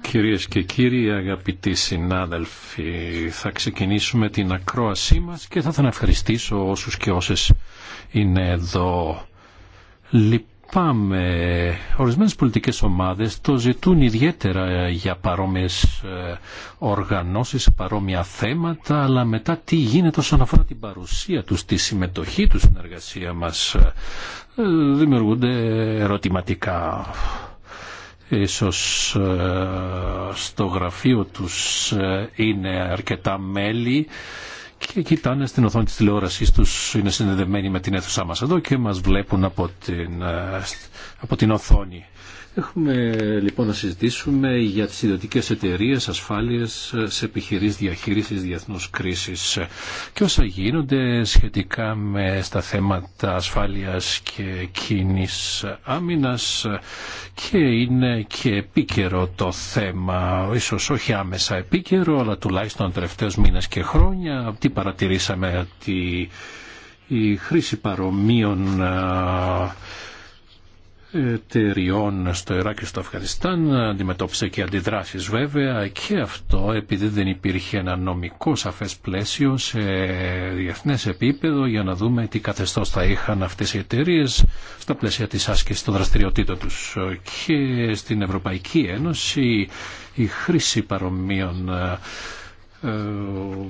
Κυρίες και κύριοι, αγαπητοί συνάδελφοι, θα ξεκινήσουμε την ακρόασή μας και θα ήθελα να ευχαριστήσω όσους και όσες είναι εδώ. Λυπάμαι, ορισμένες πολιτικές ομάδες το ζητούν ιδιαίτερα για παρόμοιες ε, οργανώσεις, παρόμοια θέματα, αλλά μετά τι γίνεται όσον αφορά την παρουσία τους, τη συμμετοχή τους στην εργασία μας, ε, δημιουργούνται ερωτηματικά. Ίσως ε, στο γραφείο τους ε, είναι αρκετά μέλη και κοιτάνε στην οθόνη της τηλεόρασής τους, είναι συνδεδεμένοι με την αίθουσά μας εδώ και μας βλέπουν από την, ε, από την οθόνη. Έχουμε λοιπόν να συζητήσουμε για τις ιδιωτικές εταιρείες ασφάλειες σε επιχειρήσεις διαχείρισης διεθνούς κρίσης και όσα γίνονται σχετικά με στα θέματα ασφάλειας και κίνης άμυνας και είναι και επίκαιρο το θέμα, ίσως όχι άμεσα επίκαιρο αλλά τουλάχιστον τελευταίους μήνες και χρόνια. Τι παρατηρήσαμε ότι η χρήση παρομοίων εταιριών στο Ιράκ και στο Αφγανιστάν αντιμετώπισε και αντιδράσεις βέβαια και αυτό επειδή δεν υπήρχε ένα νομικό σαφές πλαίσιο σε διεθνές επίπεδο για να δούμε τι καθεστώς θα είχαν αυτές οι εταιρείε στα πλαίσια της άσκησης των δραστηριοτήτων τους και στην Ευρωπαϊκή Ένωση η χρήση παρομοίων ε, ε,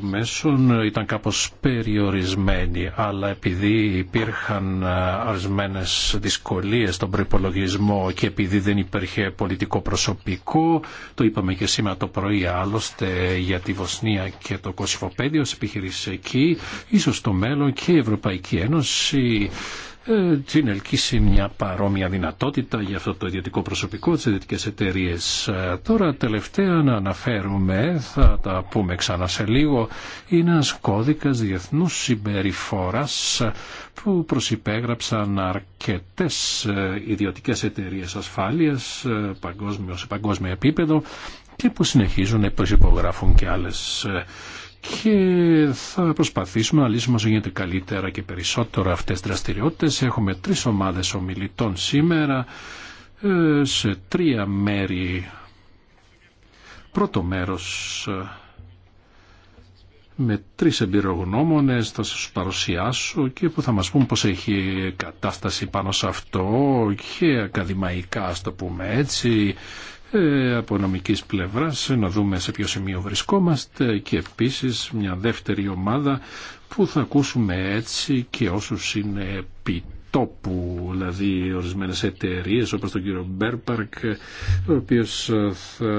μέσων ήταν κάπως περιορισμένοι, αλλά επειδή υπήρχαν αρισμένες ε, δυσκολίες στον προϋπολογισμό και επειδή δεν υπήρχε πολιτικό προσωπικό το είπαμε και σήμερα το πρωί άλλωστε για τη Βοσνία και το Κωσυφοπέδιο σε επιχειρήσεις εκεί ίσως το μέλλον και η Ευρωπαϊκή Ένωση ε, την ελκύσει μια παρόμοια δυνατότητα για αυτό το ιδιωτικό προσωπικό της ιδιωτικές εταιρείε. Ε, τώρα τελευταία να αναφέρουμε, θα τα πούμε ξανά σε λίγο, είναι ένας κώδικας διεθνούς συμπεριφοράς που προσυπέγραψαν αρκετές ε, ιδιωτικές εταιρείε ασφάλειας παγκόσμιο, σε παγκόσμιο επίπεδο και που συνεχίζουν να προσυπογράφουν και άλλες και θα προσπαθήσουμε να λύσουμε όσο γίνεται καλύτερα και περισσότερο αυτές τις δραστηριότητες. Έχουμε τρεις ομάδες ομιλητών σήμερα ε, σε τρία μέρη. Πρώτο μέρος ε, με τρεις εμπειρογνώμονες θα σας παρουσιάσω και που θα μας πούν πως έχει κατάσταση πάνω σε αυτό και ακαδημαϊκά, ας το πούμε έτσι, ε, από νομικής πλευράς να δούμε σε ποιο σημείο βρισκόμαστε και επίσης μια δεύτερη ομάδα που θα ακούσουμε έτσι και όσους είναι επιτόπου δηλαδή ορισμένες εταιρείε, όπως τον κύριο Μπέρπαρκ ο οποίος θα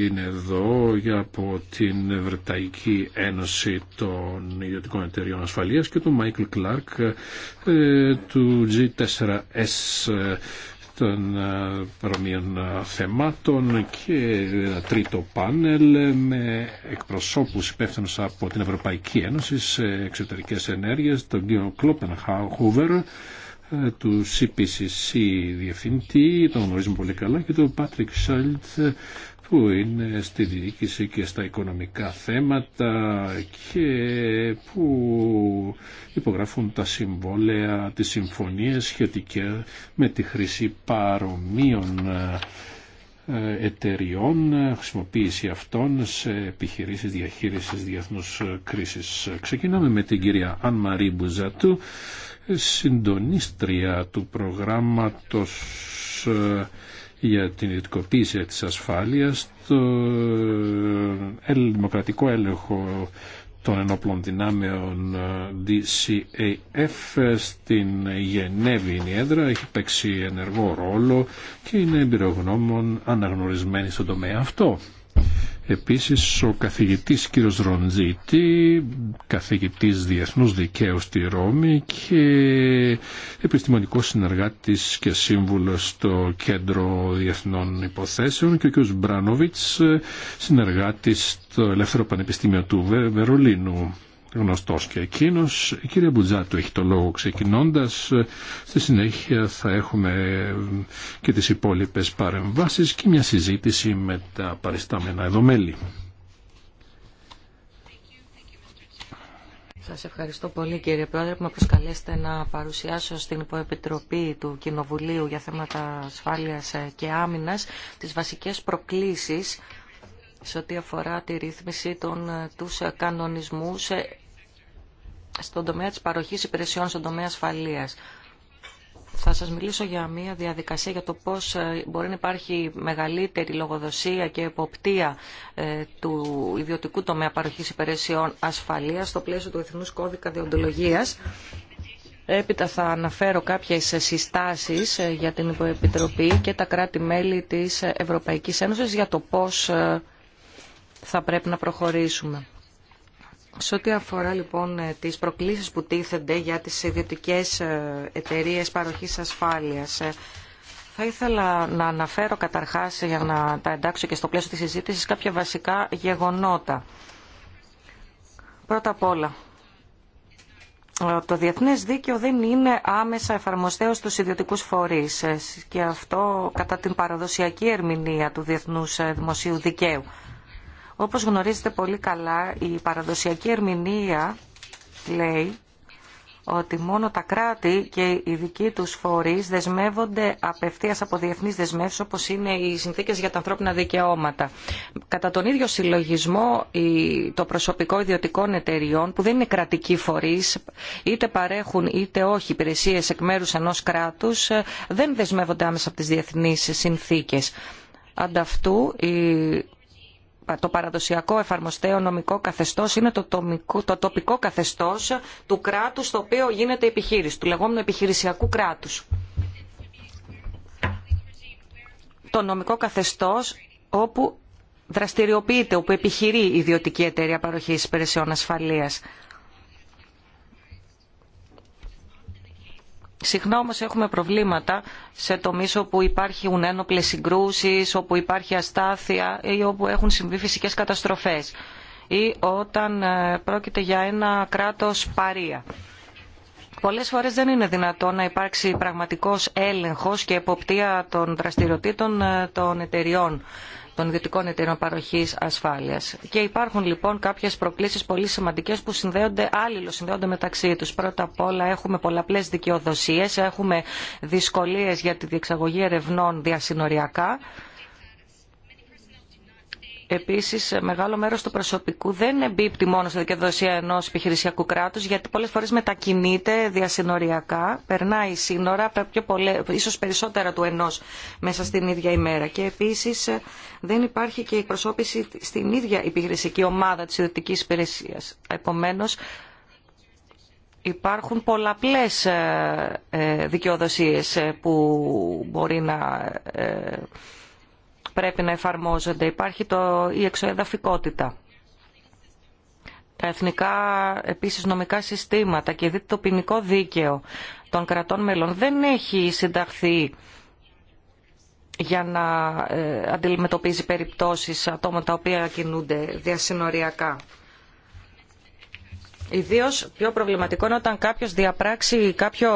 είναι εδώ για από την Βρεταϊκή Ένωση των Ιδιωτικών Εταιρείων Ασφαλείας και τον Μάικλ Κλάρκ ε, του G4S των ε, παρομοίων ε, θεμάτων και ένα τρίτο πάνελ με εκπροσώπους υπεύθυνους από την Ευρωπαϊκή Ένωση σε εξωτερικές ενέργειες, τον κύριο Κλόπενχάουβερ, ε, του CPCC διευθυντή, τον γνωρίζουμε πολύ καλά, και τον Πάτρικ Σάλτ που είναι στη διοίκηση και στα οικονομικά θέματα και που υπογράφουν τα συμβόλαια, τις συμφωνίες σχετικά με τη χρήση παρομοίων ε, εταιριών, χρησιμοποίηση αυτών σε επιχειρήσεις διαχείρισης διεθνούς κρίσης. Ξεκινάμε με την κυρία Αν Μαρή Μπουζατού, συντονίστρια του προγράμματος ε, για την ιδιωτικοποίηση της ασφάλειας, το ε, ε, δημοκρατικό έλεγχο των ενόπλων δυνάμεων ε, DCAF στην Γενέβη είναι η έδρα, έχει παίξει ενεργό ρόλο και είναι εμπειρογνώμων αναγνωρισμένη στον τομέα αυτό. Επίσης ο καθηγητής κ. Ροντζίτη, καθηγητής Διεθνούς Δικαίου στη Ρώμη και επιστημονικός συνεργάτης και σύμβουλος στο Κέντρο Διεθνών Υποθέσεων και ο κ. Μπράνοβιτς, συνεργάτης στο Ελεύθερο Πανεπιστήμιο του Βερολίνου γνωστός και εκείνος. Η κυρία Μπουτζάτου έχει το λόγο ξεκινώντας. Στη συνέχεια θα έχουμε και τις υπόλοιπες παρεμβάσεις και μια συζήτηση με τα παριστάμενα εδώ μέλη. Σας ευχαριστώ πολύ κύριε Πρόεδρε που με προσκαλέσετε να παρουσιάσω στην Υποεπιτροπή του Κοινοβουλίου για θέματα ασφάλειας και άμυνας τις βασικές προκλήσεις σε ό,τι αφορά τη ρύθμιση των, τους κανονισμούς στον τομέα της παροχής υπηρεσιών στον τομέα ασφαλείας. Θα σας μιλήσω για μια διαδικασία για το πώς ε, μπορεί να υπάρχει μεγαλύτερη λογοδοσία και εποπτεία ε, του ιδιωτικού τομέα παροχής υπηρεσιών ασφαλείας στο πλαίσιο του Εθνούς Κώδικα Διοντολογίας. Έπειτα θα αναφέρω κάποιες συστάσεις ε, για την Υποεπιτροπή και τα κράτη-μέλη της Ευρωπαϊκής Ένωσης για το πώς θα πρέπει να προχωρήσουμε. Σε ό,τι αφορά λοιπόν ε, τις προκλήσεις που τίθενται για τις ιδιωτικές ε, εταιρείες παροχής ασφάλειας, ε, θα ήθελα να αναφέρω καταρχάς, για να τα εντάξω και στο πλαίσιο της συζήτησης, κάποια βασικά γεγονότα. Πρώτα απ' όλα, το διεθνές δίκαιο δεν είναι άμεσα εφαρμοστέως στους ιδιωτικούς φορείς και αυτό κατά την παραδοσιακή ερμηνεία του διεθνούς δημοσίου δικαίου. Όπως γνωρίζετε πολύ καλά, η παραδοσιακή ερμηνεία λέει ότι μόνο τα κράτη και οι δικοί τους φορείς δεσμεύονται απευθείας από διεθνείς δεσμεύσεις όπως είναι οι συνθήκες για τα ανθρώπινα δικαιώματα. Κατά τον ίδιο συλλογισμό το προσωπικό ιδιωτικών εταιριών που δεν είναι κρατικοί φορείς είτε παρέχουν είτε όχι υπηρεσίες εκ μέρους ενός κράτους δεν δεσμεύονται άμεσα από τις διεθνείς συνθήκες. Ανταυτού το παραδοσιακό εφαρμοστέο νομικό καθεστώς είναι το, τοπικό καθεστώς του κράτους στο οποίο γίνεται επιχείρηση, του λεγόμενου επιχειρησιακού κράτου. Το νομικό καθεστώς όπου δραστηριοποιείται, όπου επιχειρεί η ιδιωτική εταιρεία παροχής υπηρεσιών ασφαλεια. Συχνά όμως έχουμε προβλήματα σε τομείς όπου υπάρχουν ένοπλες συγκρούσεις, όπου υπάρχει αστάθεια ή όπου έχουν συμβεί φυσικές καταστροφές ή όταν ε, πρόκειται για ένα κράτος παρία. Πολλές φορές δεν είναι δυνατό να υπάρξει πραγματικός έλεγχος και εποπτεία των δραστηριοτήτων ε, των εταιριών των ιδιωτικών εταιρεών παροχή ασφάλειας. Και υπάρχουν λοιπόν κάποιες προκλήσεις πολύ σημαντικέ που συνδέονται άλληλο, συνδέονται μεταξύ τους. Πρώτα απ' όλα έχουμε πολλαπλέ δικαιοδοσίε, έχουμε δυσκολίε για τη διεξαγωγή ερευνών διασυνοριακά Επίση, μεγάλο μέρο του προσωπικού δεν εμπίπτει μόνο στη δικαιοδοσία ενό επιχειρησιακού κράτου, γιατί πολλέ φορέ μετακινείται διασυνοριακά, περνάει σύνορα, ίσω περισσότερα του ενό μέσα στην ίδια ημέρα. Και επίση, δεν υπάρχει και εκπροσώπηση στην ίδια επιχειρησιακή ομάδα τη ιδιωτική υπηρεσία. Επομένω, υπάρχουν πολλαπλές ε, ε, δικαιοδοσίες ε, που μπορεί να πρέπει να εφαρμόζονται. Υπάρχει το, η εξοεδαφικότητα. Τα εθνικά επίσης νομικά συστήματα και το ποινικό δίκαιο των κρατών μελών δεν έχει συνταχθεί για να ε, αντιμετωπίζει περιπτώσεις ατόμων τα οποία κινούνται διασυνοριακά. Ιδίω πιο προβληματικό είναι όταν κάποιο διαπράξει κάποιο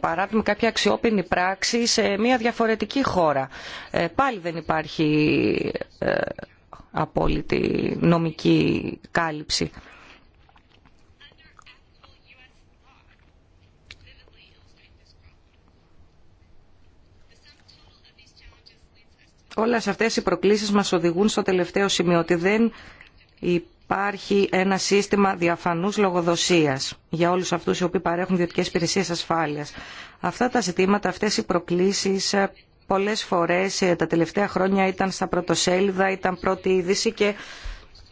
παράδειγμα, κάποια αξιόπινη πράξη σε μια διαφορετική χώρα. Ε, πάλι δεν υπάρχει ε, απόλυτη νομική κάλυψη. Όλες αυτές οι προκλήσεις μας οδηγούν στο τελευταίο σημείο ότι δεν υπάρχει ένα σύστημα διαφανούς λογοδοσίας για όλους αυτούς οι οποίοι παρέχουν ιδιωτικέ υπηρεσίε ασφάλειας. Αυτά τα ζητήματα, αυτές οι προκλήσεις ε, πολλές φορές ε, τα τελευταία χρόνια ήταν στα πρωτοσέλιδα, ήταν πρώτη είδηση και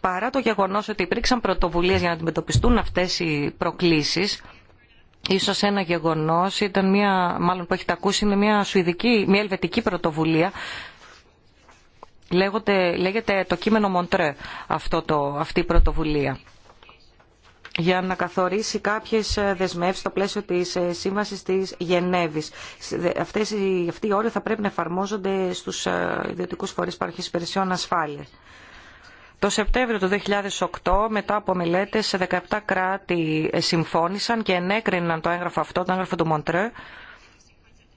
παρά το γεγονός ότι υπήρξαν πρωτοβουλίες για να αντιμετωπιστούν αυτές οι προκλήσεις, ίσως ένα γεγονός ήταν μια, μάλλον που έχετε ακούσει, είναι μια, σουηδική, μια ελβετική πρωτοβουλία Λέγονται, λέγεται το κείμενο Μοντρέ αυτό το, αυτή η πρωτοβουλία για να καθορίσει κάποιες ε, δεσμεύσεις στο πλαίσιο της ε, σύμβασης της Γενέβης. Αυτές, αυτοί οι όροι θα πρέπει να εφαρμόζονται στους ε, ιδιωτικούς φορείς παροχής υπηρεσιών ασφάλειας. Το Σεπτέμβριο του 2008, μετά από μελέτες, 17 κράτη συμφώνησαν και ενέκριναν το έγγραφο αυτό, το έγγραφο του Μοντρέ,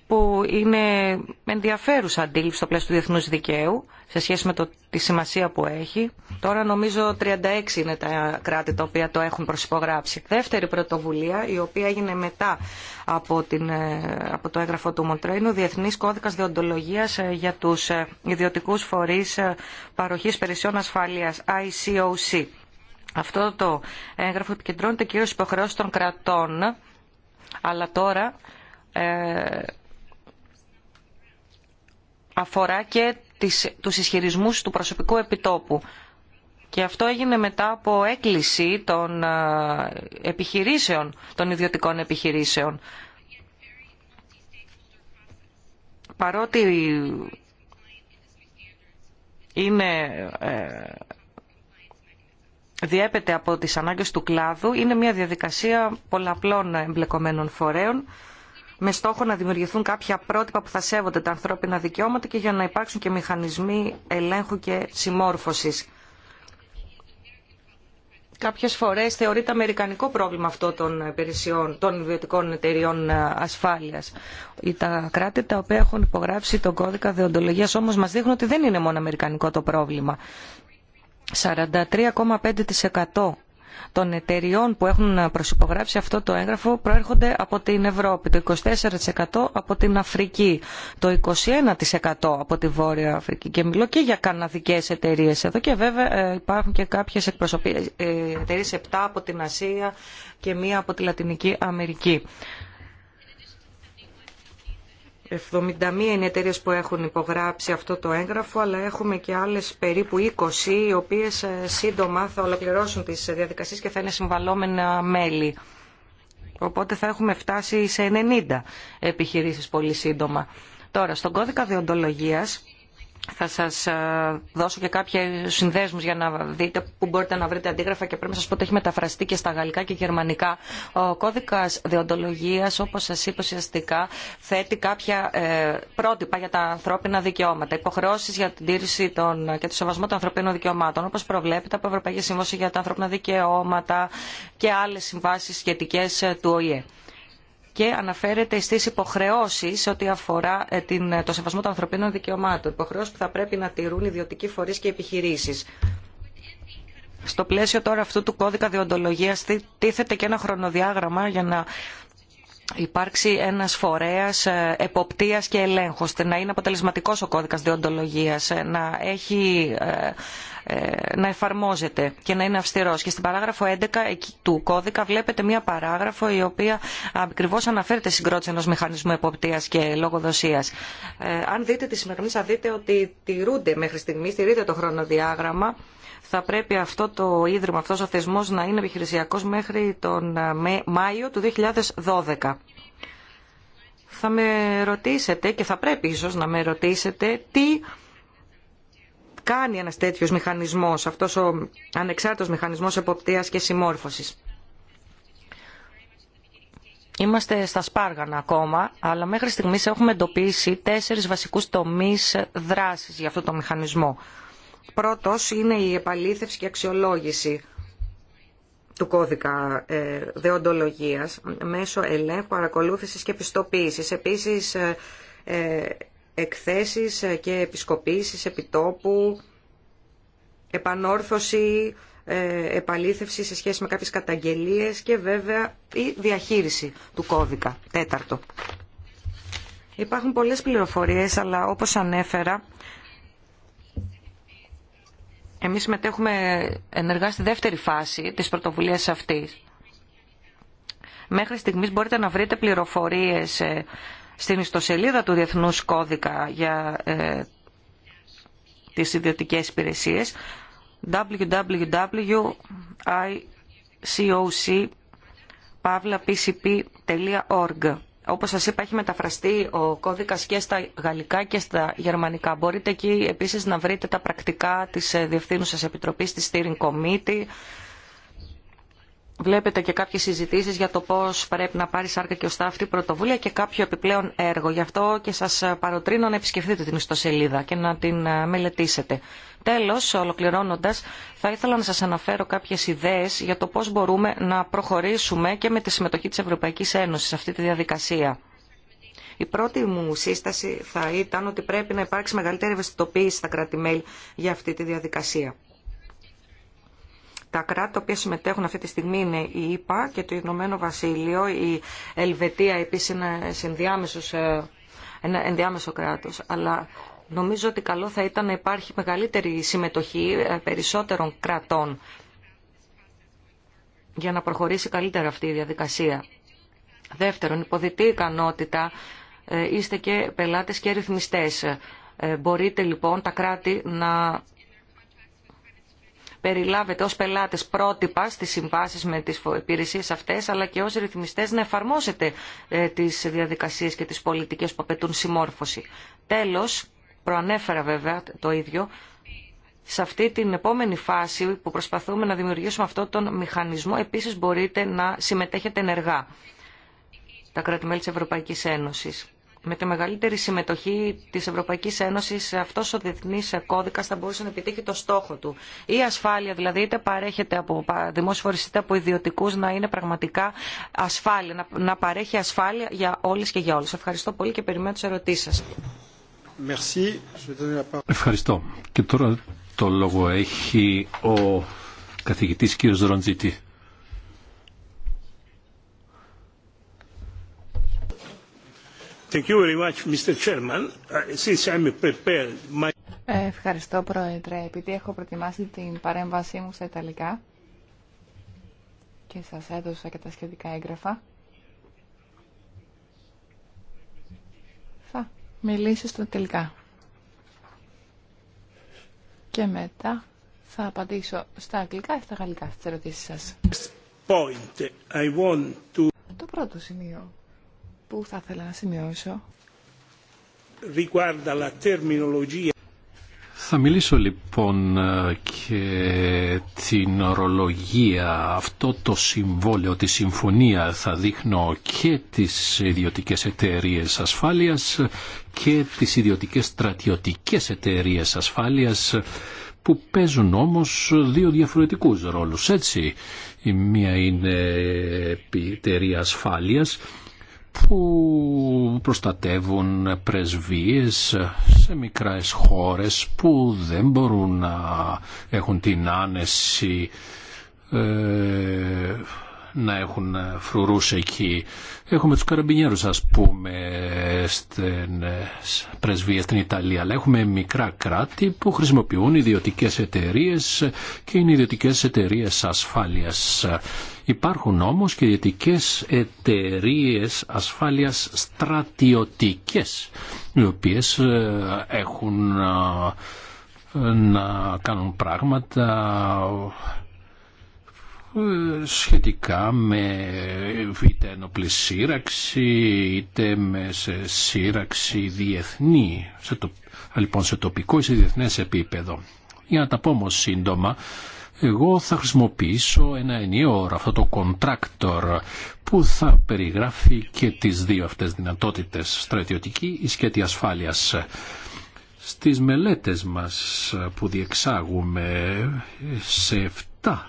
που είναι ενδιαφέρουσα αντίληψη στο πλαίσιο του διεθνούς δικαίου σε σχέση με το, τη σημασία που έχει. Τώρα νομίζω 36 είναι τα κράτη τα οποία το έχουν προσυπογράψει. Δεύτερη πρωτοβουλία η οποία έγινε μετά από, την, ε, από το έγγραφο του Μοντρέ είναι ο Διεθνής Κώδικας Διοντολογίας ε, για τους ε, ιδιωτικούς φορείς παροχής υπηρεσιών ασφαλείας ICOC. Αυτό το έγγραφο επικεντρώνεται κυρίως υποχρεώσει των κρατών αλλά τώρα αφορά και τις, τους ισχυρισμούς του προσωπικού επιτόπου. Και αυτό έγινε μετά από έκκληση των ε, επιχειρήσεων, των ιδιωτικών επιχειρήσεων. Παρότι είναι, ε, διέπεται από τις ανάγκες του κλάδου, είναι μια διαδικασία πολλαπλών εμπλεκομένων φορέων με στόχο να δημιουργηθούν κάποια πρότυπα που θα σέβονται τα ανθρώπινα δικαιώματα και για να υπάρξουν και μηχανισμοί ελέγχου και συμμόρφωσης. Κάποιες φορές θεωρείται αμερικανικό πρόβλημα αυτό των υπηρεσιών, των ιδιωτικών εταιριών ασφάλειας. Τα κράτη τα οποία έχουν υπογράψει τον κώδικα δεοντολογίας όμως μας δείχνουν ότι δεν είναι μόνο αμερικανικό το πρόβλημα. 43,5% των εταιριών που έχουν προσυπογράψει αυτό το έγγραφο προέρχονται από την Ευρώπη, το 24% από την Αφρική, το 21% από τη Βόρεια Αφρική και μιλώ και για καναδικές εταιρείε εδώ και βέβαια ε, υπάρχουν και κάποιες ε, εταιρείε 7 από την Ασία και μία από τη Λατινική Αμερική. 71 είναι εταιρείε που έχουν υπογράψει αυτό το έγγραφο, αλλά έχουμε και άλλε περίπου 20, οι οποίε ε, σύντομα θα ολοκληρώσουν τι διαδικασίε και θα είναι συμβαλόμενα μέλη. Οπότε θα έχουμε φτάσει σε 90 επιχειρήσει πολύ σύντομα. Τώρα, στον κώδικα διοντολογίας θα σας ε, δώσω και κάποιες συνδέσμους για να δείτε που μπορείτε να βρείτε αντίγραφα και πρέπει να σας πω ότι έχει μεταφραστεί και στα γαλλικά και γερμανικά. Ο κώδικας διοντολογίας, όπως σας είπα ουσιαστικά, θέτει κάποια ε, πρότυπα για τα ανθρώπινα δικαιώματα, υποχρεώσεις για την τήρηση των, και το σεβασμό των ανθρωπίνων δικαιωμάτων, όπως προβλέπεται από Ευρωπαϊκή Σύμβαση για τα ανθρώπινα δικαιώματα και άλλες συμβάσεις σχετικές ε, του ΟΗΕ και αναφέρεται στις υποχρεώσεις σε ό,τι αφορά ε, ε, το σεβασμό των ανθρωπίνων δικαιωμάτων. Υποχρεώσεις που θα πρέπει να τηρούν ιδιωτικοί φορείς και επιχειρήσεις. Στο πλαίσιο τώρα αυτού του κώδικα διοντολογίας τίθεται και ένα χρονοδιάγραμμα για να υπάρξει ένας φορέας ε, εποπτείας και ελέγχου ώστε να είναι αποτελεσματικός ο κώδικας διοντολογίας ε, να έχει ε, να εφαρμόζεται και να είναι αυστηρός. Και στην παράγραφο 11 του κώδικα βλέπετε μία παράγραφο η οποία ακριβώς αναφέρεται συγκρότηση ενός μηχανισμού εποπτείας και λογοδοσίας. αν δείτε τη σημερινή θα δείτε ότι τηρούνται μέχρι στιγμή, τηρείται το χρονοδιάγραμμα θα πρέπει αυτό το ίδρυμα, αυτός ο θεσμός να είναι επιχειρησιακός μέχρι τον ε, Μάιο του 2012. Θα με ρωτήσετε και θα πρέπει ίσως να με ρωτήσετε τι κάνει ένας τέτοιος μηχανισμός, αυτός ο ανεξάρτητος μηχανισμός εποπτείας και συμμόρφωσης. Είμαστε στα σπάργανα ακόμα, αλλά μέχρι στιγμής έχουμε εντοπίσει τέσσερις βασικούς τομείς δράσης για αυτό το μηχανισμό. Πρώτος είναι η επαλήθευση και αξιολόγηση του κώδικα ε, δεοντολογίας μέσω ελέγχου, παρακολούθησης και πιστοποίησης. Επίσης, ε, ε, εκθέσεις και επισκοπήσεις επιτόπου, επανόρθωση, επαλήθευση σε σχέση με κάποιες καταγγελίες και βέβαια η διαχείριση του κώδικα. Τέταρτο. Υπάρχουν πολλές πληροφορίες, αλλά όπως ανέφερα, εμείς συμμετέχουμε ενεργά στη δεύτερη φάση της πρωτοβουλίας αυτής. Μέχρι στιγμής μπορείτε να βρείτε πληροφορίες ε, στην ιστοσελίδα του Διεθνούς Κώδικα για ε, τις ιδιωτικές υπηρεσίες www.icoc.org όπως σα είπα έχει μεταφραστεί ο κώδικας και στα γαλλικά και στα γερμανικά. Μπορείτε εκεί επίσης να βρείτε τα πρακτικά της ε, Διευθύνουσα Επιτροπής της Steering Committee βλέπετε και κάποιες συζητήσεις για το πώς πρέπει να πάρει σάρκα και οστά αυτή η πρωτοβουλία και κάποιο επιπλέον έργο. Γι' αυτό και σας παροτρύνω να επισκεφτείτε την ιστοσελίδα και να την ε, μελετήσετε. Τέλος, ολοκληρώνοντας, θα ήθελα να σας αναφέρω κάποιες ιδέες για το πώς μπορούμε να προχωρήσουμε και με τη συμμετοχή της Ευρωπαϊκής Ένωσης σε αυτή τη διαδικασία. Η πρώτη μου σύσταση θα ήταν ότι πρέπει να υπάρξει μεγαλύτερη ευαισθητοποίηση στα κράτη-μέλη για αυτή τη διαδικασία. Τα κράτη τα οποία συμμετέχουν αυτή τη στιγμή είναι η ΙΠΑ και το Ηνωμένο Βασίλειο. Η Ελβετία επίσης είναι ενδιάμεσος, ε, ένα ενδιάμεσο κράτος. Αλλά νομίζω ότι καλό θα ήταν να υπάρχει μεγαλύτερη συμμετοχή ε, περισσότερων κρατών για να προχωρήσει καλύτερα αυτή η διαδικασία. Δεύτερον, υποδητή ικανότητα ε, είστε και πελάτες και ρυθμιστές. Μπορείτε λοιπόν τα κράτη να περιλάβετε ως πελάτες πρότυπα στις συμβάσεις με τις υπηρεσίε αυτές, αλλά και ως ρυθμιστές να εφαρμόσετε ε, τις διαδικασίες και τις πολιτικές που απαιτούν συμμόρφωση. Τέλος, προανέφερα βέβαια το ίδιο, σε αυτή την επόμενη φάση που προσπαθούμε να δημιουργήσουμε αυτό τον μηχανισμό, επίσης μπορείτε να συμμετέχετε ενεργά τα κράτη-μέλη της Ευρωπαϊκής Ένωσης με τη μεγαλύτερη συμμετοχή της Ευρωπαϊκής Ένωσης αυτός ο διεθνής κώδικας θα μπορούσε να επιτύχει το στόχο του. Η ασφάλεια δηλαδή είτε παρέχεται από δημόσιο φορείς είτε από ιδιωτικούς να είναι πραγματικά ασφάλεια, να, παρέχει ασφάλεια για όλες και για όλους. Ευχαριστώ πολύ και περιμένω τις ερωτήσεις σας. Ευχαριστώ. Και τώρα το λόγο έχει ο καθηγητής κ. Ροντζίτη. Ευχαριστώ, Πρόεδρε. Επειδή έχω προετοιμάσει την παρέμβασή μου στα Ιταλικά και σας έδωσα και τα σχετικά έγγραφα, θα μιλήσω στο Ιταλικά Και μετά θα απαντήσω στα αγγλικά ή στα γαλλικά στις ερωτήσεις σας. Point. I want to... Το πρώτο σημείο που θα ήθελα να σημειώσω. Θα μιλήσω λοιπόν και την ορολογία, αυτό το συμβόλαιο, τη συμφωνία θα δείχνω και τις ιδιωτικές εταιρείες ασφάλειας και τις ιδιωτικές στρατιωτικές εταιρείες ασφάλειας που παίζουν όμως δύο διαφορετικούς ρόλους, έτσι. Η μία είναι εταιρεία ασφάλειας που προστατεύουν πρεσβείες σε μικρές χώρες που δεν μπορούν να έχουν την άνεση ε, να έχουν ε, φρουρούς εκεί. Έχουμε τους καραμπινιέρους ας πούμε στην ε, πρεσβεία στην Ιταλία, αλλά έχουμε μικρά κράτη που χρησιμοποιούν ιδιωτικές εταιρείες και είναι ιδιωτικές εταιρείες ασφάλειας. Υπάρχουν όμως και ιδιωτικές εταιρείες ασφάλειας στρατιωτικές, οι οποίες ε, έχουν να κάνουν πράγματα ε, σχετικά με είτε ενοπλή σύραξη είτε με σύραξη διεθνή σε το, λοιπόν σε τοπικό ή σε διεθνές επίπεδο για να τα πω όμως σύντομα εγώ θα χρησιμοποιήσω ένα ενιαίο όρο, αυτό το contractor, που θα περιγράφει και τις δύο αυτές δυνατότητες, στρατιωτική ή σχέτη ασφάλειας. Στις μελέτες μας που διεξάγουμε σε 7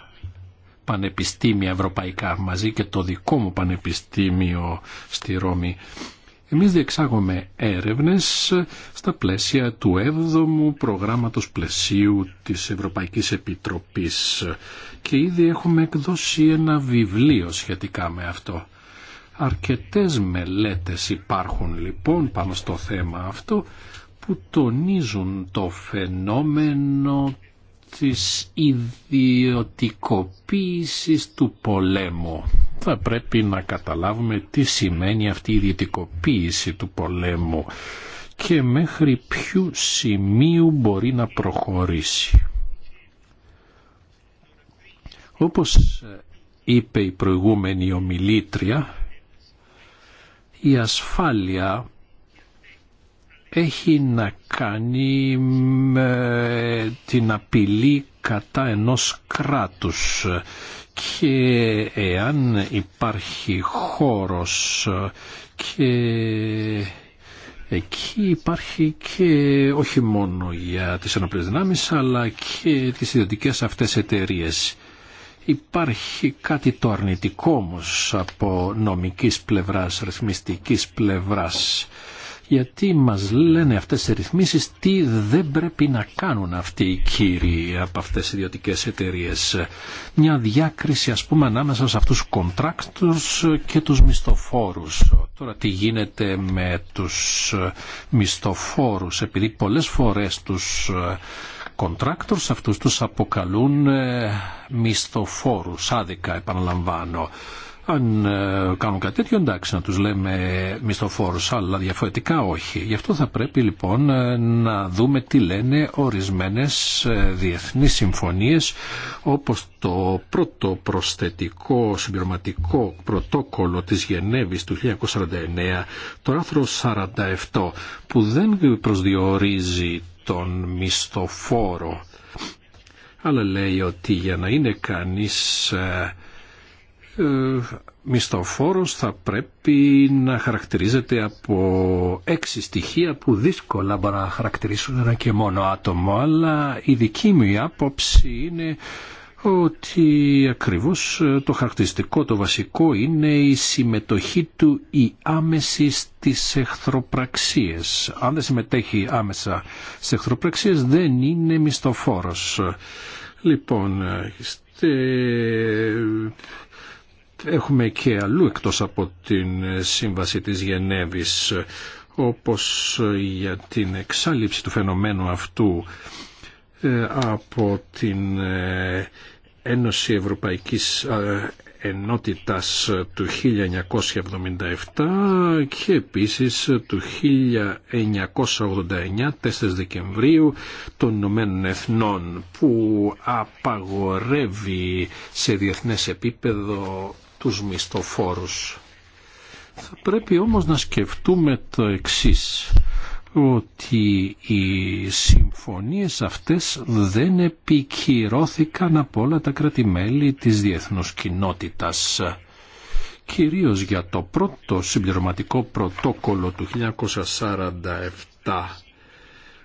πανεπιστήμια ευρωπαϊκά μαζί και το δικό μου πανεπιστήμιο στη Ρώμη. Εμείς διεξάγουμε έρευνες στα πλαίσια του 7ου προγράμματος πλαισίου της Ευρωπαϊκής Επιτροπής και ήδη έχουμε εκδώσει ένα βιβλίο σχετικά με αυτό. Αρκετές μελέτες υπάρχουν λοιπόν πάνω στο θέμα αυτό που τονίζουν το φαινόμενο της ιδιωτικοποίησης του πολέμου. Θα πρέπει να καταλάβουμε τι σημαίνει αυτή η ιδιωτικοποίηση του πολέμου και μέχρι ποιου σημείου μπορεί να προχωρήσει. Όπως είπε η προηγούμενη ομιλήτρια, η ασφάλεια έχει να κάνει με την απειλή κατά ενός κράτους και εάν υπάρχει χώρος και εκεί υπάρχει και όχι μόνο για τις ενοπλές δυνάμεις αλλά και τις ιδιωτικές αυτές εταιρείες. Υπάρχει κάτι το αρνητικό όμως από νομικής πλευράς, ρυθμιστικής πλευράς γιατί μας λένε αυτές οι ρυθμίσεις τι δεν πρέπει να κάνουν αυτοί οι κύριοι από αυτές τις ιδιωτικέ εταιρείε. Μια διάκριση ας πούμε ανάμεσα σε αυτούς τους κοντράκτους και τους μισθοφόρους. Τώρα τι γίνεται με τους μισθοφόρους επειδή πολλές φορές τους contractors αυτούς τους αποκαλούν ε, μισθοφόρους, άδικα επαναλαμβάνω. Αν ε, κάνουν κάτι τέτοιο, εντάξει, να τους λέμε μισθοφόρους, αλλά διαφορετικά όχι. Γι' αυτό θα πρέπει λοιπόν ε, να δούμε τι λένε ορισμένες ε, διεθνείς συμφωνίες, όπως το πρώτο προσθετικό συμπληρωματικό πρωτόκολλο της Γενέβης του 1949, το άρθρο 47, που δεν προσδιορίζει τον μισθοφόρο, αλλά λέει ότι για να είναι κανείς ε, μισθοφόρος θα πρέπει να χαρακτηρίζεται από έξι στοιχεία που δύσκολα μπορεί να χαρακτηρίσουν ένα και μόνο άτομο, αλλά η δική μου άποψη είναι ότι ακριβώς ε, το χαρακτηριστικό, το βασικό είναι η συμμετοχή του η άμεση στις εχθροπραξίες. Αν δεν συμμετέχει άμεσα στις εχθροπραξίες δεν είναι μισθοφόρος. Λοιπόν, ε, έχουμε και αλλού εκτός από την ε, Σύμβαση της Γενέβης όπως για την εξάλληψη του φαινομένου αυτού ε, από την ε, Ένωση Ευρωπαϊκής Ενότητας του 1977 και επίσης του 1989 4 Δεκεμβρίου των Ηνωμένων Εθνών που απαγορεύει σε διεθνές επίπεδο τους μισθοφόρους. Θα πρέπει όμως να σκεφτούμε το εξής, ότι οι συμφωνίες αυτές δεν επικυρώθηκαν από όλα τα κρατημέλη της διεθνούς κοινότητας. Κυρίως για το πρώτο συμπληρωματικό πρωτόκολλο του 1947.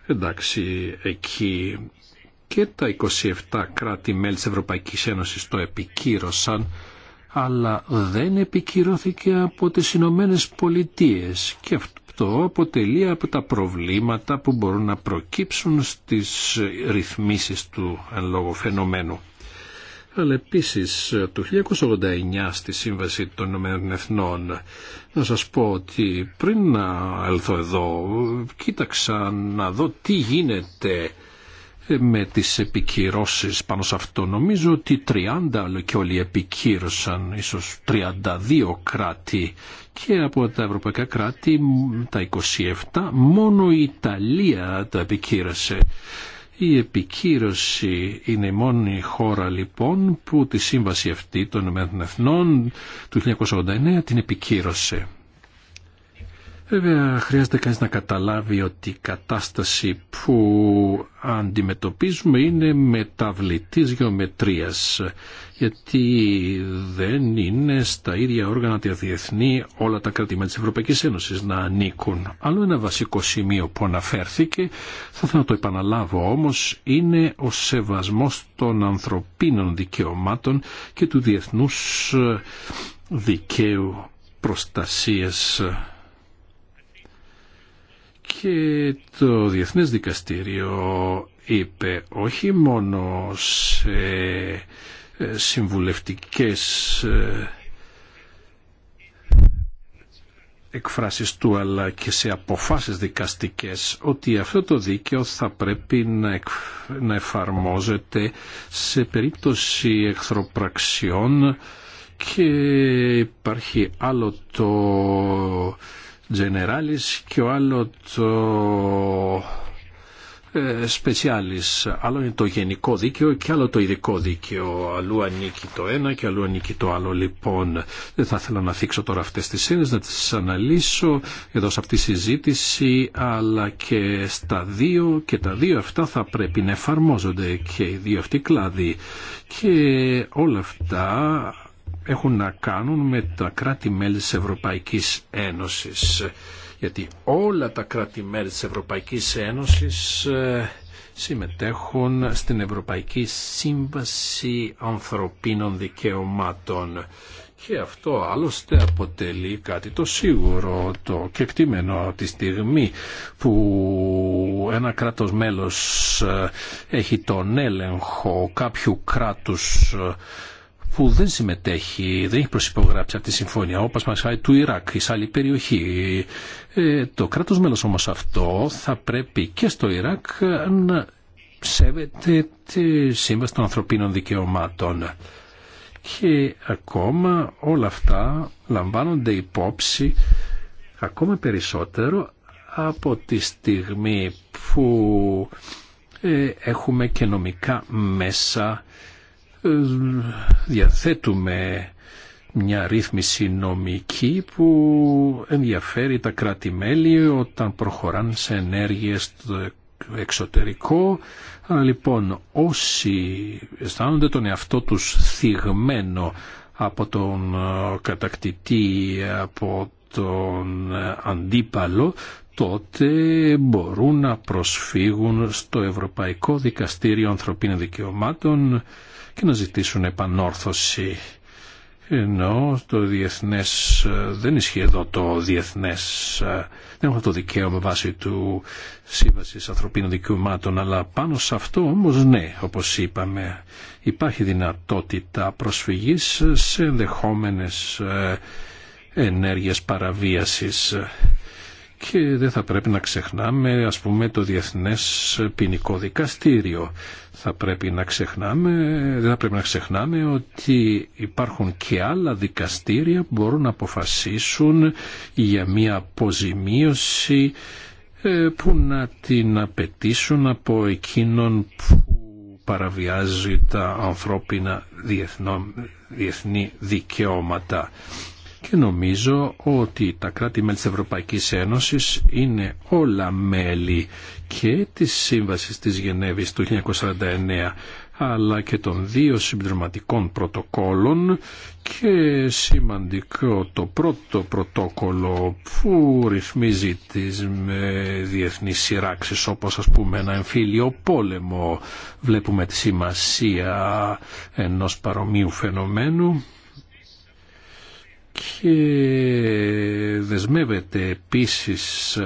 Εντάξει, εκεί και τα 27 κράτη-μέλη της Ευρωπαϊκής Ένωσης το επικύρωσαν αλλά δεν επικυρώθηκε από τις Ηνωμένε Πολιτείες και αυτό αποτελεί από τα προβλήματα που μπορούν να προκύψουν στις ρυθμίσεις του εν λόγω φαινομένου. Αλλά επίσης το 1989 στη Σύμβαση των Ηνωμένων Εθνών να σας πω ότι πριν να έλθω εδώ κοίταξα να δω τι γίνεται με τις επικυρώσεις πάνω σε αυτό. Νομίζω ότι 30 αλλά και όλοι επικύρωσαν, ίσως 32 κράτη και από τα ευρωπαϊκά κράτη τα 27 μόνο η Ιταλία τα επικύρωσε. Η επικύρωση είναι η μόνη χώρα λοιπόν που τη σύμβαση αυτή των Εθνών του 1989 την επικύρωσε. Βέβαια χρειάζεται κανείς να καταλάβει ότι η κατάσταση που αντιμετωπίζουμε είναι μεταβλητής γεωμετρίας γιατί δεν είναι στα ίδια όργανα τη διεθνή όλα τα κρατήματα της Ευρωπαϊκής Ένωσης να ανήκουν. Άλλο ένα βασικό σημείο που αναφέρθηκε, θα θέλω να το επαναλάβω όμως, είναι ο σεβασμός των ανθρωπίνων δικαιωμάτων και του διεθνούς δικαίου προστασίας και το Διεθνές Δικαστήριο είπε όχι μόνο σε ε, συμβουλευτικές ε, εκφράσεις του αλλά και σε αποφάσεις δικαστικές ότι αυτό το δίκαιο θα πρέπει να, να εφαρμόζεται σε περίπτωση εχθροπραξιών και υπάρχει άλλο το Generalis και ο άλλο το Specialis. Ε, άλλο είναι το γενικό δίκαιο και άλλο το ειδικό δίκαιο. Αλλού ανήκει το ένα και αλλού ανήκει το άλλο. Λοιπόν, δεν θα ήθελα να θίξω τώρα αυτές τις έννοιες, να τις αναλύσω εδώ σε αυτή τη συζήτηση, αλλά και στα δύο και τα δύο αυτά θα πρέπει να εφαρμόζονται και οι δύο αυτοί κλάδοι. Και όλα αυτά έχουν να κάνουν με τα κράτη-μέλη της Ευρωπαϊκής Ένωσης. Γιατί όλα τα κράτη-μέλη της Ευρωπαϊκής Ένωσης ε, συμμετέχουν στην Ευρωπαϊκή Σύμβαση Ανθρωπίνων Δικαιωμάτων. Και αυτό άλλωστε αποτελεί κάτι το σίγουρο, το κεκτήμενο τη στιγμή που ένα κράτος μέλος ε, έχει τον έλεγχο κάποιου κράτους ε, που δεν συμμετέχει, δεν έχει προσυπογράψει αυτή τη συμφωνία, όπως μας φάει, του Ιράκ, σε άλλη περιοχή. Ε, το κράτος μέλος όμως αυτό θα πρέπει και στο Ιράκ να σέβεται τη Σύμβαση των Ανθρωπίνων Δικαιωμάτων. Και ακόμα όλα αυτά λαμβάνονται υπόψη ακόμα περισσότερο από τη στιγμή που ε, έχουμε και νομικά μέσα ε, διαθέτουμε μια ρύθμιση νομική που ενδιαφέρει τα κράτη-μέλη όταν προχωράν σε ενέργειες στο εξωτερικό. Αλλά λοιπόν όσοι αισθάνονται τον εαυτό τους θυγμένο από τον ε, κατακτητή, από τον ε, αντίπαλο, τότε μπορούν να προσφύγουν στο Ευρωπαϊκό Δικαστήριο Ανθρωπίνων Δικαιωμάτων και να ζητήσουν επανόρθωση. Ενώ το διεθνές, δεν ισχύει εδώ το διεθνές, δεν έχω το δικαίωμα βάσει του Σύμβασης Ανθρωπίνων Δικαιωμάτων, αλλά πάνω σε αυτό όμως ναι, όπως είπαμε, υπάρχει δυνατότητα προσφυγής σε ενδεχόμενες ε, ενέργειες παραβίασης και δεν θα πρέπει να ξεχνάμε ας πούμε το Διεθνές Ποινικό Δικαστήριο. Θα πρέπει να ξεχνάμε, δεν θα πρέπει να ξεχνάμε ότι υπάρχουν και άλλα δικαστήρια που μπορούν να αποφασίσουν για μια αποζημίωση ε, που να την απαιτήσουν από εκείνον που παραβιάζει τα ανθρώπινα διεθνή δικαιώματα και νομίζω ότι τα κράτη-μέλη της Ευρωπαϊκής Ένωσης είναι όλα μέλη και της Σύμβασης της Γενέβης του 1949 αλλά και των δύο συμπληρωματικών πρωτοκόλων και σημαντικό το πρώτο πρωτόκολλο που ρυθμίζει τις με διεθνείς σειράξεις όπως ας πούμε ένα εμφύλιο πόλεμο βλέπουμε τη σημασία ενός παρομοίου φαινομένου και δεσμεύεται επίσης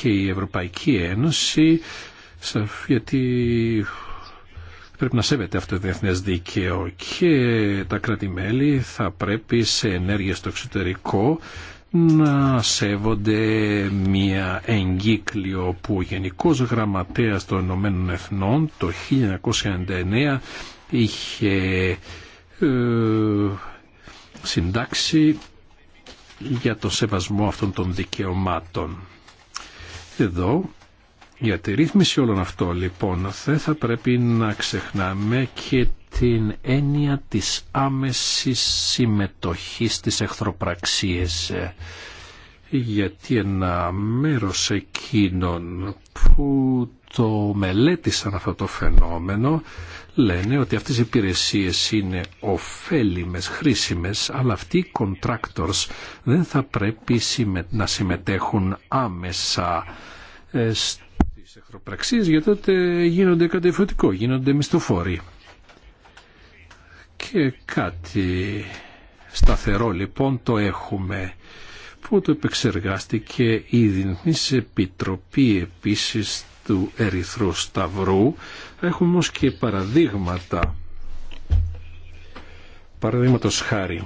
και η Ευρωπαϊκή Ένωση γιατί πρέπει να σέβεται αυτό το διεθνέ δίκαιο και τα κράτη-μέλη θα πρέπει σε ενέργεια στο εξωτερικό να σέβονται μία εγκύκλιο που ο Γενικός Γραμματέας των Ηνωμένων Εθνών το 1999 είχε ε, συντάξει για το σεβασμό αυτών των δικαιωμάτων. Εδώ για τη ρύθμιση όλων αυτών λοιπόν δεν θα πρέπει να ξεχνάμε και την έννοια της άμεσης συμμετοχής της εχθροπραξίες γιατί ένα μέρος εκείνων που το μελέτησαν αυτό το φαινόμενο λένε ότι αυτές οι υπηρεσίες είναι ωφέλιμες, χρήσιμες, αλλά αυτοί οι contractors δεν θα πρέπει να συμμετέχουν άμεσα ε, στις εχθροπραξίες, γιατί τότε γίνονται κατευθυντικό, γίνονται μισθοφόροι. Και κάτι σταθερό λοιπόν το έχουμε που το επεξεργάστηκε η Διεθνής Επιτροπή επίσης του Ερυθρού Σταυρού Έχουμε όμως και παραδείγματα. Παραδείγματο χάρη,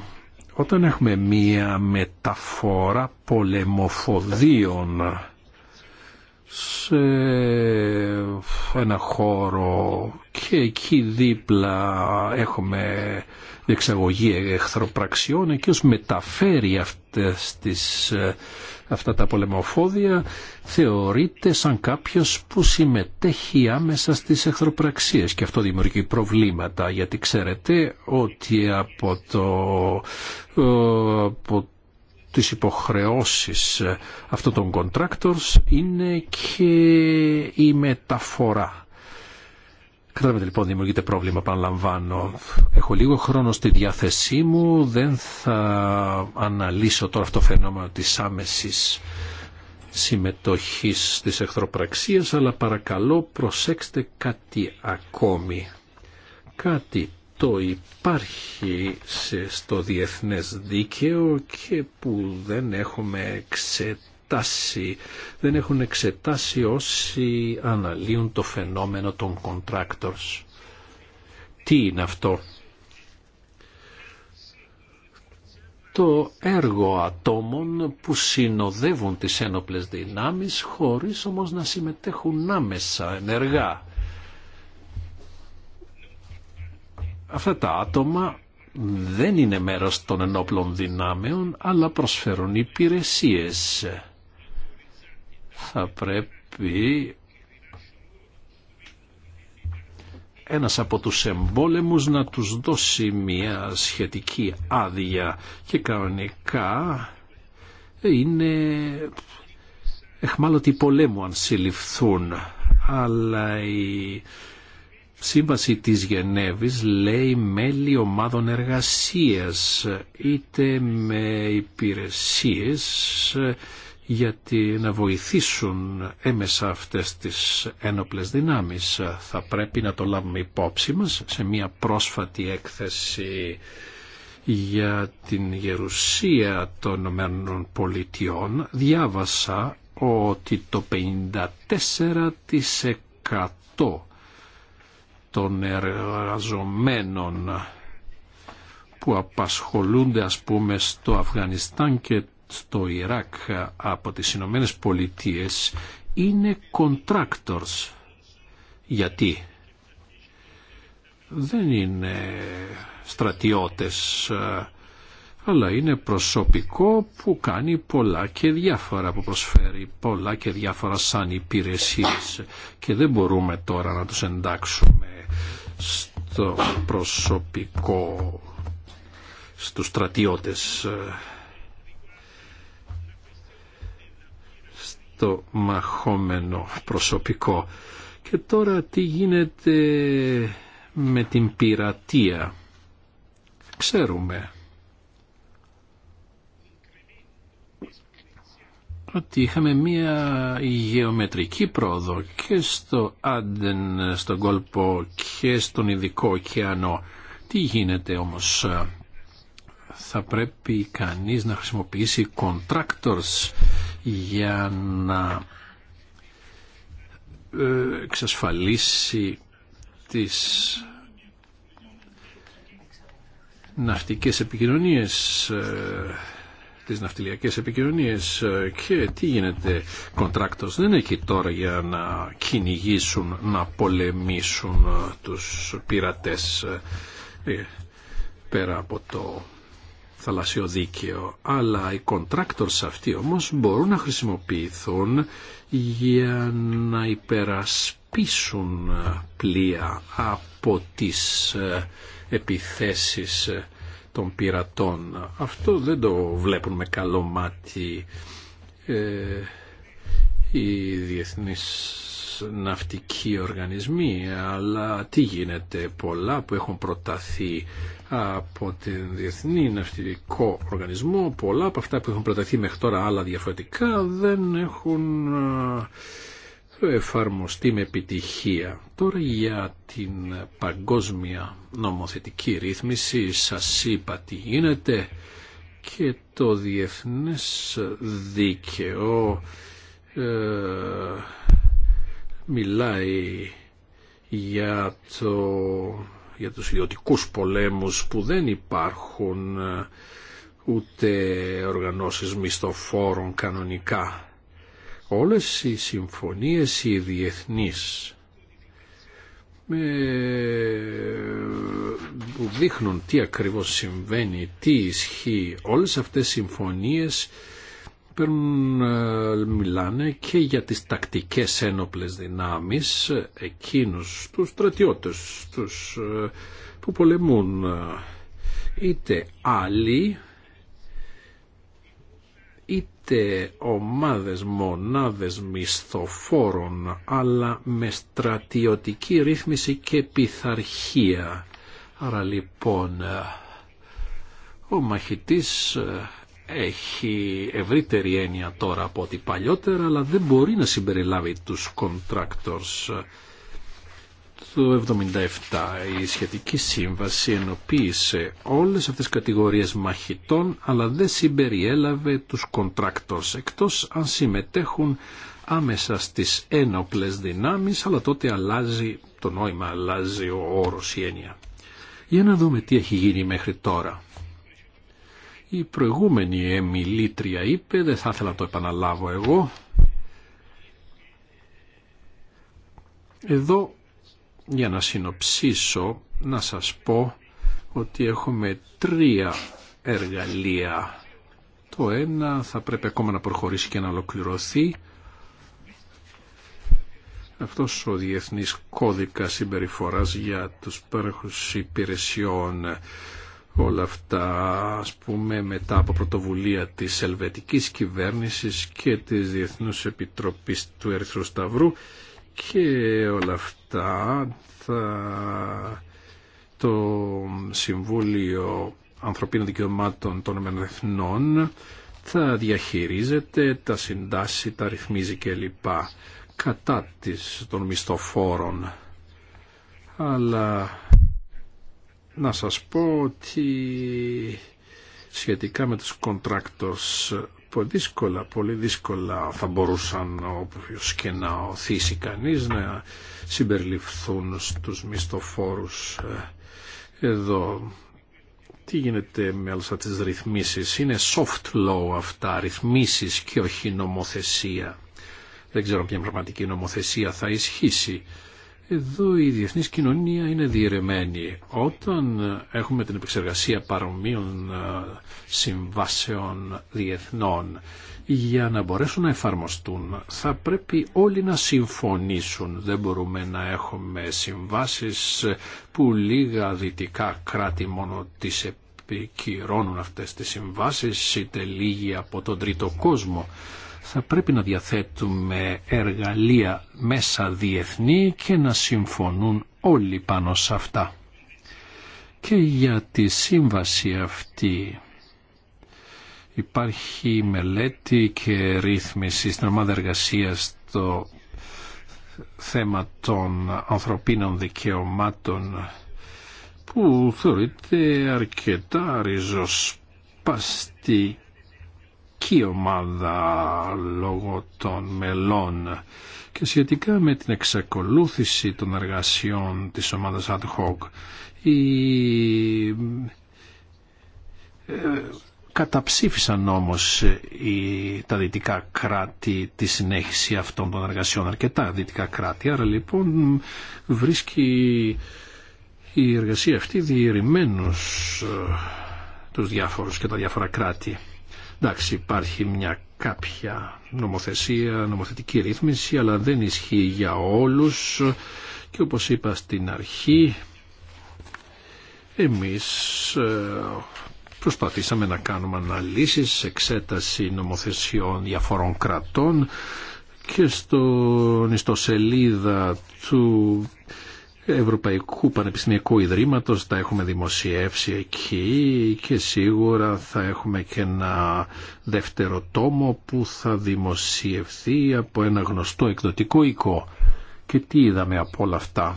όταν έχουμε μία μεταφορά πολεμοφοδίων σε ένα χώρο και εκεί δίπλα έχουμε διεξαγωγή εχθροπραξιών εκεί ως μεταφέρει αυτές τις ε, αυτά τα πολεμοφόδια θεωρείται σαν κάποιος που συμμετέχει άμεσα στις εχθροπραξίες και αυτό δημιουργεί προβλήματα γιατί ξέρετε ότι από, το, ε, από τις υποχρεώσεις αυτών των contractors είναι και η μεταφορά Καταλαβαίνετε λοιπόν δημιουργείται πρόβλημα, παραλαμβάνω. Έχω λίγο χρόνο στη διάθεσή μου, δεν θα αναλύσω τώρα αυτό το φαινόμενο της άμεσης συμμετοχής της εχθροπραξίας, αλλά παρακαλώ προσέξτε κάτι ακόμη. Κάτι το υπάρχει στο διεθνές δίκαιο και που δεν έχουμε εξετάσει εξετάσει, δεν έχουν εξετάσει όσοι αναλύουν το φαινόμενο των contractors. Τι είναι αυτό. το έργο ατόμων που συνοδεύουν τις ένοπλες δυνάμεις χωρίς όμως να συμμετέχουν άμεσα ενεργά. Αυτά τα άτομα δεν είναι μέρος των ενόπλων δυνάμεων αλλά προσφέρουν υπηρεσίες θα πρέπει ένας από τους εμπόλεμους να τους δώσει μια σχετική άδεια και κανονικά είναι εχμάλωτοι πολέμου αν συλληφθούν αλλά η σύμβαση της Γενέβης λέει μέλη ομάδων εργασίας είτε με υπηρεσίες γιατί να βοηθήσουν έμεσα αυτές τις ένοπλες δυνάμεις. Θα πρέπει να το λάβουμε υπόψη μας σε μια πρόσφατη έκθεση για την γερουσία των Ηνωμένων Πολιτειών διάβασα ότι το 54% των εργαζομένων που απασχολούνται ας πούμε στο Αφγανιστάν και στο Ιράκ από τις Ηνωμένε Πολιτείε είναι contractors. Γιατί δεν είναι στρατιώτες αλλά είναι προσωπικό που κάνει πολλά και διάφορα, που προσφέρει πολλά και διάφορα σαν υπηρεσίες και δεν μπορούμε τώρα να τους εντάξουμε στο προσωπικό, στους στρατιώτες. το μαχόμενο προσωπικό. Και τώρα τι γίνεται με την πειρατεία. Ξέρουμε ότι είχαμε μία γεωμετρική πρόοδο και στο Άντεν, στον κόλπο και στον Ειδικό ωκεανό. Τι γίνεται όμως, θα πρέπει κανείς να χρησιμοποιήσει contractors για να ε, εξασφαλίσει τις ναυτικές επικοινωνίες ε, τις ναυτιλιακές επικοινωνίες ε, και τι γίνεται κοντράκτος δεν έχει τώρα για να κυνηγήσουν να πολεμήσουν τους πειρατές πέρα από το θαλασσιό Αλλά οι contractors αυτοί όμως μπορούν να χρησιμοποιηθούν για να υπερασπίσουν ε, πλοία από τις ε, επιθέσεις ε, των πειρατών. Αυτό δεν το βλέπουν με καλό μάτι οι διεθνείς ναυτικοί οργανισμοί, αλλά τι γίνεται, πολλά που έχουν προταθεί από την Διεθνή Ναυτιλικό Οργανισμό. Πολλά από αυτά που έχουν προταθεί μέχρι τώρα άλλα διαφορετικά δεν έχουν ε, εφαρμοστεί με επιτυχία. Τώρα για την παγκόσμια νομοθετική ρύθμιση σας είπα τι γίνεται και το διεθνές δίκαιο ε, μιλάει για το για τους ιδιωτικούς πολέμους που δεν υπάρχουν ε, ούτε οργανώσεις μισθοφόρων κανονικά. Όλες οι συμφωνίες οι διεθνείς ε, που δείχνουν τι ακριβώς συμβαίνει, τι ισχύει, όλες αυτές οι συμφωνίες ε, μιλάνε και για τις τακτικές ένοπλες δυνάμεις, εκείνους τους στρατιώτες τους ε, που πολεμούν είτε άλλοι είτε ομάδες μονάδες μισθοφόρων αλλά με στρατιωτική ρύθμιση και πειθαρχία. Άρα λοιπόν ο μαχητής ε, έχει ευρύτερη έννοια τώρα από ό,τι παλιότερα, αλλά δεν μπορεί να συμπεριλάβει τους contractors. Το 77 η σχετική σύμβαση ενοποίησε όλες αυτές τις κατηγορίες μαχητών, αλλά δεν συμπεριέλαβε τους contractors, εκτός αν συμμετέχουν άμεσα στις ένοπλες δυνάμεις, αλλά τότε αλλάζει το νόημα, αλλάζει ο όρος η έννοια. Για να δούμε τι έχει γίνει μέχρι τώρα. Η προηγούμενη εμιλήτρια είπε, δεν θα ήθελα να το επαναλάβω εγώ, εδώ για να συνοψίσω να σας πω ότι έχουμε τρία εργαλεία. Το ένα θα πρέπει ακόμα να προχωρήσει και να ολοκληρωθεί. Αυτός ο Διεθνής Κώδικας Συμπεριφοράς για τους πέρχους υπηρεσιών όλα αυτά ας πούμε μετά από πρωτοβουλία της ελβετικής κυβέρνησης και της Διεθνούς Επιτροπής του Ερυθρού Σταυρού και όλα αυτά θα το Συμβούλιο Ανθρωπίνων Δικαιωμάτων των Εθνών θα διαχειρίζεται, τα συντάσσει, τα ρυθμίζει κλπ. κατά της των μισθοφόρων. Αλλά να σας πω ότι σχετικά με τους contractors πολύ δύσκολα, πολύ δύσκολα θα μπορούσαν όποιος και να οθήσει κανείς να συμπεριληφθούν στους μισθοφόρους ε, εδώ. Τι γίνεται με άλλες αυτές τις ρυθμίσεις. Είναι soft law αυτά, ρυθμίσεις και όχι νομοθεσία. Δεν ξέρω ποια πραγματική νομοθεσία θα ισχύσει. Εδώ η διεθνής κοινωνία είναι διαιρεμένη. Όταν έχουμε την επεξεργασία παρομοίων ε, συμβάσεων διεθνών για να μπορέσουν να εφαρμοστούν θα πρέπει όλοι να συμφωνήσουν. Δεν μπορούμε να έχουμε συμβάσεις που λίγα δυτικά κράτη μόνο τις επικυρώνουν αυτές τις συμβάσεις είτε λίγοι από τον τρίτο κόσμο θα πρέπει να διαθέτουμε εργαλεία μέσα διεθνή και να συμφωνούν όλοι πάνω σε αυτά. Και για τη σύμβαση αυτή υπάρχει μελέτη και ρύθμιση στην ομάδα εργασίας στο θέμα των ανθρωπίνων δικαιωμάτων που θεωρείται αρκετά ριζοσπαστική ο ομάδα λόγω των μελών και σχετικά με την εξακολούθηση των εργασιών της ομάδας ad hoc η... Ε, καταψήφισαν όμως οι... τα δυτικά κράτη τη συνέχιση αυτών των εργασιών αρκετά δυτικά κράτη άρα λοιπόν βρίσκει η εργασία αυτή διαιρημένους ε, τους διάφορους και τα διάφορα κράτη. Εντάξει, υπάρχει μια κάποια νομοθεσία, νομοθετική ρύθμιση, αλλά δεν ισχύει για όλους και όπως είπα στην αρχή, εμείς ε, προσπαθήσαμε να κάνουμε αναλύσεις, εξέταση νομοθεσιών διαφορών κρατών και στο ιστοσελίδα του Ευρωπαϊκού Πανεπιστημιακού Ιδρύματος, τα έχουμε δημοσιεύσει εκεί και σίγουρα θα έχουμε και ένα δεύτερο τόμο που θα δημοσιευθεί από ένα γνωστό εκδοτικό οίκο. Και τι είδαμε από όλα αυτά,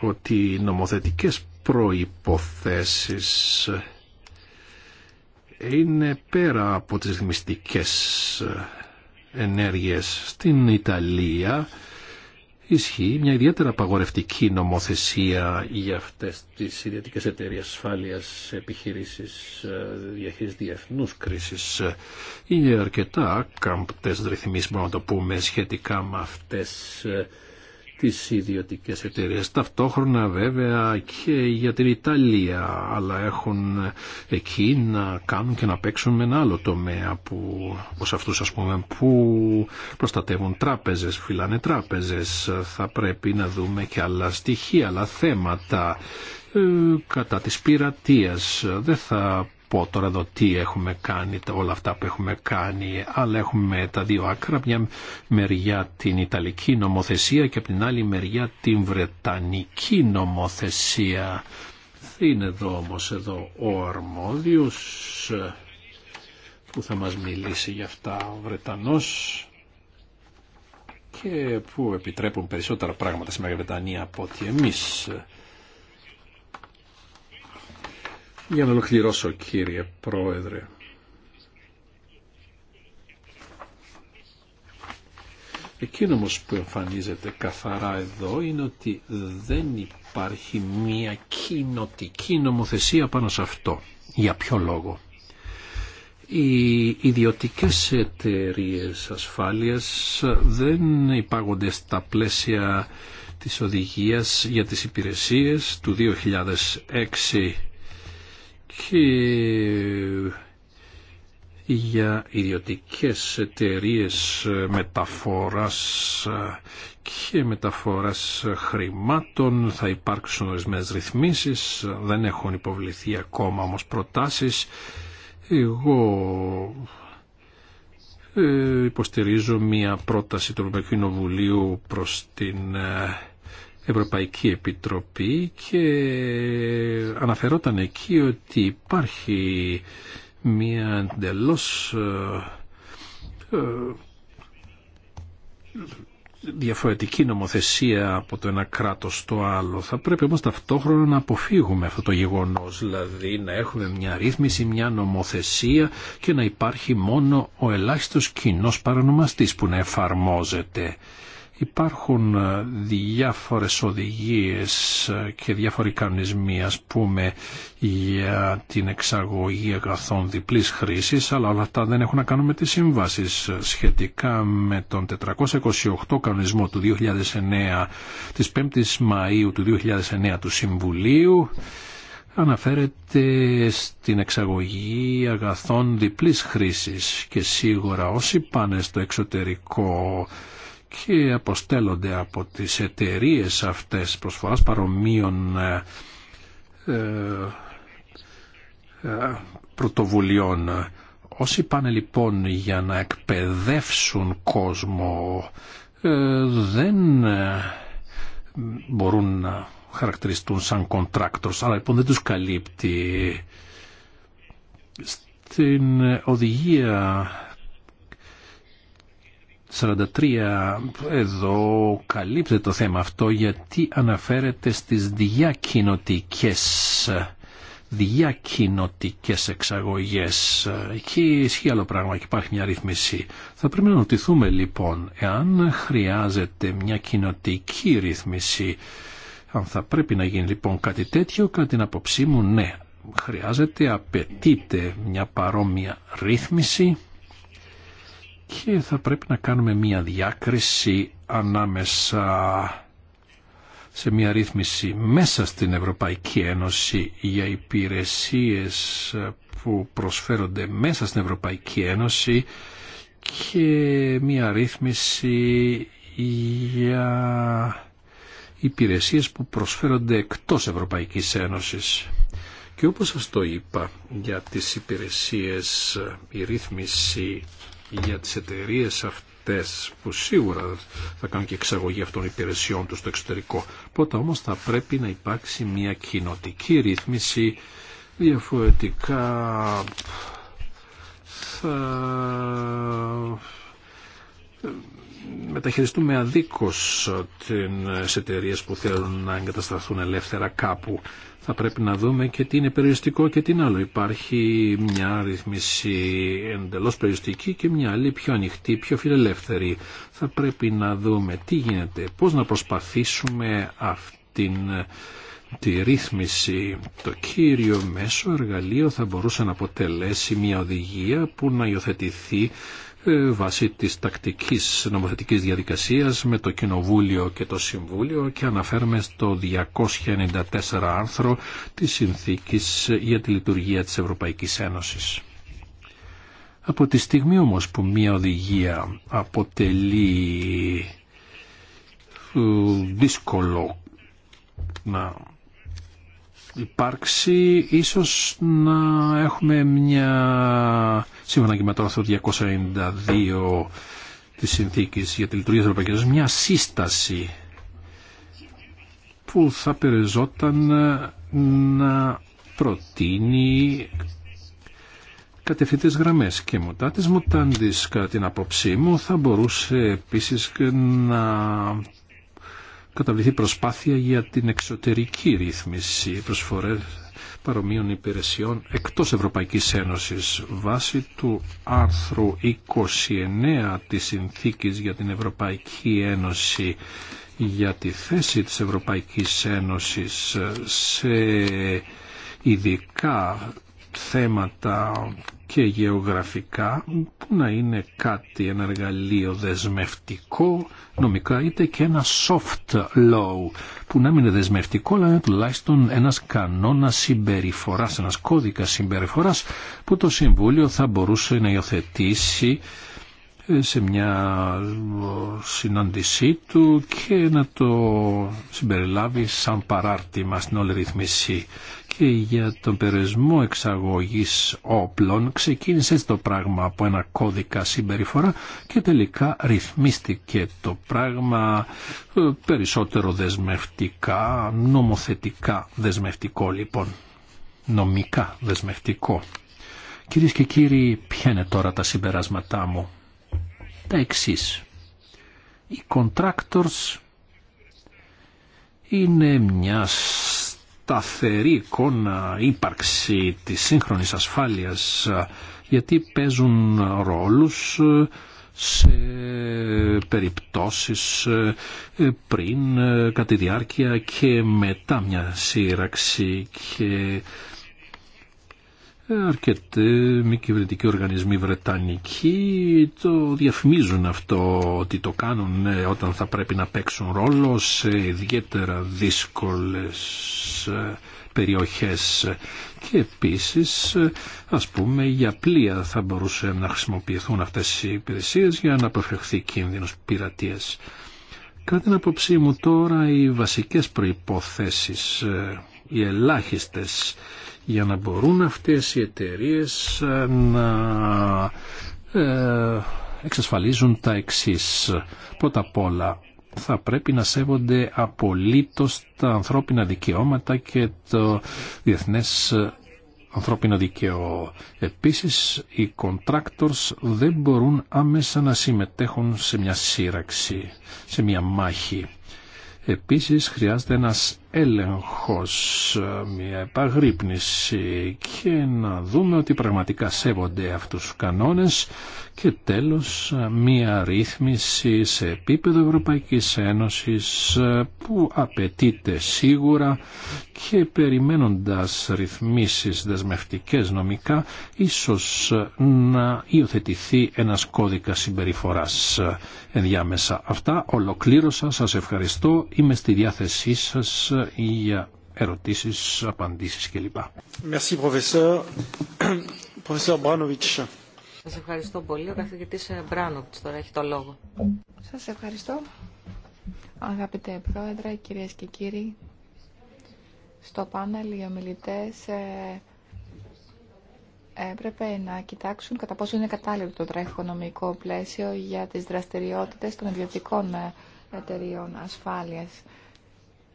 ότι οι νομοθετικές προϋποθέσεις είναι πέρα από τις μυστικές ενέργειες στην Ιταλία ισχύει μια ιδιαίτερα απαγορευτική νομοθεσία για αυτές τις ιδιωτικέ εταιρείε ασφάλεια επιχειρήσει ε, διαχείρισης διεθνούς κρίσης. Είναι αρκετά κάμπτες ρυθμίσει, μπορούμε να το πούμε, σχετικά με αυτές ε, τις ιδιωτικές εταιρείες. Ταυτόχρονα βέβαια και για την Ιταλία, αλλά έχουν εκεί να κάνουν και να παίξουν με ένα άλλο τομέα που, όπως αυτούς ας πούμε, που προστατεύουν τράπεζες, φυλάνε τράπεζες. Θα πρέπει να δούμε και άλλα στοιχεία, άλλα θέματα ε, κατά της πειρατείας. Δεν θα πω τώρα εδώ τι έχουμε κάνει, όλα αυτά που έχουμε κάνει, αλλά έχουμε τα δύο άκρα, μια μεριά την Ιταλική νομοθεσία και από την άλλη μεριά την Βρετανική νομοθεσία. Είναι εδώ όμως εδώ ο Αρμόδιος ε, που θα μας μιλήσει για αυτά ο Βρετανός και που επιτρέπουν περισσότερα πράγματα στη Μεγάλη Βρετανία από ότι εμείς. Ε, για να ολοκληρώσω κύριε Πρόεδρε. Εκείνο όμω που εμφανίζεται καθαρά εδώ είναι ότι δεν υπάρχει μια κοινοτική νομοθεσία πάνω σε αυτό. Για ποιο λόγο. Οι ιδιωτικές εταιρείε ασφάλειας δεν υπάγονται στα πλαίσια της οδηγίας για τις υπηρεσίες του 2006 και για ιδιωτικές εταιρείε μεταφοράς και μεταφοράς χρημάτων. Θα υπάρξουν ορισμένες ρυθμίσεις, δεν έχουν υποβληθεί ακόμα όμως προτάσεις. Εγώ ε, υποστηρίζω μία πρόταση του Ευρωπαϊκού Κοινοβουλίου προς την ε, Ευρωπαϊκή Επιτροπή και αναφερόταν εκεί ότι υπάρχει μια εντελώ ε, ε, διαφορετική νομοθεσία από το ένα κράτος στο άλλο. Θα πρέπει όμως ταυτόχρονα να αποφύγουμε αυτό το γεγονός, δηλαδή να έχουμε μια ρύθμιση, μια νομοθεσία και να υπάρχει μόνο ο ελάχιστος κοινός παρανομαστής που να εφαρμόζεται. Υπάρχουν ε, διάφορες οδηγίες ε, και διάφοροι κανονισμοί ας πούμε για την εξαγωγή αγαθών διπλής χρήσης αλλά όλα αυτά δεν έχουν να κάνουν με τις σύμβασεις σχετικά με τον 428 κανονισμό του 2009 της 5ης Μαΐου του 2009 του Συμβουλίου αναφέρεται στην εξαγωγή αγαθών διπλής χρήσης και σίγουρα όσοι πάνε στο εξωτερικό και αποστέλλονται από τις εταιρείε αυτές προσφοράς παρομοίων ε, ε, ε, πρωτοβουλειών. Όσοι πάνε λοιπόν για να εκπαιδεύσουν κόσμο δεν μπορούν να χαρακτηριστούν σαν κοντράκτρος, αλλά λοιπόν δεν τους καλύπτει. Στην οδηγία 43 εδώ καλύπτεται το θέμα αυτό γιατί αναφέρεται στις διακοινωτικές διακοινωτικές εξαγωγές. Εκεί ισχύει άλλο πράγμα και υπάρχει μια ρύθμιση. Θα πρέπει να ρωτηθούμε λοιπόν εάν χρειάζεται μια κοινοτική ρύθμιση αν θα πρέπει να γίνει λοιπόν κάτι τέτοιο, κατά την αποψή μου ναι. Χρειάζεται, απαιτείται μια παρόμοια ρύθμιση και θα πρέπει να κάνουμε μία διάκριση ανάμεσα σε μια ρύθμιση μέσα στην Ευρωπαϊκή Ένωση για υπηρεσίες που προσφέρονται μέσα στην Ευρωπαϊκή Ένωση και μια ρύθμιση για υπηρεσίες που προσφέρονται εκτός Ευρωπαϊκής Ένωσης. Και όπως σας το είπα για τις υπηρεσίες, η ρύθμιση για τις εταιρείε αυτές που σίγουρα θα κάνουν και εξαγωγή αυτών των υπηρεσιών τους στο εξωτερικό. Πότε όμως θα πρέπει να υπάρξει μια κοινοτική ρύθμιση διαφορετικά θα μεταχειριστούμε αδίκως τις εταιρείε που θέλουν να εγκατασταθούν ελεύθερα κάπου θα πρέπει να δούμε και τι είναι περιοριστικό και τι είναι άλλο. Υπάρχει μια ρυθμίση εντελώ περιοριστική και μια άλλη πιο ανοιχτή, πιο φιλελεύθερη. Θα πρέπει να δούμε τι γίνεται, πώς να προσπαθήσουμε αυτήν τη ρύθμιση. Το κύριο μέσο εργαλείο θα μπορούσε να αποτελέσει μια οδηγία που να υιοθετηθεί ε, βάσει της τακτικής νομοθετικής διαδικασίας με το Κοινοβούλιο και το Συμβούλιο και αναφέρουμε στο 294 άρθρο της Συνθήκης για τη λειτουργία της Ευρωπαϊκής Ένωσης. Από τη στιγμή όμως που μία οδηγία αποτελεί ε, δύσκολο να υπάρξει, ίσως να έχουμε μια σύμφωνα και με το άρθρο 292 της Συνθήκης για τη Λειτουργία της Ευρωπαϊκής μια σύσταση που θα περιζόταν να προτείνει κατευθυντές γραμμές και μουτάτης μουτάντης κατά την απόψή μου θα μπορούσε επίσης να καταβληθεί προσπάθεια για την εξωτερική ρύθμιση προσφορές παρομοίων υπηρεσιών εκτός Ευρωπαϊκής Ένωσης βάσει του άρθρου 29 της Συνθήκης για την Ευρωπαϊκή Ένωση για τη θέση της Ευρωπαϊκής Ένωσης σε ειδικά θέματα και γεωγραφικά που να είναι κάτι, ένα εργαλείο δεσμευτικό νομικά είτε και ένα soft law που να μην είναι δεσμευτικό αλλά είναι τουλάχιστον ένας κανόνας συμπεριφοράς, ένας κώδικας συμπεριφοράς που το Συμβούλιο θα μπορούσε να υιοθετήσει ε, σε μια ε, συνάντησή του και να το συμπεριλάβει σαν παράρτημα στην όλη ρυθμίση και για τον περιορισμό εξαγωγής όπλων ξεκίνησε το πράγμα από ένα κώδικα συμπεριφορά και τελικά ρυθμίστηκε το πράγμα ε, περισσότερο δεσμευτικά, νομοθετικά δεσμευτικό λοιπόν, νομικά δεσμευτικό. Κυρίε και κύριοι, ποια είναι τώρα τα συμπεράσματά μου. Τα εξής. Οι contractors είναι μιας σταθερή εικόνα ύπαρξη της σύγχρονης ασφάλειας γιατί παίζουν ρόλους σε περιπτώσεις ε, πριν, ε, κατά τη διάρκεια και μετά μια σύραξη και αρκετοί μη κυβερνητικοί οργανισμοί βρετανικοί το διαφημίζουν αυτό ότι το κάνουν ναι, όταν θα πρέπει να παίξουν ρόλο σε ιδιαίτερα δύσκολες ε, περιοχές και επίσης ε, ας πούμε για πλοία θα μπορούσε να χρησιμοποιηθούν αυτές οι υπηρεσίες για να αποφευχθεί κίνδυνος πειρατείας. Κατά την απόψή μου τώρα οι βασικές προϋποθέσεις, ε, οι ελάχιστες για να μπορούν αυτές οι εταιρείες ε, να ε, εξασφαλίζουν τα εξής. Πρώτα απ' όλα θα πρέπει να σέβονται απολύτως τα ανθρώπινα δικαιώματα και το διεθνές ε, ανθρώπινο δικαίωμα. Επίσης, οι contractors δεν μπορούν άμεσα να συμμετέχουν σε μια σύραξη, σε μια μάχη. Επίσης, χρειάζεται ένας έλεγχος, ε, μια επαγρύπνηση και να δούμε ότι πραγματικά σέβονται αυτούς τους κανόνες και τέλος ε, μια ρύθμιση σε επίπεδο Ευρωπαϊκής Ένωσης ε, που απαιτείται σίγουρα και περιμένοντας ρυθμίσεις δεσμευτικές νομικά ίσως να υιοθετηθεί ένας κώδικας συμπεριφοράς ενδιάμεσα. Αυτά ολοκλήρωσα, σας ευχαριστώ, είμαι στη διάθεσή σας ή για ερωτήσεις, απαντήσεις κλπ. Merci, Σας ευχαριστώ πολύ. Ο καθηγητής ε, Μπράνοβιτς τώρα έχει το λόγο. Σας ευχαριστώ. Αγαπητέ Πρόεδρε, κυρίες και κύριοι, στο πάνελ οι ομιλητές ε, έπρεπε να κοιτάξουν κατά πόσο είναι κατάλληλο το τρέχονομικό πλαίσιο για τις δραστηριότητες των ιδιωτικών ε, εταιριών ασφάλειας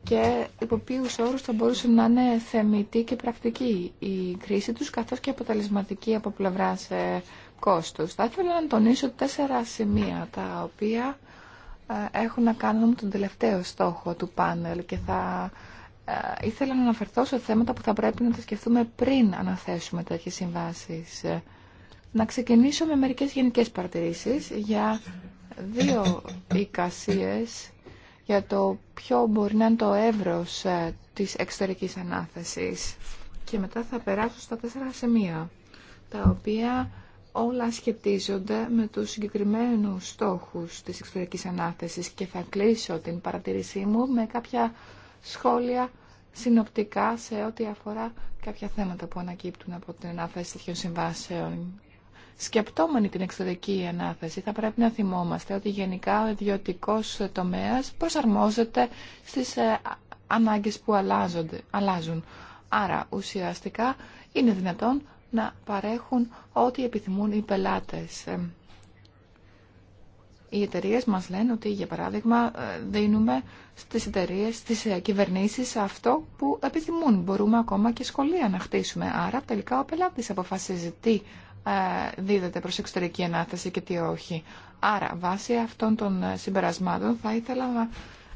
και υπό ποιους όρους θα μπορούσε να είναι θεμητή και πρακτική η κρίση τους καθώς και αποτελεσματική από πλευράς ε, κόστους. Θα ήθελα να τονίσω τέσσερα σημεία τα οποία ε, έχουν να κάνουν με τον τελευταίο στόχο του πάνελ και θα ε, ήθελα να αναφερθώ σε θέματα που θα πρέπει να τα σκεφτούμε πριν αναθέσουμε τέτοιες συμβάσεις. Να ξεκινήσω με μερικές γενικές παρατηρήσεις για δύο εικασίες για το ποιο μπορεί να είναι το εύρος ε, της εξωτερικής ανάθεσης. Και μετά θα περάσω στα τέσσερα σημεία, τα οποία όλα σχετίζονται με τους συγκεκριμένους στόχους της εξωτερικής ανάθεσης και θα κλείσω την παρατηρήσή μου με κάποια σχόλια συνοπτικά σε ό,τι αφορά κάποια θέματα που ανακύπτουν από την ανάθεση τέτοιων συμβάσεων Σκεπτόμενοι την εξωτερική ανάθεση, θα πρέπει να θυμόμαστε ότι γενικά ο ιδιωτικό τομέα προσαρμόζεται στι ε, ανάγκε που αλλάζουν. Άρα, ουσιαστικά είναι δυνατόν να παρέχουν ό,τι επιθυμούν οι πελάτες. Ε, οι εταιρείε μας λένε ότι, για παράδειγμα, ε, δίνουμε στις εταιρείε, στις κυβερνήσεις αυτό που επιθυμούν. Μπορούμε ακόμα και σχολεία να χτίσουμε. Άρα, τελικά, ο πελάτης αποφασίζει τι ε, δίδεται προς εξωτερική ανάθεση και τι όχι. Άρα, βάσει αυτών των ε, συμπερασμάτων θα ήθελα να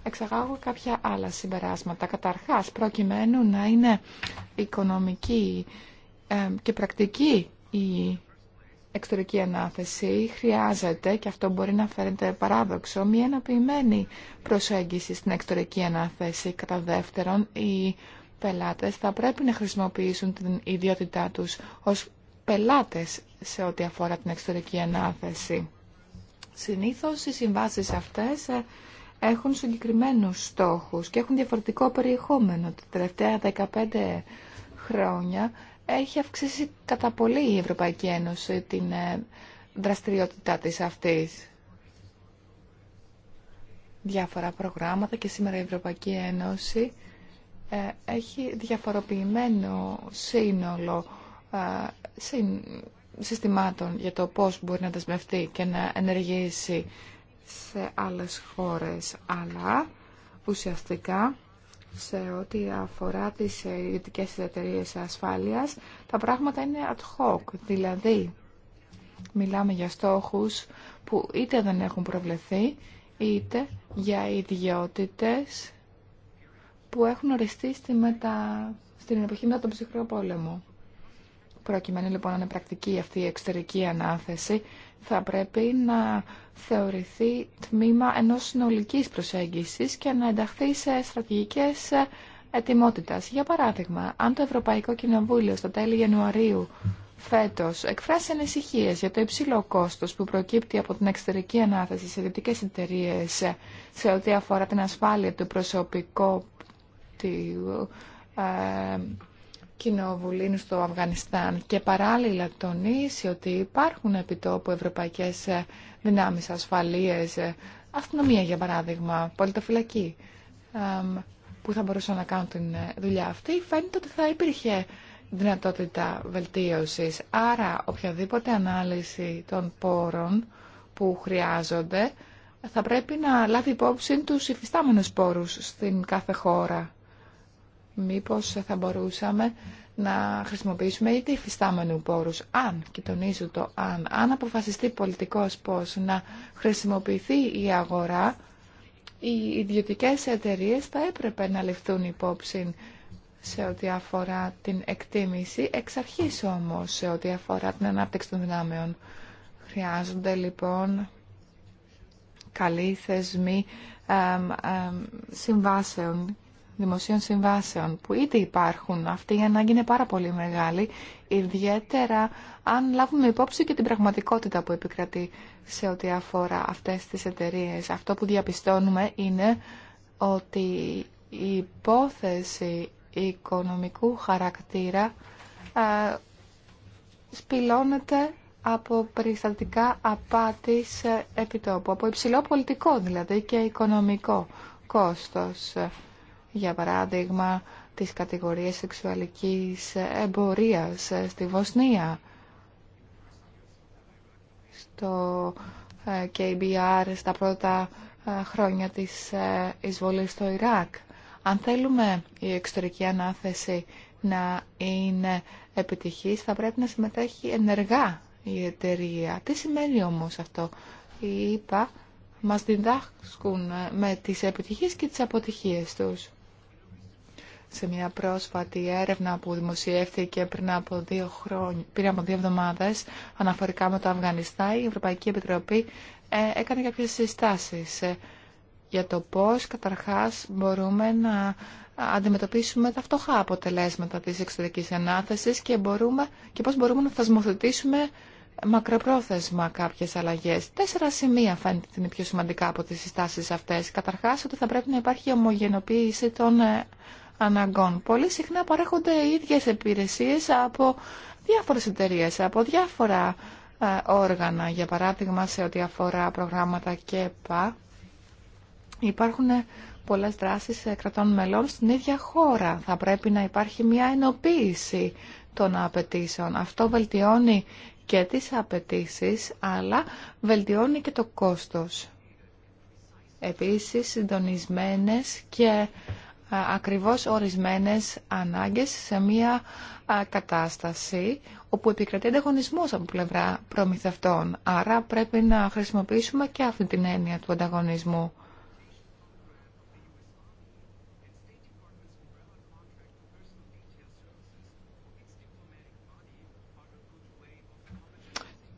εξαγάγω κάποια άλλα συμπεράσματα. Καταρχάς, προκειμένου να είναι οικονομική ε, και πρακτική η εξωτερική ανάθεση χρειάζεται, και αυτό μπορεί να φαίνεται παράδοξο, μια αναποιημένη προσέγγιση στην εξωτερική ανάθεση. Κατά δεύτερον, οι πελάτες θα πρέπει να χρησιμοποιήσουν την ιδιότητά τους ως πελάτες σε ό,τι αφορά την εξωτερική ανάθεση. Συνήθως οι συμβάσεις αυτές ε, έχουν συγκεκριμένους στόχους και έχουν διαφορετικό περιεχόμενο. Τα τελευταία 15 χρόνια έχει αυξήσει κατά πολύ η Ευρωπαϊκή Ένωση την ε, δραστηριότητά της αυτής. Διάφορα προγράμματα και σήμερα η Ευρωπαϊκή Ένωση ε, έχει διαφοροποιημένο σύνολο συστημάτων για το πώς μπορεί να δεσμευτεί και να ενεργήσει σε άλλες χώρες, αλλά ουσιαστικά σε ό,τι αφορά τις ιδιωτικές εταιρείε ασφάλειας, τα πράγματα είναι ad hoc, δηλαδή μιλάμε για στόχους που είτε δεν έχουν προβλεφθεί, είτε για ιδιότητες που έχουν οριστεί μετα... στην εποχή μετά τον ψυχρό πόλεμο. Προκειμένου λοιπόν να είναι πρακτική αυτή η εξωτερική ανάθεση, θα πρέπει να θεωρηθεί τμήμα ενός συνολικής προσέγγισης και να ενταχθεί σε στρατηγικές ετοιμότητας. Για παράδειγμα, αν το Ευρωπαϊκό Κοινοβούλιο στα τέλη Ιανουαρίου φέτος εκφράσει ανησυχίες για το υψηλό κόστος που προκύπτει από την εξωτερική ανάθεση σε δυτικές εταιρείε σε ό,τι αφορά την ασφάλεια του προσωπικού του ε, κοινοβουλή είναι στο Αφγανιστάν και παράλληλα τονίσει ότι υπάρχουν επιτόπου ευρωπαϊκές ε, δυνάμεις ασφαλίες, ε, αστυνομία για παράδειγμα, πολιτοφυλακή, που θα μπορούσαν να κάνουν την ε, δουλειά αυτή, φαίνεται ότι θα υπήρχε δυνατότητα βελτίωσης. Άρα οποιαδήποτε ανάλυση των πόρων που χρειάζονται θα πρέπει να λάβει υπόψη τους υφιστάμενους πόρους στην κάθε χώρα μήπως θα μπορούσαμε να χρησιμοποιήσουμε είτε υφιστάμενου πόρους, αν, και τονίζω το αν, αν αποφασιστεί πολιτικός πώς να χρησιμοποιηθεί η αγορά, οι ιδιωτικές εταιρείες θα έπρεπε να ληφθούν υπόψη σε ό,τι αφορά την εκτίμηση, εξ αρχής όμως σε ό,τι αφορά την ανάπτυξη των δυνάμεων. Χρειάζονται λοιπόν καλοί θεσμοί συμβάσεων δημοσίων συμβάσεων που ήδη υπάρχουν. Αυτή η ανάγκη είναι πάρα πολύ μεγάλη, ιδιαίτερα αν λάβουμε υπόψη και την πραγματικότητα που επικρατεί σε ό,τι αφορά αυτές τις εταιρείες. Αυτό που διαπιστώνουμε είναι ότι η υπόθεση οικονομικού χαρακτήρα ε, σπηλώνεται από περιστατικά απάτης ε, επιτόπου, από υψηλό πολιτικό δηλαδή και οικονομικό κόστος για παράδειγμα τις κατηγορίες σεξουαλικής εμπορίας στη Βοσνία, στο ε, KBR στα πρώτα ε, χρόνια της ε, εισβολής στο Ιράκ. Αν θέλουμε η εξωτερική ανάθεση να είναι επιτυχής, θα πρέπει να συμμετέχει ενεργά η εταιρεία. Τι σημαίνει όμως αυτό. Οι ΙΠΑ μας διδάσκουν με τις επιτυχίες και τις αποτυχίες τους σε μια πρόσφατη έρευνα που δημοσιεύθηκε πριν από δύο, χρόνια, πριν από δύο εβδομάδες αναφορικά με το Αφγανιστάν, η Ευρωπαϊκή Επιτροπή ε, έκανε κάποιες συστάσεις ε, για το πώς καταρχάς μπορούμε να αντιμετωπίσουμε τα φτωχά αποτελέσματα της εξωτερικής ανάθεσης και, μπορούμε, και πώς μπορούμε να θεσμοθετήσουμε μακροπρόθεσμα κάποιες αλλαγές. Τέσσερα σημεία φαίνεται ότι είναι πιο σημαντικά από τις συστάσεις αυτές. Καταρχάς ότι θα πρέπει να υπάρχει ομογενοποίηση των ε, Πολύ συχνά παρέχονται οι ίδιες υπηρεσίες από διάφορες εταιρείες, από διάφορα ε, όργανα. Για παράδειγμα, σε ό,τι αφορά προγράμματα ΚΕΠΑ, υπάρχουν πολλές δράσεις ε, κρατών μελών στην ίδια χώρα. Θα πρέπει να υπάρχει μια ενοποίηση των απαιτήσεων. Αυτό βελτιώνει και τις απαιτήσει, αλλά βελτιώνει και το κόστος. Επίσης, συντονισμένες και ακριβώς ορισμένες ανάγκες σε μια κατάσταση όπου επικρατεί ανταγωνισμός από πλευρά προμηθευτών. Άρα πρέπει να χρησιμοποιήσουμε και αυτή την έννοια του ανταγωνισμού.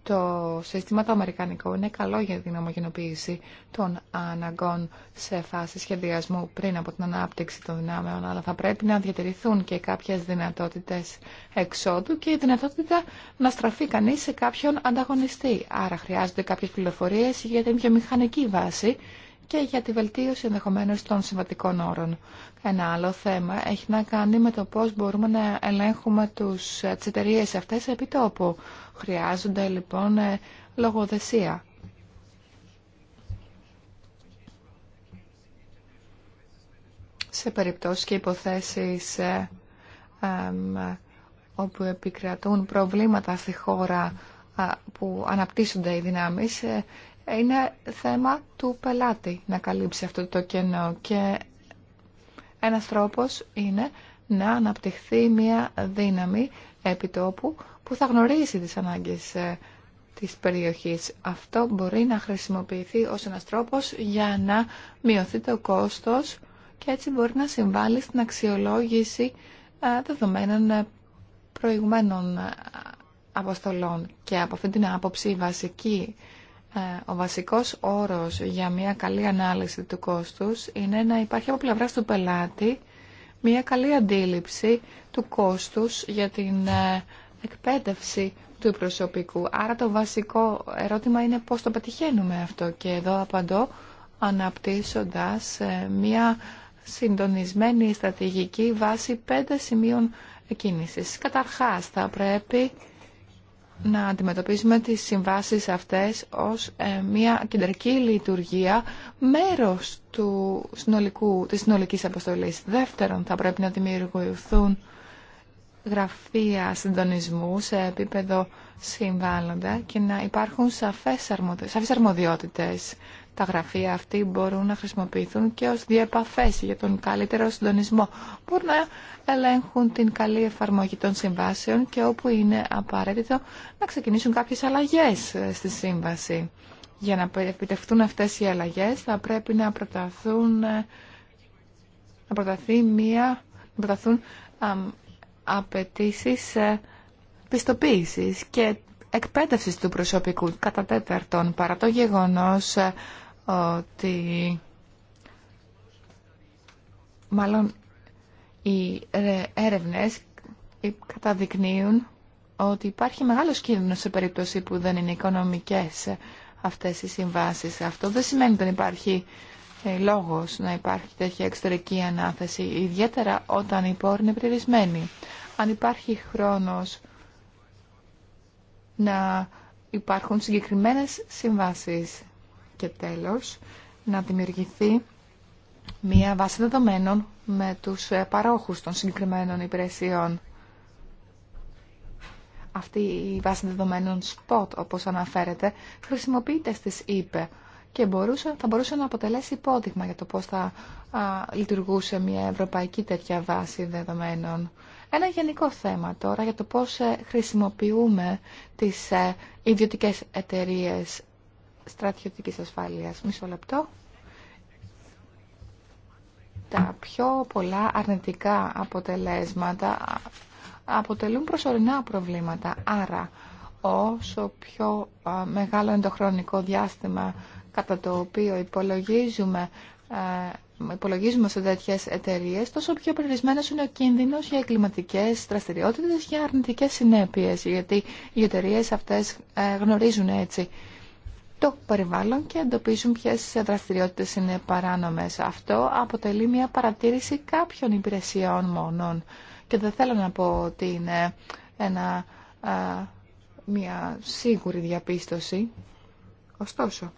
Το σύστημα το αμερικανικό είναι καλό για την ομογενοποίηση των αναγκών σε φάση σχεδιασμού πριν από την ανάπτυξη των δυνάμεων, αλλά θα πρέπει να διατηρηθούν και κάποιες δυνατότητες εξόδου και η δυνατότητα να στραφεί κανείς σε κάποιον ανταγωνιστή. Άρα χρειάζονται κάποιες πληροφορίες για την μηχανική βάση και για τη βελτίωση ενδεχομένω των συμβατικών όρων. Ένα άλλο θέμα έχει να κάνει με το πώς μπορούμε να ελέγχουμε ε, τι εταιρείε αυτές επί τόπου. Χρειάζονται λοιπόν ε, λογοδεσία. Σε περιπτώσεις και υποθέσεις ε, όπου επικρατούν προβλήματα στη χώρα που αναπτύσσονται οι δυνάμεις, είναι θέμα του πελάτη να καλύψει αυτό το κενό και ένας τρόπος είναι να αναπτυχθεί μια δύναμη επιτόπου που θα γνωρίσει τις ανάγκες ε, της περιοχής. Αυτό μπορεί να χρησιμοποιηθεί ως ένας τρόπος για να μειωθεί το κόστος και έτσι μπορεί να συμβάλλει στην αξιολόγηση ε, δεδομένων ε, προηγουμένων αποστολών. Και από αυτή την άποψη η βασική ε, ο βασικός όρος για μια καλή ανάλυση του κόστους είναι να υπάρχει από πλευράς του πελάτη μια καλή αντίληψη του κόστους για την ε, εκπαίδευση του προσωπικού. Άρα το βασικό ερώτημα είναι πώς το πετυχαίνουμε αυτό και εδώ απαντώ αναπτύσσοντας ε, μια συντονισμένη στρατηγική βάση πέντε σημείων κίνησης. Καταρχάς θα πρέπει να αντιμετωπίσουμε τις συμβάσεις αυτές ως ε, μια κεντρική λειτουργία μέρος του συνολικού, της συνολικής αποστολής. Δεύτερον, θα πρέπει να δημιουργηθούν γραφεία συντονισμού σε επίπεδο συμβάλλοντα και να υπάρχουν σαφές, αρμοδιότητε. σαφές αρμοδιότητες τα γραφεία αυτοί μπορούν να χρησιμοποιηθούν και ως διεπαφές για τον καλύτερο συντονισμό. Μπορούν να ελέγχουν την καλή εφαρμογή των συμβάσεων και όπου είναι απαραίτητο να ξεκινήσουν κάποιες αλλαγές ε, στη σύμβαση. Για να επιτευχθούν αυτές οι αλλαγές θα πρέπει να προταθούν ε, να προταθεί μία να προταθούν απαιτήσει ε, πιστοποίησης και εκπαίδευσης του προσωπικού κατά τέταρτον παρά το γεγονός ότι μάλλον οι έρευνες καταδεικνύουν ότι υπάρχει μεγάλος κίνδυνος σε περίπτωση που δεν είναι οικονομικές αυτές οι συμβάσεις. Αυτό δεν σημαίνει ότι δεν υπάρχει ε, λόγος να υπάρχει τέτοια εξωτερική ανάθεση, ιδιαίτερα όταν η πόρη είναι πληρισμένη. Αν υπάρχει χρόνος να υπάρχουν συγκεκριμένες συμβάσεις και τέλος, να δημιουργηθεί μία βάση δεδομένων με τους ε, παρόχους των συγκεκριμένων υπηρεσιών. Αυτή η βάση δεδομένων spot, όπως αναφέρεται, χρησιμοποιείται στις είπε και μπορούσε, θα μπορούσε να αποτελέσει υπόδειγμα για το πώς θα λειτουργούσε μια ευρωπαϊκή τέτοια βάση δεδομένων. Ένα γενικό θέμα τώρα για το πώς ε, χρησιμοποιούμε τις ε, ιδιωτικές εταιρείες στρατιωτικής ασφάλειας. Μισό λεπτό. Τα πιο πολλά αρνητικά αποτελέσματα αποτελούν προσωρινά προβλήματα. Άρα, όσο πιο μεγάλο είναι το χρονικό διάστημα κατά το οποίο υπολογίζουμε υπολογίζουμε σε τέτοιε εταιρείε, τόσο πιο περιορισμένο είναι ο κίνδυνο για εγκληματικέ δραστηριότητε, για αρνητικές συνέπειες. Γιατί οι εταιρείε αυτέ ε, γνωρίζουν έτσι το περιβάλλον και εντοπίζουν ποιες δραστηριότητες είναι παράνομες. Αυτό αποτελεί μια παρατήρηση κάποιων υπηρεσιών μόνον. Και δεν θέλω να πω ότι είναι ένα, μια σίγουρη διαπίστωση. Ωστόσο,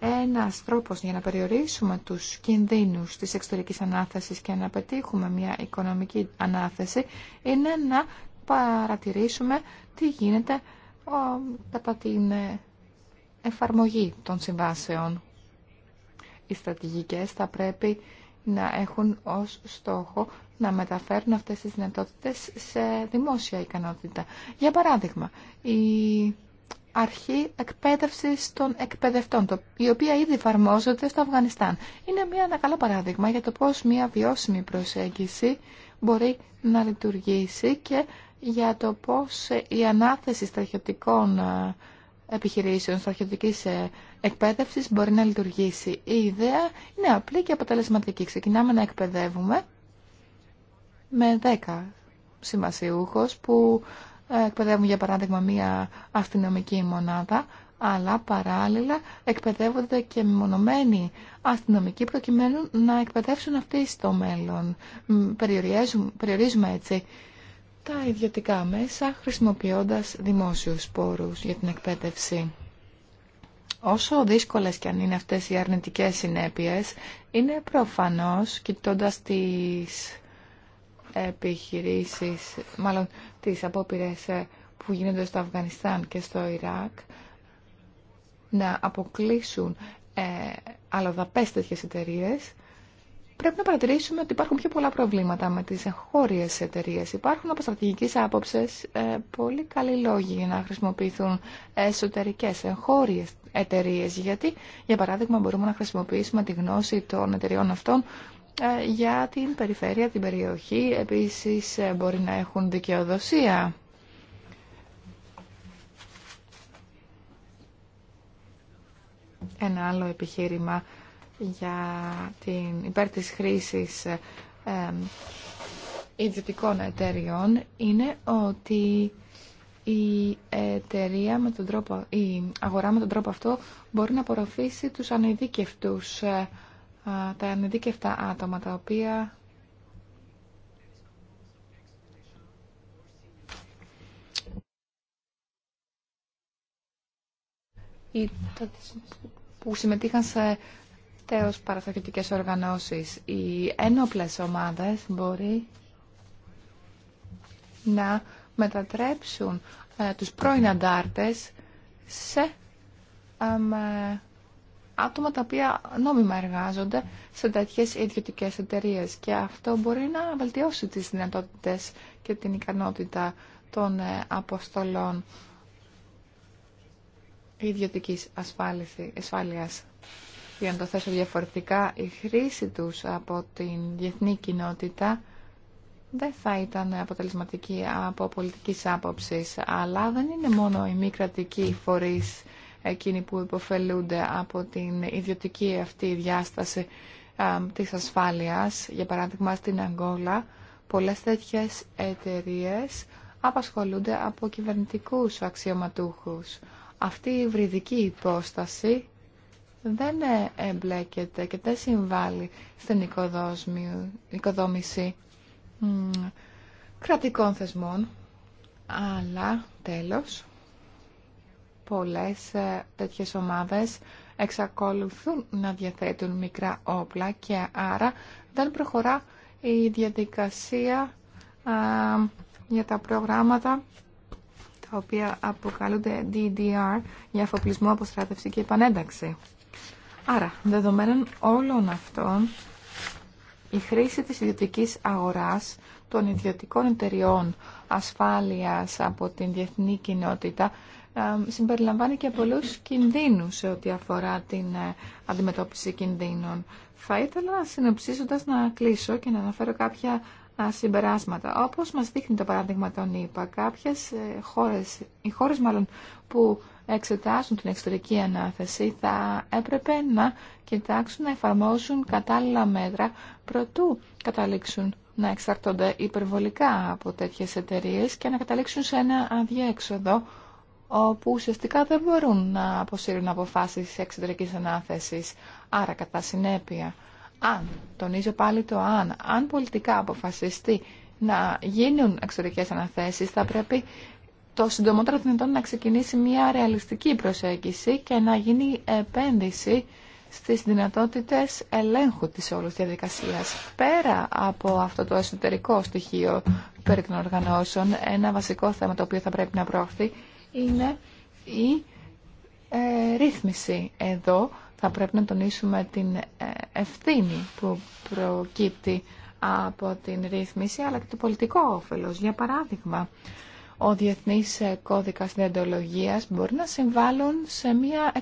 ένας τρόπος για να περιορίσουμε τους κινδύνους της εξωτερικής ανάθεσης και να πετύχουμε μια οικονομική ανάθεση είναι να παρατηρήσουμε τι γίνεται κατά την εφαρμογή των συμβάσεων. Οι στρατηγικές θα πρέπει να έχουν ως στόχο να μεταφέρουν αυτές τις δυνατότητες σε δημόσια ικανότητα. Για παράδειγμα, η αρχή εκπαίδευσης των εκπαιδευτών, η οποία ήδη εφαρμόζεται στο Αφγανιστάν. Είναι μια, ένα καλό παράδειγμα για το πώς μια βιώσιμη προσέγγιση μπορεί να λειτουργήσει και για το πώς η ανάθεση στρατιωτικών ε, επιχειρήσεων στρατιωτική ε, εκπαίδευση μπορεί να λειτουργήσει. Η ιδέα είναι απλή και αποτελεσματική. Ξεκινάμε να εκπαιδεύουμε με 10 σημασιούχου που ε, εκπαιδεύουν για παράδειγμα μία αστυνομική μονάδα αλλά παράλληλα εκπαιδεύονται και μονομένοι αστυνομικοί προκειμένου να εκπαιδεύσουν αυτοί στο μέλλον. Περιορίζουμε, περιορίζουμε έτσι τα ιδιωτικά μέσα χρησιμοποιώντας δημόσιους πόρους για την εκπαίδευση. Όσο δύσκολες και αν είναι αυτές οι αρνητικές συνέπειες, είναι προφανώς κοιτώντα τις επιχειρήσεις, μάλλον τις απόπειρες ε, που γίνονται στο Αφγανιστάν και στο Ιράκ, να αποκλείσουν ε, αλλοδαπές τέτοιες εταιρείες, πρέπει να παρατηρήσουμε ότι υπάρχουν πιο πολλά προβλήματα με τις εγχώριες εταιρείε. Υπάρχουν από στρατηγικές ε, πολύ καλοί λόγοι για να χρησιμοποιηθούν εσωτερικές εγχώριες εταιρείε, γιατί, για παράδειγμα, μπορούμε να χρησιμοποιήσουμε τη γνώση των εταιρεών αυτών ε, για την περιφέρεια, την περιοχή. Επίσης, ε, μπορεί να έχουν δικαιοδοσία. Ένα άλλο επιχείρημα για την υπέρ της χρήσης ε, ιδιωτικών εταιριών είναι ότι η εταιρεία με τον τρόπο, η αγορά με τον τρόπο αυτό μπορεί να απορροφήσει τους ανειδίκευτους, ε, τα ανειδίκευτα άτομα τα οποία που συμμετείχαν σε τέως παραθεωρητικές οργανώσεις, οι ένοπλες ομάδες μπορεί να μετατρέψουν ε, τους πρώην αντάρτες σε ε, άτομα τα οποία νόμιμα εργάζονται σε τέτοιες ιδιωτικές εταιρείε. και αυτό μπορεί να βελτιώσει τις δυνατότητες και την ικανότητα των ε, αποστολών ιδιωτικής ασφάλειας για να το θέσω διαφορετικά, η χρήση τους από την διεθνή κοινότητα δεν θα ήταν αποτελεσματική από πολιτικής άποψης, αλλά δεν είναι μόνο οι μη κρατικοί φορείς εκείνοι που υποφελούνται από την ιδιωτική αυτή διάσταση της ασφάλειας. Για παράδειγμα, στην Αγγόλα, πολλές τέτοιες εταιρείε απασχολούνται από κυβερνητικούς αξιωματούχους. Αυτή η βρυδική υπόσταση δεν εμπλέκεται και δεν συμβάλλει στην οικοδόμηση κρατικών θεσμών. Αλλά τέλος, πολλές ε, τέτοιες ομάδες εξακολουθούν να διαθέτουν μικρά όπλα και άρα δεν προχωρά η διαδικασία για τα προγράμματα τα οποία αποκαλούνται DDR για αφοπλισμό, αποστράτευση και επανένταξη. Άρα, δεδομένων όλων αυτών, η χρήση της ιδιωτικής αγοράς των ιδιωτικών εταιριών ασφάλειας από την διεθνή κοινότητα συμπεριλαμβάνει και πολλούς κινδύνους σε ό,τι αφορά την ε, αντιμετώπιση κινδύνων. Θα ήθελα συνοψίζοντας να κλείσω και να αναφέρω κάποια συμπεράσματα. Όπως μας δείχνει το παράδειγμα των ΗΠΑ, κάποιες ε, χώρες, οι χώρες μάλλον που εξετάσουν την εξωτερική ανάθεση θα έπρεπε να κοιτάξουν να εφαρμόσουν κατάλληλα μέτρα προτού καταλήξουν να εξαρτώνται υπερβολικά από τέτοιες εταιρείε και να καταλήξουν σε ένα αδιέξοδο όπου ουσιαστικά δεν μπορούν να αποσύρουν αποφάσεις εξωτερικής ανάθεσης. Άρα κατά συνέπεια, αν, τονίζω πάλι το αν, αν πολιτικά αποφασιστεί να γίνουν εξωτερικές αναθέσεις θα πρέπει το συντομότερο δυνατόν να ξεκινήσει μια ρεαλιστική προσέγγιση και να γίνει επένδυση στις δυνατότητες ελέγχου της όλης διαδικασίας. Πέρα από αυτό το εσωτερικό στοιχείο περί των οργανώσεων, ένα βασικό θέμα το οποίο θα πρέπει να προωθεί είναι η ε, ρύθμιση. Εδώ θα πρέπει να τονίσουμε την ε, ευθύνη που προκύπτει από την ρύθμιση, αλλά και το πολιτικό όφελος. Για παράδειγμα, ο Διεθνής Κώδικας Διαντολογίας μπορεί να συμβάλλουν σε μια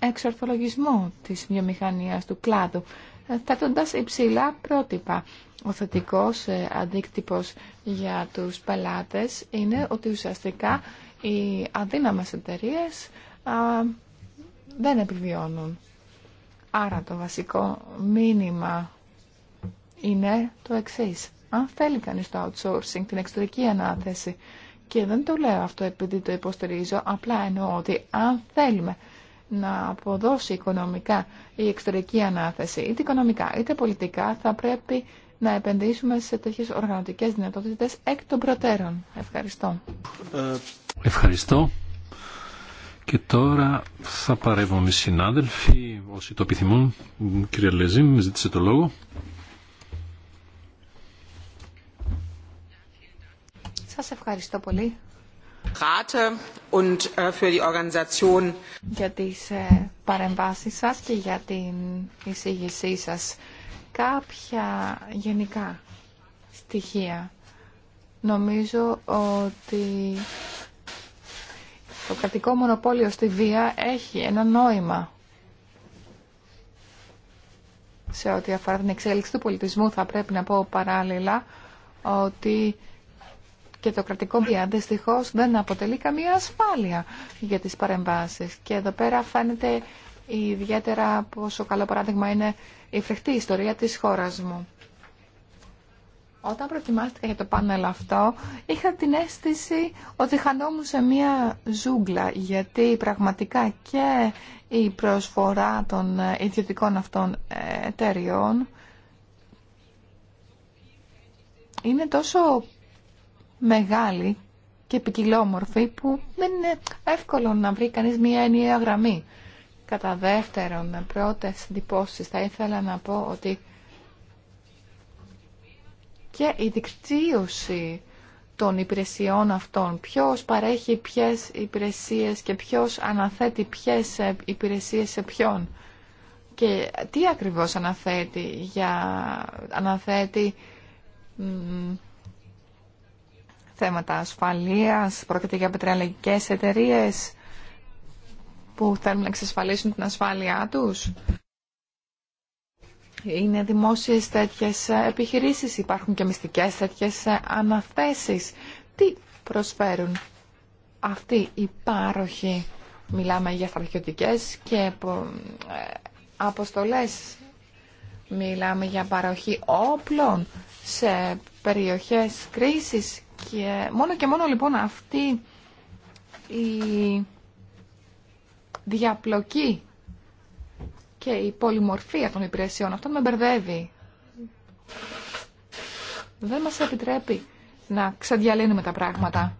εξορθολογισμό της βιομηχανίας του κλάδου, ε, θέτοντας υψηλά πρότυπα. Ο θετικός ε, αντίκτυπος για τους πελάτες είναι ότι ουσιαστικά οι αδύναμες εταιρείε δεν επιβιώνουν. Άρα το βασικό μήνυμα είναι το εξής. Αν θέλει κανείς το outsourcing, την εξωτερική ανάθεση και δεν το λέω αυτό επειδή το υποστηρίζω, απλά εννοώ ότι αν θέλουμε να αποδώσει οικονομικά η εξωτερική ανάθεση, είτε οικονομικά είτε πολιτικά, θα πρέπει να επενδύσουμε σε τέτοιες οργανωτικές δυνατότητες εκ των προτέρων. Ευχαριστώ. Ε, ευχαριστώ. Και τώρα θα παρεύουν οι συνάδελφοι, όσοι το επιθυμούν. Κύριε Λεζή, με ζήτησε το λόγο. ευχαριστώ πολύ äh, για τις ε, παρεμβάσεις σα και για την εισήγησή σας. Κάποια γενικά στοιχεία. Νομίζω ότι το κρατικό μονοπόλιο στη βία έχει ένα νόημα σε ό,τι αφορά την εξέλιξη του πολιτισμού θα πρέπει να πω παράλληλα ότι και το κρατικό βία δυστυχώ δεν αποτελεί καμία ασφάλεια για τις παρεμβάσεις. Και εδώ πέρα φαίνεται ιδιαίτερα πόσο καλό παράδειγμα είναι η φρεχτή ιστορία της χώρας μου. Όταν προετοιμάστηκα για το πάνελ αυτό, είχα την αίσθηση ότι χανόμουν σε μία ζούγκλα, γιατί πραγματικά και η προσφορά των ιδιωτικών αυτών ε, εταιριών είναι τόσο μεγάλη και ποικιλόμορφη που δεν είναι εύκολο να βρει κανείς μία ενιαία γραμμή. Κατά δεύτερον, πρώτες εντυπώσεις θα ήθελα να πω ότι και η δικτύωση των υπηρεσιών αυτών, ποιος παρέχει ποιες υπηρεσίες και ποιος αναθέτει ποιες υπηρεσίες σε ποιον. Και τι ακριβώς αναθέτει για αναθέτει θέματα ασφαλείας, πρόκειται για πετρελαϊκές εταιρείε που θέλουν να εξασφαλίσουν την ασφάλειά τους. Είναι δημόσιες τέτοιες επιχειρήσεις, υπάρχουν και μυστικές τέτοιες αναθέσεις. Τι προσφέρουν αυτοί οι πάροχοι. Μιλάμε για στρατιωτικές και ε, αποστολές. Μιλάμε για παροχή όπλων σε περιοχές κρίσης και μόνο και μόνο λοιπόν αυτή η διαπλοκή και η πολυμορφία των υπηρεσιών αυτό με μπερδεύει. Δεν μας επιτρέπει να ξαδιαλύνουμε τα πράγματα.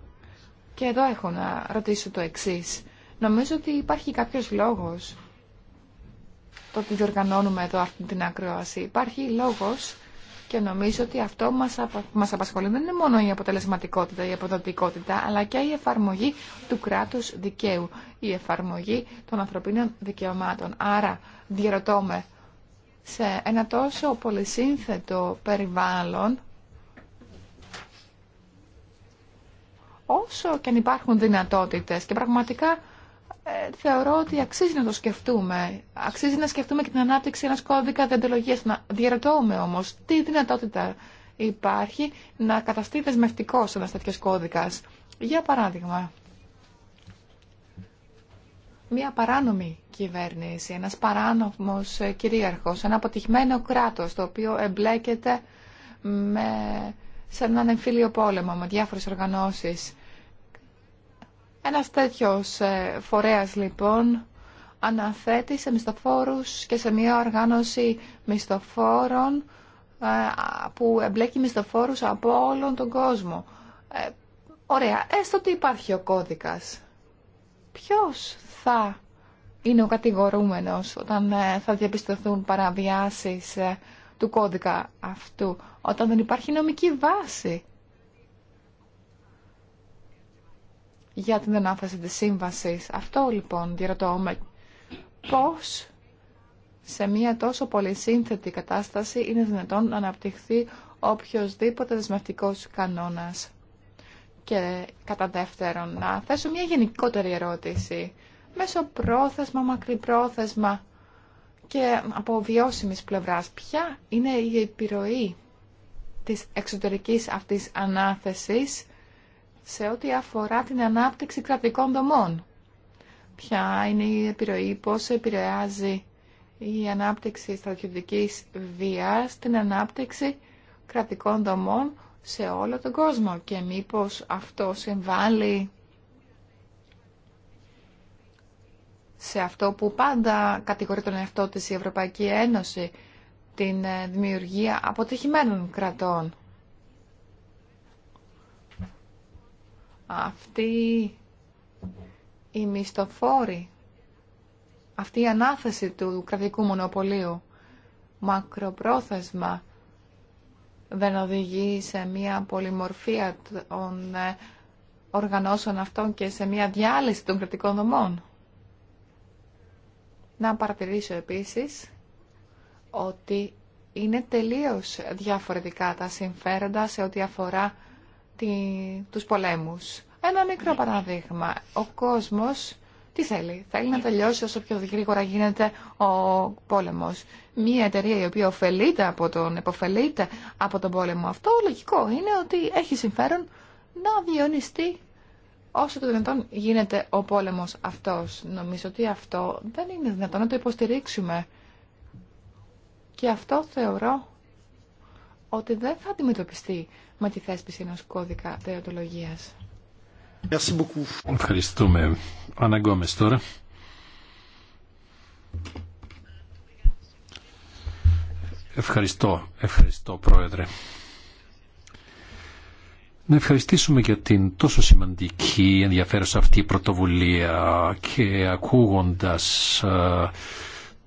Και εδώ έχω να ρωτήσω το εξής. Νομίζω ότι υπάρχει κάποιος λόγος το ότι διοργανώνουμε εδώ αυτή την ακρόαση. Υπάρχει λόγος και νομίζω ότι αυτό μας, μας απασχολεί δεν είναι μόνο η αποτελεσματικότητα, η αποδοτικότητα, αλλά και η εφαρμογή του κράτους δικαίου, η εφαρμογή των ανθρωπίνων δικαιωμάτων. Άρα διερωτώμε σε ένα τόσο πολυσύνθετο περιβάλλον, όσο και αν υπάρχουν δυνατότητες και πραγματικά ε, θεωρώ ότι αξίζει να το σκεφτούμε. Αξίζει να σκεφτούμε και την ανάπτυξη ενός κώδικα διοντολογίας. Να διαρωτώμε όμως τι δυνατότητα υπάρχει να καταστεί δεσμευτικό ένα τέτοιο κώδικα. Για παράδειγμα, μια παράνομη κυβέρνηση, ένας παράνομος κυρίαρχος, ένα αποτυχμένο κράτος το οποίο εμπλέκεται με, σε έναν εμφύλιο πόλεμο με διάφορες οργανώσεις ένας τέτοιος ε, φορέας λοιπόν αναθέτει σε μισθοφόρους και σε μια οργάνωση μισθοφόρων ε, που εμπλέκει μισθοφόρους από όλον τον κόσμο. Ε, ωραία, έστω ότι υπάρχει ο κώδικας. Ποιος θα είναι ο κατηγορούμενος όταν θα διαπιστωθούν παραβιάσεις του κώδικα αυτού, όταν δεν υπάρχει νομική βάση για την ανάθεση της σύμβασης. Αυτό λοιπόν διαρωτώμε πώς σε μια τόσο πολύ κατάσταση είναι δυνατόν να αναπτυχθεί οποιοδήποτε δεσμευτικό κανόνας. Και κατά δεύτερον, να θέσω μια γενικότερη ερώτηση. Μέσω πρόθεσμα, μακρύ πρόθεσμα και από βιώσιμη πλευράς, ποια είναι η επιρροή της εξωτερικής αυτής ανάθεσης σε ό,τι αφορά την ανάπτυξη κρατικών δομών. Ποια είναι η επιρροή, πώς επηρεάζει η ανάπτυξη στρατιωτικής βίας, την ανάπτυξη κρατικών δομών σε όλο τον κόσμο και μήπως αυτό συμβάλλει σε αυτό που πάντα κατηγορεί τον εαυτό της η Ευρωπαϊκή Ένωση, την ε, δημιουργία αποτυχημένων κρατών. Αυτή η μισθοφόρη, αυτή η ανάθεση του κρατικού μονοπωλίου μακροπρόθεσμα δεν οδηγεί σε μια πολυμορφία των ε, οργανώσεων αυτών και σε μια διάλυση των κρατικών δομών. Να παρατηρήσω επίσης ότι είναι τελείως διαφορετικά τα συμφέροντα σε ό,τι αφορά τη, τους πολέμους. Ένα μικρό παράδειγμα. Ο κόσμος τι θέλει. Θέλει να τελειώσει όσο πιο γρήγορα γίνεται ο πόλεμος. Μία εταιρεία η οποία ωφελείται από τον, επωφελείται από τον πόλεμο αυτό, λογικό είναι ότι έχει συμφέρον να διονυστεί όσο το δυνατόν γίνεται ο πόλεμος αυτός. Νομίζω ότι αυτό δεν είναι δυνατόν να το υποστηρίξουμε. Και αυτό θεωρώ ότι δεν θα αντιμετωπιστεί με τη θέσπιση ενός κώδικα δεοντολογίας. Ευχαριστούμε. Αναγκόμες τώρα. Ευχαριστώ, ευχαριστώ Πρόεδρε. Να ευχαριστήσουμε για την τόσο σημαντική ενδιαφέρουσα αυτή πρωτοβουλία και ακούγοντας ε,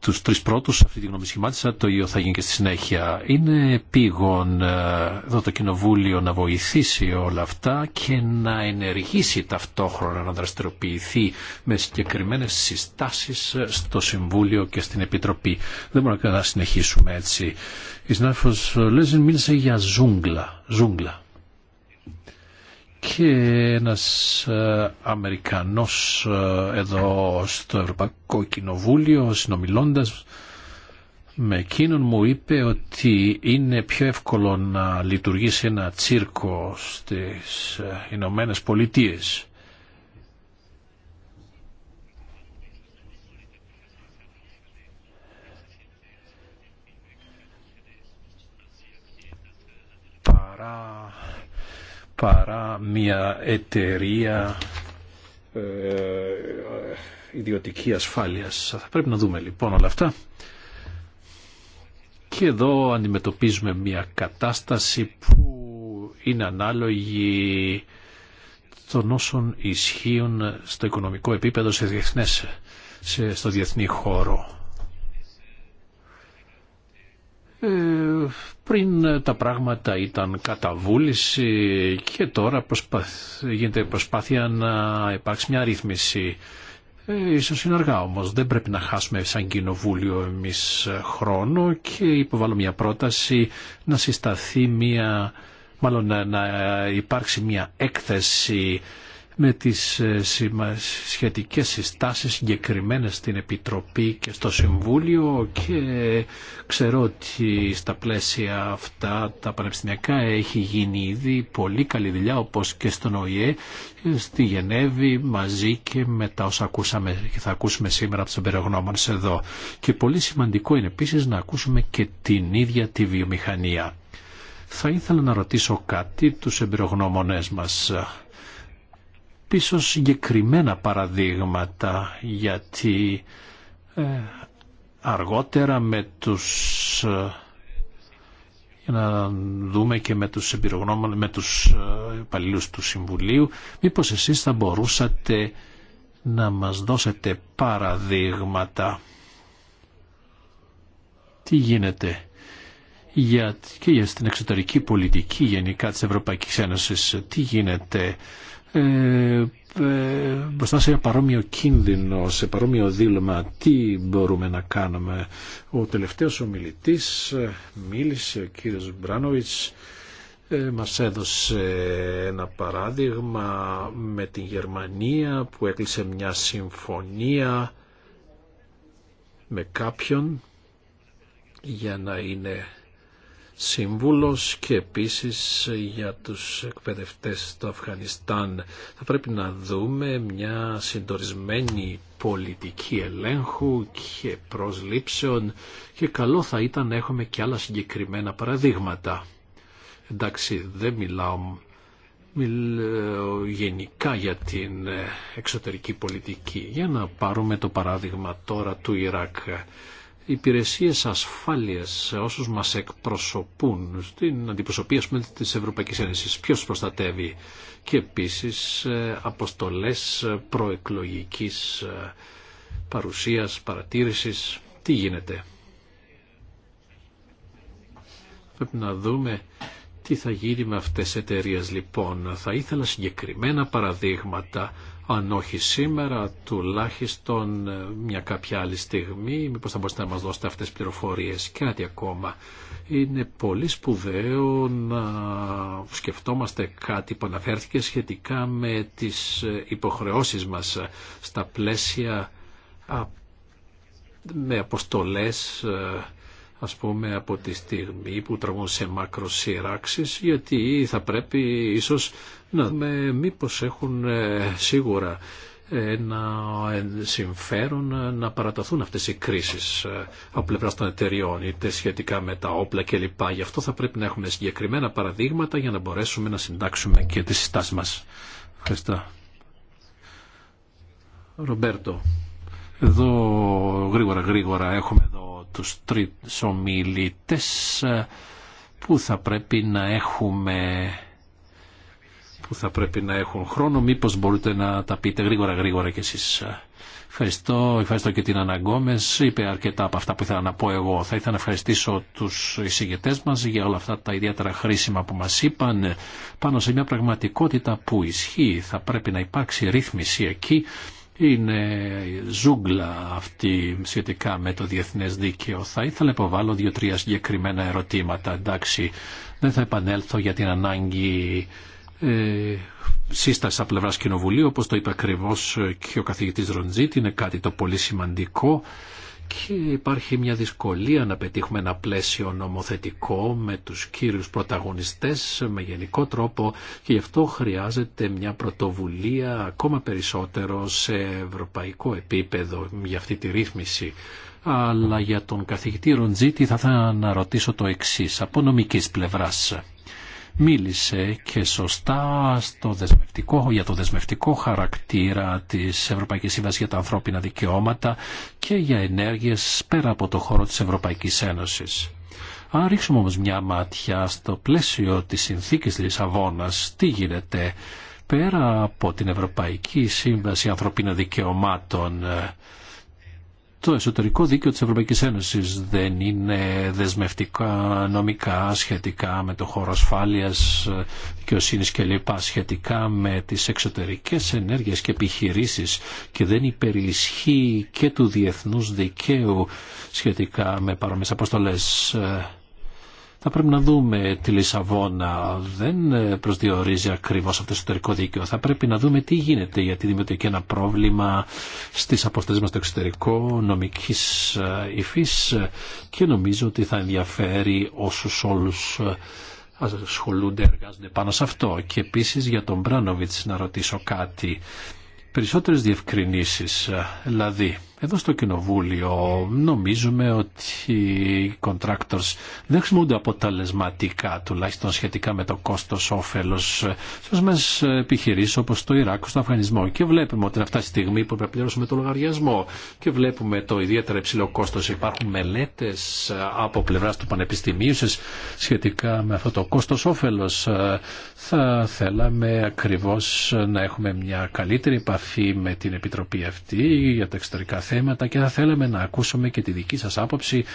τους τρεις πρώτους αυτή τη γνώμη σχημάτισα, το ίδιο θα γίνει και στη συνέχεια. Είναι πήγον ε, εδώ το Κοινοβούλιο να βοηθήσει όλα αυτά και να ενεργήσει ταυτόχρονα, να δραστηριοποιηθεί με συγκεκριμένες συστάσεις στο Συμβούλιο και στην Επιτροπή. Δεν μπορούμε να συνεχίσουμε έτσι. Η συνάδελφος Λέζιν μίλησε για ζούγκλα. ζούγκλα και ένας ε, Αμερικανός ε, εδώ στο Ευρωπαϊκό Κοινοβούλιο συνομιλώντας με εκείνον μου είπε ότι είναι πιο εύκολο να λειτουργήσει ένα τσίρκο στις ε, Ηνωμένε Πολιτείες. παρά μια εταιρεία ε, ε, ιδιωτική ασφάλειας. Θα πρέπει να δούμε λοιπόν όλα αυτά. Και εδώ αντιμετωπίζουμε μια κατάσταση που είναι ανάλογη των όσων ισχύουν στο οικονομικό επίπεδο σε διεθνές, σε, στο διεθνή χώρο. Ε, πριν τα πράγματα ήταν καταβούληση και τώρα προσπάθ, γίνεται προσπάθεια να υπάρξει μια ρύθμιση. Ε, ίσως είναι αργά όμως, δεν πρέπει να χάσουμε σαν κοινοβούλιο εμείς χρόνο και υποβάλλω μια πρόταση να συσταθεί μια, μάλλον να υπάρξει μια έκθεση με τις ε, σχετικές συστάσεις συγκεκριμένε στην Επιτροπή και στο Συμβούλιο και ξέρω ότι στα πλαίσια αυτά τα πανεπιστημιακά έχει γίνει ήδη πολύ καλή δουλειά όπως και στον ΟΗΕ στη Γενέβη μαζί και με τα όσα ακούσαμε και θα ακούσουμε σήμερα από τους εμπεριγνώμονες εδώ. Και πολύ σημαντικό είναι επίσης να ακούσουμε και την ίδια τη βιομηχανία. Θα ήθελα να ρωτήσω κάτι τους εμπειρογνώμονές μας πίσω συγκεκριμένα παραδείγματα γιατί ε, αργότερα με τους ε, για να δούμε και με τους με τους ε, υπαλλήλους του Συμβουλίου, μήπως εσείς θα μπορούσατε να μας δώσετε παραδείγματα. Τι γίνεται για, και για την εξωτερική πολιτική γενικά της Ευρωπαϊκής Ένωσης, τι γίνεται ε, ε, μπροστά σε ένα παρόμοιο κίνδυνο, σε παρόμοιο δίλημα, τι μπορούμε να κάνουμε. Ο τελευταίος ομιλητής ε, μίλησε, ο κύριος Μπράνοβιτς, μας έδωσε ένα παράδειγμα με την Γερμανία που έκλεισε μια συμφωνία με κάποιον για να είναι σύμβουλος και επίσης για τους εκπαιδευτές του Αφγανιστάν. Θα πρέπει να δούμε μια συντορισμένη πολιτική ελέγχου και προσλήψεων και καλό θα ήταν να έχουμε και άλλα συγκεκριμένα παραδείγματα. Εντάξει, δεν μιλάω μιλάω γενικά για την εξωτερική πολιτική. Για να πάρουμε το παράδειγμα τώρα του Ιράκ υπηρεσίες ασφάλειας σε όσους μας εκπροσωπούν στην αντιπροσωπεία πούμε, της Ευρωπαϊκής Ένωσης. Ποιος προστατεύει και επίσης ε, αποστολές ε, προεκλογικής ε, παρουσίας, παρατήρησης. Τι γίνεται. Πρέπει να δούμε τι θα γίνει με αυτές τις εταιρείες λοιπόν. Θα ήθελα συγκεκριμένα παραδείγματα, αν όχι σήμερα, τουλάχιστον ε, μια κάποια άλλη στιγμή. Μήπως θα μπορούσατε να μας δώσετε αυτές τις πληροφορίες και κάτι ακόμα. Είναι πολύ σπουδαίο να σκεφτόμαστε κάτι που αναφέρθηκε σχετικά με τις ε, υποχρεώσεις μας ε, στα πλαίσια με αποστολές ας πούμε από τη στιγμή που τραβούν σε μακροσυράξεις γιατί θα πρέπει ίσως να δούμε μήπως έχουν ε, σίγουρα ε, ένα ε, συμφέρον να παραταθούν αυτές οι κρίσεις από πλευρά των εταιριών είτε σχετικά με τα όπλα κλπ. Γι' αυτό θα πρέπει να έχουμε συγκεκριμένα παραδείγματα για να μπορέσουμε να συντάξουμε και τις συστάσεις μας. Ευχαριστώ. Ρομπέρτο, εδώ γρήγορα γρήγορα έχουμε τους τρεις ομιλητές ε, που θα πρέπει να έχουμε που θα πρέπει να έχουν χρόνο. Μήπως μπορείτε να τα πείτε γρήγορα γρήγορα κι εσείς. Ευχαριστώ, ευχαριστώ και την Αναγκόμες. Είπε αρκετά από αυτά που ήθελα να πω εγώ. Θα ήθελα να ευχαριστήσω τους εισηγητές μας για όλα αυτά τα ιδιαίτερα χρήσιμα που μας είπαν πάνω σε μια πραγματικότητα που ισχύει. Θα πρέπει να υπάρξει ρύθμιση εκεί είναι ζούγκλα αυτή σχετικά με το διεθνές δίκαιο. Θα ήθελα να υποβάλω δύο-τρία συγκεκριμένα ερωτήματα. Εντάξει, δεν θα επανέλθω για την ανάγκη ε, σύσταση από πλευρά Κοινοβουλίου, όπως το είπε ακριβώ και ο καθηγητής Ροντζίτη, είναι κάτι το πολύ σημαντικό και υπάρχει μια δυσκολία να πετύχουμε ένα πλαίσιο νομοθετικό με τους κύριους πρωταγωνιστές με γενικό τρόπο και γι' αυτό χρειάζεται μια πρωτοβουλία ακόμα περισσότερο σε ευρωπαϊκό επίπεδο για αυτή τη ρύθμιση. Αλλά για τον καθηγητή Ροντζίτη θα ήθελα να ρωτήσω το εξής από νομικής πλευράς μίλησε και σωστά στο δεσμευτικό, για το δεσμευτικό χαρακτήρα της Ευρωπαϊκής Σύμβασης για τα ανθρώπινα δικαιώματα και για ενέργειες πέρα από το χώρο της Ευρωπαϊκής Ένωσης. Αν ρίξουμε όμως μια μάτια στο πλαίσιο της συνθήκης Λισαβόνας, τι γίνεται πέρα από την Ευρωπαϊκή Σύμβαση Ανθρωπίνων Δικαιωμάτων, το εσωτερικό δίκαιο της Ευρωπαϊκής Ένωσης δεν είναι δεσμευτικά νομικά σχετικά με το χώρο ασφάλειας, δικαιοσύνης κλπ. σχετικά με τις εξωτερικές ενέργειες και επιχειρήσεις και δεν υπερισχύει και του διεθνούς δικαίου σχετικά με παρόμοιες αποστολές. Θα πρέπει να δούμε τη Λισαβόνα. Δεν ε, προσδιορίζει ακριβώ αυτό το εσωτερικό δίκαιο. Θα πρέπει να δούμε τι γίνεται, γιατί δημιουργεί ένα πρόβλημα στι αποστολέ μα στο εξωτερικό, νομική ε, υφή ε, και νομίζω ότι θα ενδιαφέρει όσου όλου ασχολούνται, εργάζονται πάνω σε αυτό. Και επίση για τον Μπράνοβιτ να ρωτήσω κάτι. Περισσότερε διευκρινήσει, δηλαδή εδώ στο Κοινοβούλιο νομίζουμε ότι οι contractors δεν χρησιμοποιούνται αποτελεσματικά, τουλάχιστον σχετικά με το κόστος όφελος σε μας επιχειρήσεις όπως το Ιράκ, στο Αφγανισμό. Και βλέπουμε ότι είναι αυτά τη στιγμή που πρέπει να πληρώσουμε το λογαριασμό και βλέπουμε το ιδιαίτερα υψηλό κόστος. Υπάρχουν μελέτες από πλευράς του Πανεπιστημίου σχετικά με αυτό το κόστος όφελος. Θα θέλαμε ακριβώς να έχουμε μια καλύτερη επαφή με την Επιτροπή αυτή για τα εξωτερικά θέματα θέματα και θα θέλαμε να ακούσουμε και τη δική σας άποψη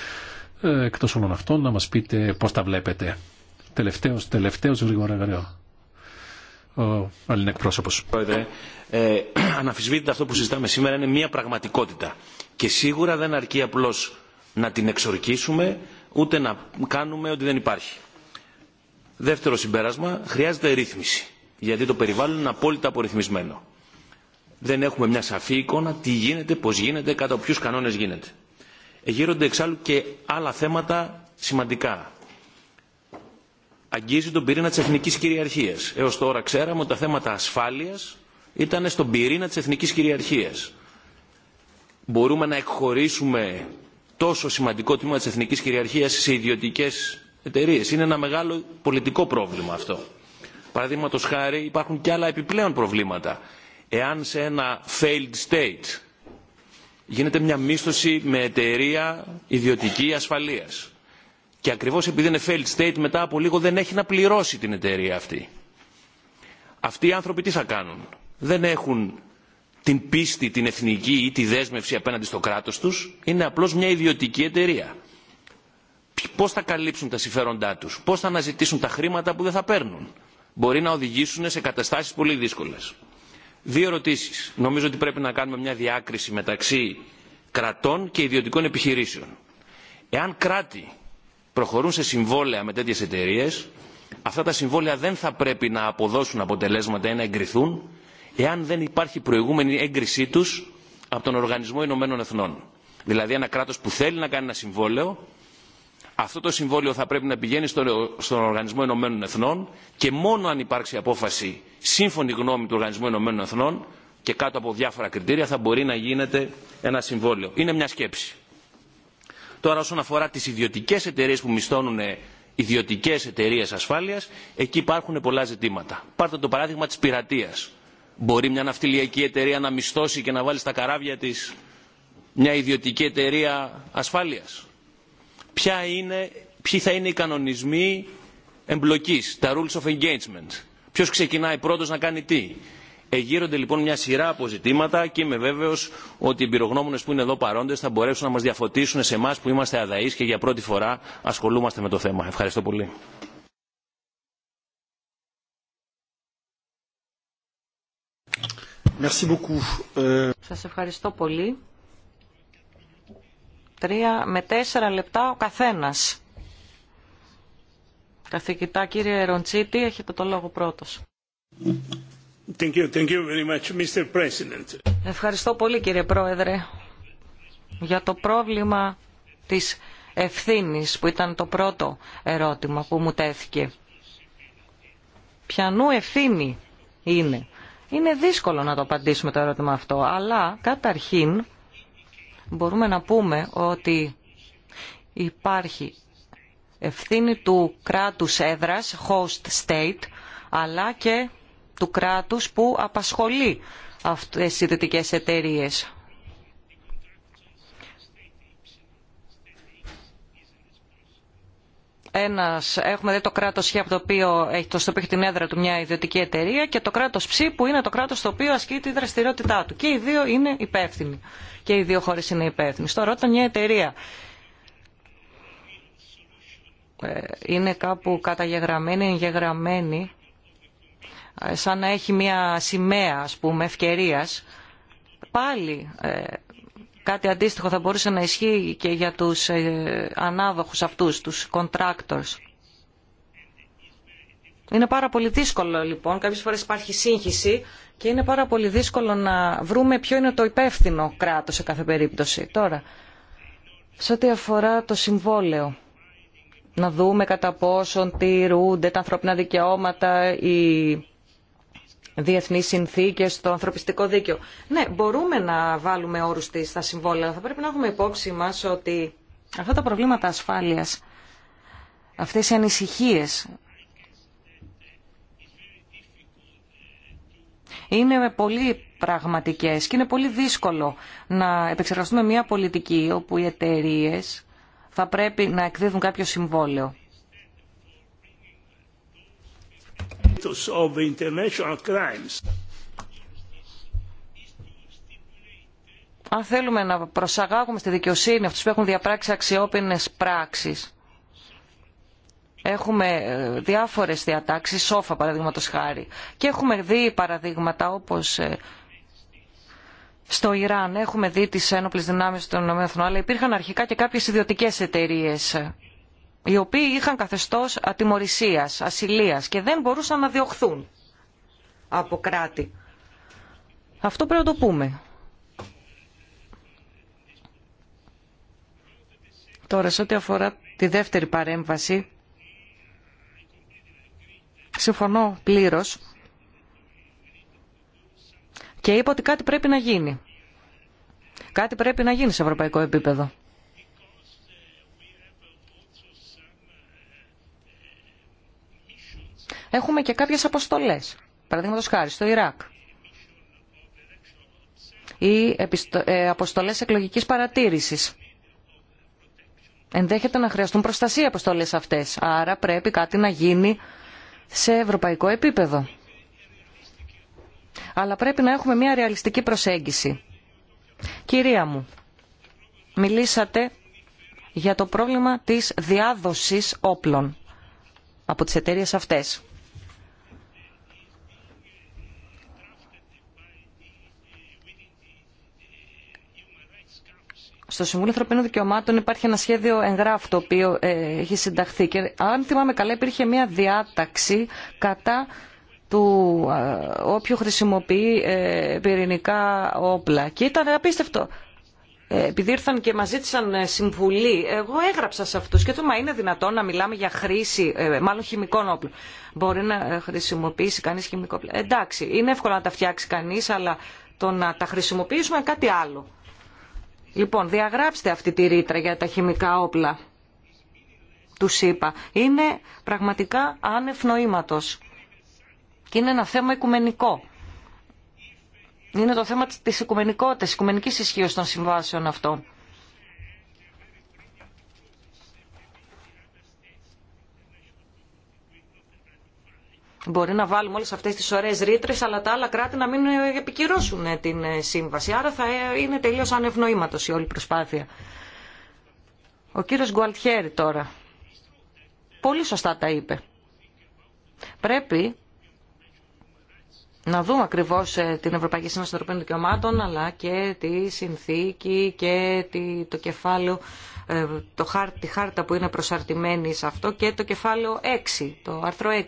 ε, εκτός όλων αυτών να μας πείτε πώς τα βλέπετε. Τελευταίος, τελευταίος Γρήγορα γρήγορα. Ο Αλήν εκπρόσωπος. Πρόεδρε, ε, αναφυσβήτητα αυτό που συζητάμε σήμερα είναι μια πραγματικότητα. Και σίγουρα δεν αρκεί απλώς να την εξορκίσουμε ούτε να κάνουμε ότι δεν υπάρχει. Δεύτερο συμπέρασμα, χρειάζεται ρύθμιση. Γιατί το περιβάλλον είναι απόλυτα απορριθμισμένο δεν έχουμε μια σαφή εικόνα τι γίνεται, πώς γίνεται, κατά ποιους κανόνες γίνεται. Εγείρονται εξάλλου και άλλα θέματα σημαντικά. Αγγίζει τον πυρήνα της εθνικής κυριαρχίας. Έως τώρα ξέραμε ότι τα θέματα ασφάλειας ήταν στον πυρήνα της εθνικής κυριαρχίας. Μπορούμε να εκχωρήσουμε τόσο σημαντικό τμήμα της εθνικής κυριαρχίας σε ιδιωτικές εταιρείε. Είναι ένα μεγάλο πολιτικό πρόβλημα αυτό. Παραδείγματο χάρη υπάρχουν και άλλα επιπλέον προβλήματα εάν σε ένα failed state γίνεται μια μίσθωση με εταιρεία ιδιωτική ασφαλείας και ακριβώς επειδή είναι failed state μετά από λίγο δεν έχει να πληρώσει την εταιρεία αυτή. Αυτοί οι άνθρωποι τι θα κάνουν. Δεν έχουν την πίστη, την εθνική ή τη δέσμευση απέναντι στο κράτος τους. Είναι απλώς μια ιδιωτική εταιρεία. Πώς θα καλύψουν τα συμφέροντά τους. Πώς θα αναζητήσουν τα χρήματα που δεν θα παίρνουν. Μπορεί να οδηγήσουν σε καταστάσεις πολύ δύσκολες. Δύο ερωτήσει. Νομίζω ότι πρέπει να κάνουμε μια διάκριση μεταξύ κρατών και ιδιωτικών επιχειρήσεων. Εάν κράτη προχωρούν σε συμβόλαια με τέτοιε εταιρείε, αυτά τα συμβόλαια δεν θα πρέπει να αποδώσουν αποτελέσματα ή να εγκριθούν εάν δεν υπάρχει προηγούμενη έγκρισή του από τον Οργανισμό Ηνωμένων Εθνών. Δηλαδή ένα κράτο που θέλει να κάνει ένα συμβόλαιο αυτό το συμβόλαιο θα πρέπει να πηγαίνει στον Οργανισμό Ηνωμένων Εθνών και μόνο αν υπάρξει απόφαση σύμφωνη γνώμη του Οργανισμού Ηνωμένων Εθνών και κάτω από διάφορα κριτήρια θα μπορεί να γίνεται ένα συμβόλαιο. Είναι μια σκέψη. Τώρα όσον αφορά τις ιδιωτικές εταιρείες που μισθώνουν ε, ιδιωτικές εταιρείες ασφάλειας, εκεί υπάρχουν πολλά ζητήματα. Πάρτε το παράδειγμα της πειρατείας. Μπορεί μια ναυτιλιακή εταιρεία να μισθώσει και να βάλει στα καράβια της μια ιδιωτική εταιρεία ασφάλειας ποιοι θα είναι οι κανονισμοί εμπλοκής, τα rules of engagement. Ποιος ξεκινάει πρώτος να κάνει τι. Εγείρονται λοιπόν μια σειρά από και είμαι βέβαιος ότι οι εμπειρογνώμονε που είναι εδώ παρόντες θα μπορέσουν να μας διαφωτίσουν σε εμά που είμαστε αδαείς και για πρώτη φορά ασχολούμαστε με το θέμα. Ευχαριστώ πολύ. Ε, Σας ευχαριστώ πολύ. Τρία με τέσσερα λεπτά ο καθένας. Καθηγητά κύριε Ροντσίτη, έχετε το λόγο πρώτος. Thank you, thank you very much, Mr. President. Ευχαριστώ πολύ κύριε Πρόεδρε για το πρόβλημα της ευθύνης που ήταν το πρώτο ερώτημα που μου τέθηκε. Πιανού ευθύνη είναι. Είναι δύσκολο να το απαντήσουμε το ερώτημα αυτό, αλλά καταρχήν μπορούμε να πούμε ότι υπάρχει ευθύνη του κράτους έδρας, host state, αλλά και του κράτους που απασχολεί αυτές τις δυτικές εταιρείες. ένας, έχουμε το κράτος Χ το οποίο έχει, το, στο οποίο έχει την έδρα του μια ιδιωτική εταιρεία και το κράτος Ψ που είναι το κράτος στο οποίο ασκεί τη δραστηριότητά του. Και οι δύο είναι υπεύθυνοι. Και οι δύο χώρες είναι υπεύθυνοι. Τώρα όταν μια εταιρεία ε, είναι κάπου καταγεγραμμένη, εγγεγραμμένη, ε, σαν να έχει μια σημαία ας πούμε ευκαιρία. πάλι ε, Κάτι αντίστοιχο θα μπορούσε να ισχύει και για τους ε, ανάδοχους αυτούς, τους contractors. Είναι πάρα πολύ δύσκολο λοιπόν, κάποιες φορές υπάρχει σύγχυση και είναι πάρα πολύ δύσκολο να βρούμε ποιο είναι το υπεύθυνο κράτος σε κάθε περίπτωση. Τώρα, σε ό,τι αφορά το συμβόλαιο, να δούμε κατά πόσον τηρούνται τα ανθρώπινα δικαιώματα, οι διεθνείς συνθήκες, στο ανθρωπιστικό δίκαιο. Ναι, μπορούμε να βάλουμε όρους στα συμβόλαια, αλλά θα πρέπει να έχουμε υπόψη μα ότι αυτά τα προβλήματα ασφάλεια, αυτές οι ανησυχίε είναι πολύ πραγματικές και είναι πολύ δύσκολο να επεξεργαστούμε μια πολιτική όπου οι εταιρείε θα πρέπει να εκδίδουν κάποιο συμβόλαιο. of international crimes. Αν θέλουμε να προσαγάγουμε στη δικαιοσύνη αυτούς που έχουν διαπράξει αξιόπινες πράξεις, έχουμε ε, διάφορες διατάξεις, σόφα παραδείγματος χάρη, και έχουμε δει παραδείγματα όπως ε, στο Ιράν, έχουμε δει τις ένοπλες δυνάμεις των ΗΠΑ, αλλά υπήρχαν αρχικά και κάποιες ιδιωτικές εταιρείες οι οποίοι είχαν καθεστώς ατιμορρησίας, ασυλίας και δεν μπορούσαν να διωχθούν από κράτη. Αυτό πρέπει να το πούμε. Τώρα, σε ό,τι αφορά τη δεύτερη παρέμβαση, συμφωνώ πλήρως και είπα ότι κάτι πρέπει να γίνει. Κάτι πρέπει να γίνει σε ευρωπαϊκό επίπεδο. έχουμε και κάποιες αποστολές. Παραδείγματο χάρη στο Ιράκ. Ή ε, αποστολές εκλογικής παρατήρησης. Ενδέχεται να χρειαστούν προστασία αποστολές αυτές. Άρα πρέπει κάτι να γίνει σε ευρωπαϊκό επίπεδο. Αλλά πρέπει να έχουμε μια ρεαλιστική προσέγγιση. Κυρία μου, μιλήσατε για το πρόβλημα της διάδοσης όπλων από τις εταιρείες αυτές. Στο Συμβούλιο Ανθρωπίνων Δικαιωμάτων υπάρχει ένα σχέδιο εγγράφου το οποίο ε, έχει συνταχθεί και αν θυμάμαι καλά υπήρχε μια διάταξη κατά του ε, όποιου χρησιμοποιεί ε, πυρηνικά όπλα και ήταν απίστευτο επειδή ήρθαν και μα ζήτησαν συμβουλή, εγώ έγραψα σε αυτού. και το μα είναι δυνατόν να μιλάμε για χρήση, μάλλον χημικών όπλων. Μπορεί να χρησιμοποιήσει κανεί χημικό όπλο. Εντάξει, είναι εύκολο να τα φτιάξει κανεί, αλλά το να τα χρησιμοποιήσουμε είναι κάτι άλλο. Λοιπόν, διαγράψτε αυτή τη ρήτρα για τα χημικά όπλα του είπα. Είναι πραγματικά άνευ νοήματος. Και είναι ένα θέμα οικουμενικό. Είναι το θέμα της οικουμενικότητας, οικουμενικής ισχύω των συμβάσεων αυτών. Μπορεί να βάλουμε όλες αυτές τις ωραίες ρήτρε, αλλά τα άλλα κράτη να μην ε, επικυρώσουν ε, την ε, σύμβαση. Άρα θα είναι τελείως ανευνοήματος η όλη προσπάθεια. Ο κύριος Γκουαλτιέρη τώρα. Πολύ σωστά τα είπε. Πρέπει να δούμε ακριβώ την Ευρωπαϊκή Σύμβαση των Ευρωπαϊκών Δικαιωμάτων, αλλά και τη συνθήκη και το κεφάλαιο, τη χάρτα που είναι προσαρτημένη σε αυτό και το κεφάλαιο 6, το άρθρο 6.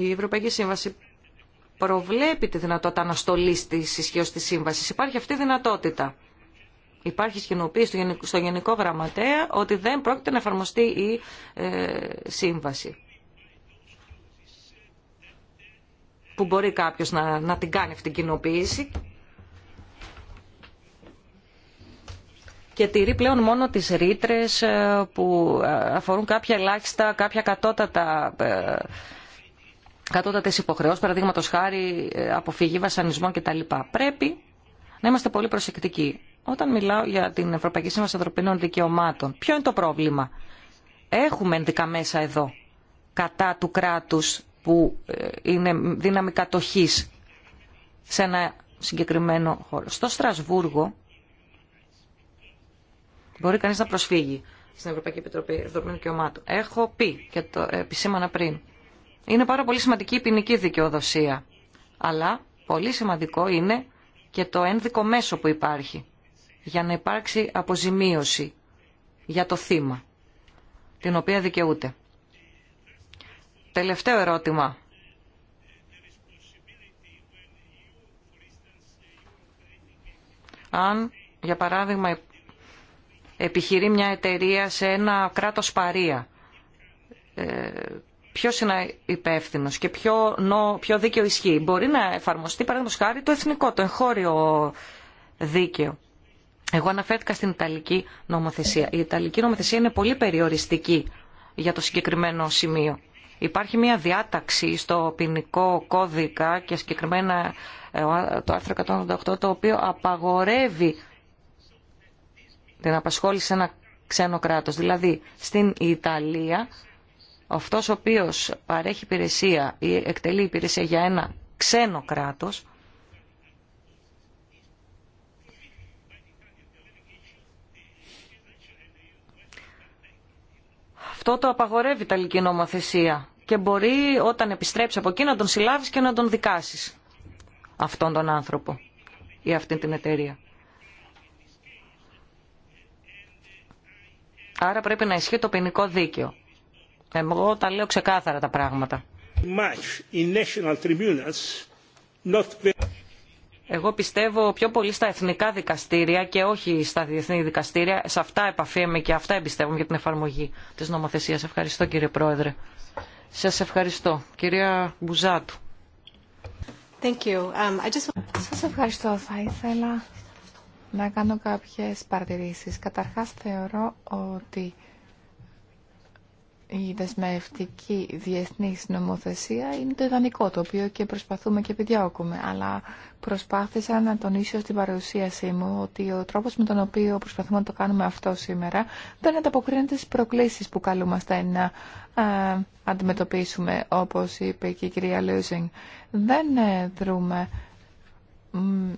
Η Ευρωπαϊκή Σύμβαση προβλέπει τη δυνατότητα αναστολή τη ισχύω τη σύμβαση. Υπάρχει αυτή η δυνατότητα. Υπάρχει σκηνοποίηση στο Γενικό Γραμματέα ότι δεν πρόκειται να εφαρμοστεί η ε, σύμβαση. Που μπορεί κάποιο να, να την κάνει αυτή την κοινοποίηση. και τηρεί πλέον μόνο τις ρήτρε ε, που ε, αφορούν κάποια ελάχιστα, κάποια κατώτατα κατώτατες υποχρεώσεις, παραδείγματο χάρη ε, αποφυγή βασανισμών κτλ. Πρέπει να είμαστε πολύ προσεκτικοί. Όταν μιλάω για την Ευρωπαϊκή Σύμβαση Ανθρωπίνων Δικαιωμάτων, ποιο είναι το πρόβλημα. Έχουμε ενδικά μέσα εδώ κατά του κράτου που ε, είναι δύναμη κατοχή σε ένα συγκεκριμένο χώρο. Στο Στρασβούργο μπορεί κανείς να προσφύγει στην Ευρωπαϊκή Επιτροπή Ευρωπαϊκών Δικαιωμάτων. Έχω πει και το επισήμανα πριν είναι πάρα πολύ σημαντική η ποινική δικαιοδοσία. Αλλά πολύ σημαντικό είναι και το ένδικο μέσο που υπάρχει για να υπάρξει αποζημίωση για το θύμα, την οποία δικαιούται. Τελευταίο ερώτημα. Αν, για παράδειγμα, επιχειρεί μια εταιρεία σε ένα κράτος παρία ε, ποιο είναι υπεύθυνο και ποιο, δίκαιο ισχύει. Μπορεί να εφαρμοστεί, παραδείγματο χάρη, το εθνικό, το εγχώριο δίκαιο. Εγώ αναφέρθηκα στην Ιταλική νομοθεσία. Η Ιταλική νομοθεσία είναι πολύ περιοριστική για το συγκεκριμένο σημείο. Υπάρχει μια διάταξη στο ποινικό κώδικα και συγκεκριμένα ε, το άρθρο 188 το οποίο απαγορεύει την απασχόληση σε ένα ξένο κράτος. Δηλαδή στην Ιταλία αυτός ο οποίος παρέχει υπηρεσία ή εκτελεί υπηρεσία για ένα ξένο κράτος, αυτό το απαγορεύει η Ιταλική νομοθεσία και μπορεί όταν επιστρέψει από εκεί να τον συλλάβεις και να τον δικάσεις αυτόν τον άνθρωπο ή αυτή την εταιρεία. Άρα πρέπει να ισχύει το ποινικό δίκαιο. Εγώ τα λέω ξεκάθαρα τα πράγματα. Εγώ πιστεύω πιο πολύ στα εθνικά δικαστήρια και όχι στα διεθνή δικαστήρια. Σε αυτά επαφήμαι και αυτά εμπιστεύομαι για την εφαρμογή της νομοθεσίας. Ευχαριστώ κύριε Πρόεδρε. Σας ευχαριστώ. Κυρία Μπουζάτου. Thank you. Um, I just... Σας ευχαριστώ. Θα ήθελα να κάνω κάποιες παρατηρήσεις. Καταρχάς θεωρώ ότι η δεσμευτική διεθνής νομοθεσία είναι το ιδανικό το οποίο και προσπαθούμε και επιδιώκουμε αλλά προσπάθησα να τονίσω στην παρουσίασή μου ότι ο τρόπος με τον οποίο προσπαθούμε να το κάνουμε αυτό σήμερα δεν ανταποκρίνεται στις προκλήσεις που καλούμαστε να ε, αντιμετωπίσουμε όπως είπε και η κυρία Λούζινγκ δεν ε, δρούμε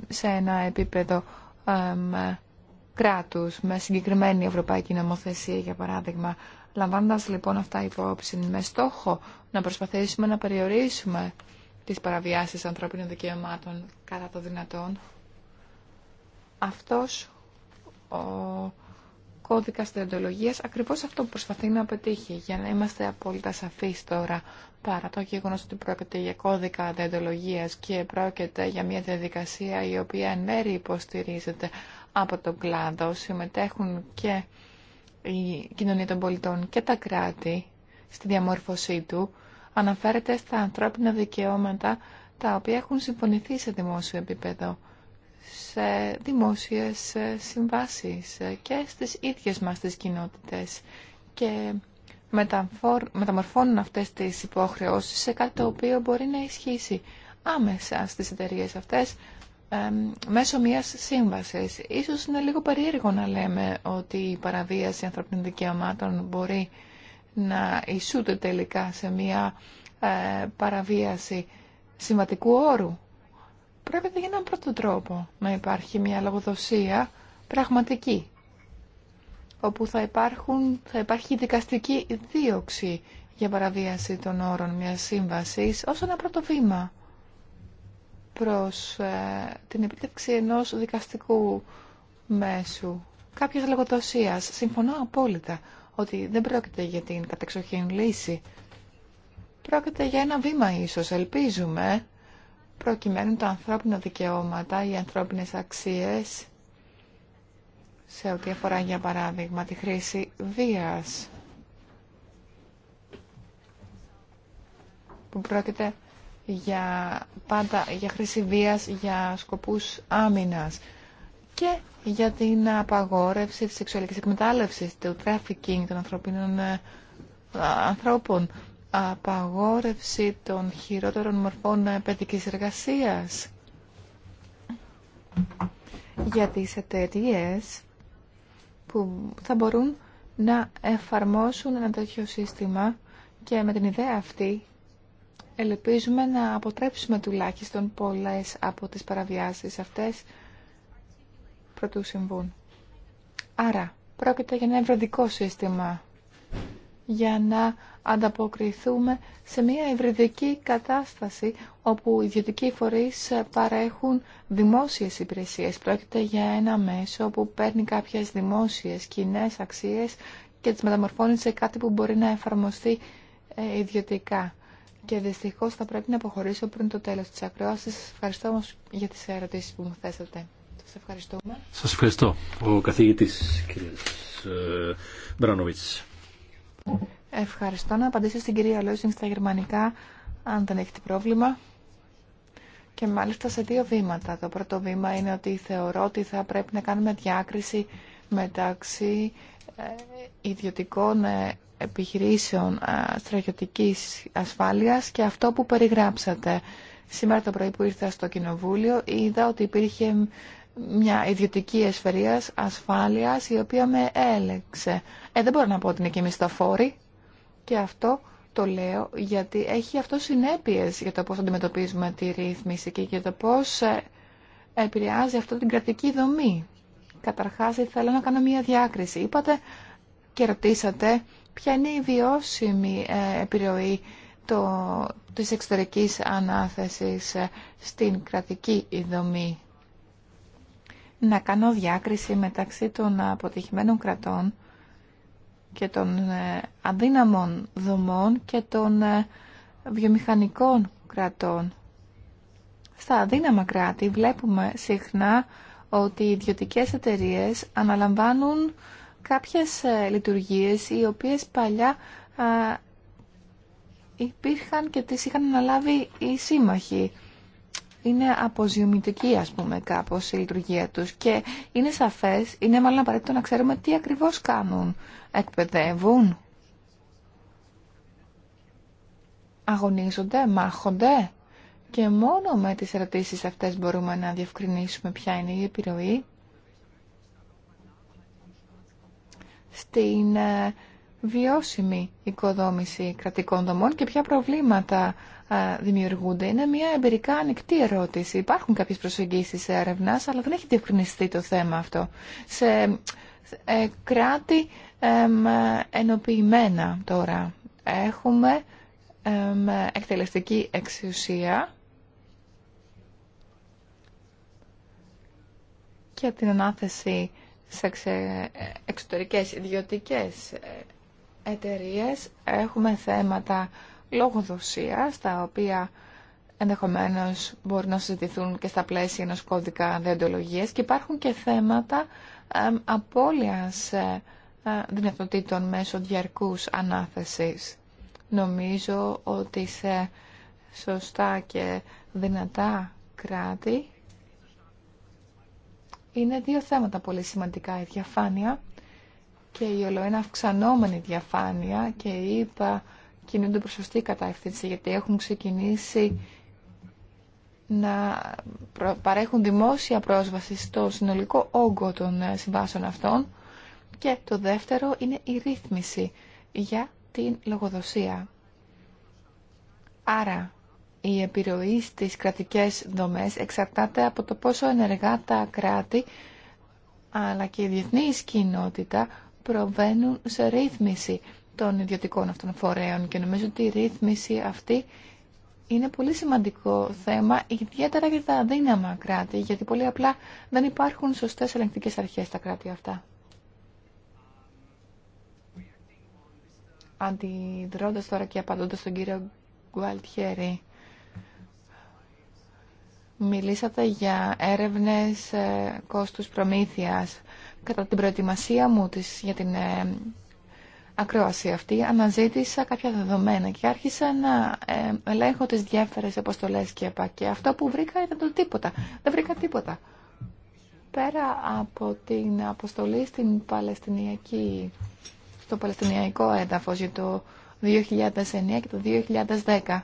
σε ένα επίπεδο ε, ε, κράτους με συγκεκριμένη ευρωπαϊκή νομοθεσία για παράδειγμα Λαμβάνοντας λοιπόν αυτά υπόψη με στόχο να προσπαθήσουμε να περιορίσουμε τις παραβιάσεις ανθρώπινων δικαιωμάτων κατά το δυνατόν, αυτός ο κώδικα διοντολογίας ακριβώ αυτό που προσπαθεί να πετύχει. Για να είμαστε απόλυτα σαφεί τώρα, παρά το γεγονό ότι πρόκειται για κώδικα διοντολογίας και πρόκειται για μια διαδικασία η οποία εν μέρει υποστηρίζεται από τον κλάδο, συμμετέχουν και η κοινωνία των πολιτών και τα κράτη στη διαμόρφωσή του αναφέρεται στα ανθρώπινα δικαιώματα τα οποία έχουν συμφωνηθεί σε δημόσιο επίπεδο, σε δημόσιες ε, συμβάσεις ε, και στις ίδιες μας τις κοινότητες και μεταμορφώνουν αυτές τις υποχρεώσεις σε κάτι το οποίο μπορεί να ισχύσει άμεσα στις εταιρείε αυτές μέσω μιας σύμβασης. Ίσως είναι λίγο περίεργο να λέμε ότι η παραβίαση ανθρωπίνων δικαιωμάτων μπορεί να ισούται τελικά σε μια ε, παραβίαση σημαντικού όρου. Πρέπει να γίνει έναν πρώτο τρόπο να υπάρχει μια λογοδοσία πραγματική, όπου θα, υπάρχουν, θα υπάρχει δικαστική δίωξη για παραβίαση των όρων μιας σύμβασης ως ένα πρώτο βήμα προς ε, την επίτευξη ενός δικαστικού μέσου, κάποιας λογοδοσίας. Συμφωνώ απόλυτα ότι δεν πρόκειται για την κατεξοχήν λύση. Πρόκειται για ένα βήμα ίσως, ελπίζουμε, προκειμένου τα ανθρώπινα δικαιώματα, οι ανθρώπινες αξίες, σε ό,τι αφορά για παράδειγμα τη χρήση βίας, που πρόκειται για, πάντα, για χρήση βίας, για σκοπούς άμυνας και για την απαγόρευση της σεξουαλικής εκμετάλλευσης, του τράφικινγκ των ανθρωπίνων ε, ανθρώπων, απαγόρευση των χειρότερων μορφών ε, παιδικής εργασίας. Για τις εταιρείε που θα μπορούν να εφαρμόσουν ένα τέτοιο σύστημα και με την ιδέα αυτή Ελπίζουμε να αποτρέψουμε τουλάχιστον πολλές από τις παραβιάσεις αυτές προτού συμβούν. Άρα, πρόκειται για ένα ευρωδικό σύστημα για να ανταποκριθούμε σε μια ευρωδική κατάσταση όπου οι ιδιωτικοί φορείς παρέχουν δημόσιες υπηρεσίες. Πρόκειται για ένα μέσο που παίρνει κάποιες δημόσιες κοινέ αξίες και τις μεταμορφώνει σε κάτι που μπορεί να εφαρμοστεί ε, ιδιωτικά και δυστυχώ θα πρέπει να αποχωρήσω πριν το τέλος της ακρόασης. Σα ευχαριστώ όμως για τις ερωτήσεις που μου θέσατε. Σα ευχαριστούμε. Σας ευχαριστώ. Ο καθηγητής κύριε Μπρανοβίτς. Ευχαριστώ να απαντήσω στην κυρία Λόζινγκ στα γερμανικά, αν δεν έχετε πρόβλημα. Και μάλιστα σε δύο βήματα. Το πρώτο βήμα είναι ότι θεωρώ ότι θα πρέπει να κάνουμε διάκριση μεταξύ ε, ιδιωτικών ε, επιχειρήσεων ε, στρατιωτικής ασφάλειας και αυτό που περιγράψατε. Σήμερα το πρωί που ήρθα στο Κοινοβούλιο είδα ότι υπήρχε μια ιδιωτική εσφαιρία ασφάλειας η οποία με έλεξε. Ε, δεν μπορώ να πω ότι είναι και μισθοφόρη και αυτό το λέω γιατί έχει αυτό συνέπειε για το πώς αντιμετωπίζουμε τη ρύθμιση και για το πώς ε, επηρεάζει αυτό την κρατική δομή. Καταρχάς θέλω να κάνω μια διάκριση. Είπατε και ρωτήσατε ποια είναι η βιώσιμη ε, επιρροή το, της εξωτερικής ανάθεσης ε, στην κρατική δομή. Να κάνω διάκριση μεταξύ των αποτυχημένων κρατών και των ε, αδύναμων δομών και των βιομηχανικών κρατών. Στα αδύναμα κράτη βλέπουμε συχνά ότι οι ιδιωτικές εταιρείες αναλαμβάνουν κάποιες ε, λειτουργίες οι οποίες παλιά υπήρχαν και τις είχαν αναλάβει οι σύμμαχοι. Είναι αποζημιτική ας πούμε κάπως η λειτουργία τους και είναι σαφές, είναι μάλλον απαραίτητο να ξέρουμε τι ακριβώς κάνουν. Εκπαιδεύουν, αγωνίζονται, μάχονται και μόνο με τις ερωτήσεις αυτές μπορούμε να διευκρινίσουμε ποια είναι η επιρροή στην ε, βιώσιμη οικοδόμηση κρατικών δομών και ποια προβλήματα ε, δημιουργούνται. Είναι μια εμπειρικά ανοιχτή ερώτηση. Υπάρχουν κάποιες προσεγγίσεις έρευνα, αλλά δεν έχει διευκρινιστεί το θέμα αυτό. Σε ε, κράτη ενοποιημένα τώρα έχουμε εκτελεστική εξουσία και την ανάθεση σε εξωτερικές ιδιωτικές εταιρείες έχουμε θέματα λογοδοσίας τα οποία ενδεχομένως μπορούν να συζητηθούν και στα πλαίσια ενός κώδικα διοντολογίας και υπάρχουν και θέματα απώλειας ε, ε, δυνατοτήτων μέσω διαρκούς ανάθεσης. Νομίζω ότι σε σωστά και δυνατά κράτη είναι δύο θέματα πολύ σημαντικά. Η διαφάνεια και η ολοένα αυξανόμενη διαφάνεια και είπα κινούνται προς σωστή κατεύθυνση γιατί έχουν ξεκινήσει να παρέχουν δημόσια πρόσβαση στο συνολικό όγκο των ε, συμβάσεων αυτών και το δεύτερο είναι η ρύθμιση για την λογοδοσία. Άρα η επιρροή στις κρατικές δομές εξαρτάται από το πόσο ενεργά τα κράτη αλλά και η διεθνή κοινότητα προβαίνουν σε ρύθμιση των ιδιωτικών αυτών φορέων και νομίζω ότι η ρύθμιση αυτή είναι πολύ σημαντικό θέμα, ιδιαίτερα για τα αδύναμα κράτη, γιατί πολύ απλά δεν υπάρχουν σωστές ελεγκτικές αρχές στα κράτη αυτά. Αντιδρώντας τώρα και απαντώντας τον κύριο Γκουαλτιέρη, Μιλήσατε για έρευνες ε, κόστους προμήθειας. Κατά την προετοιμασία μου της, για την ε, ακρόαση αυτή αναζήτησα κάποια δεδομένα και άρχισα να ε, ελέγχω τις διάφορες αποστολές και και αυτό που βρήκα ήταν το τίποτα. Δεν βρήκα τίποτα. Πέρα από την αποστολή στην Παλαιστινιακή, στο Παλαιστινιακό έδαφος για το 2009 και το 2010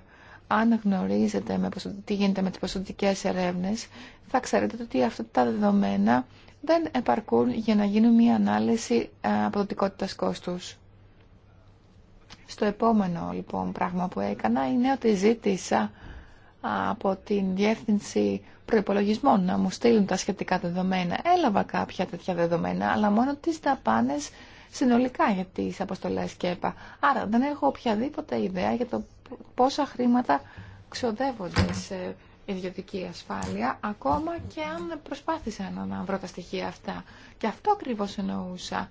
αν γνωρίζετε με τι γίνεται με τις ποσοτικές ερεύνες, θα ξέρετε ότι αυτά τα δεδομένα δεν επαρκούν για να γίνει μια ανάλυση ε, αποδοτικότητας κόστους. Στο επόμενο λοιπόν πράγμα που έκανα είναι ότι ζήτησα από την Διεύθυνση Προϋπολογισμών να μου στείλουν τα σχετικά δεδομένα. Έλαβα κάποια τέτοια δεδομένα, αλλά μόνο τις δαπάνες συνολικά για τις αποστολές ΚΕΠΑ. Άρα δεν έχω οποιαδήποτε ιδέα για το πόσα χρήματα ξοδεύονται σε ιδιωτική ασφάλεια, ακόμα και αν προσπάθησαν να βρω τα στοιχεία αυτά. Και αυτό ακριβώς εννοούσα,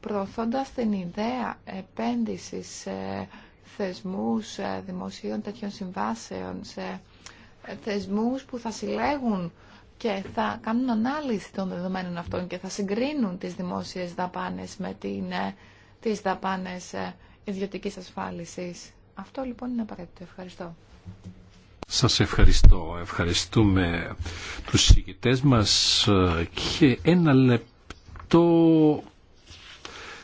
προωθώντας την ιδέα επένδυσης σε θεσμούς δημοσίων τέτοιων συμβάσεων, σε θεσμούς που θα συλλέγουν και θα κάνουν ανάλυση των δεδομένων αυτών και θα συγκρίνουν τις δημόσιες δαπάνες με την, ε, τις δαπάνες ε, ιδιωτικής ασφάλισης. Αυτό λοιπόν είναι απαραίτητο. Ευχαριστώ. Σας ευχαριστώ. Ευχαριστούμε τους συγκητές μας και ένα λεπτό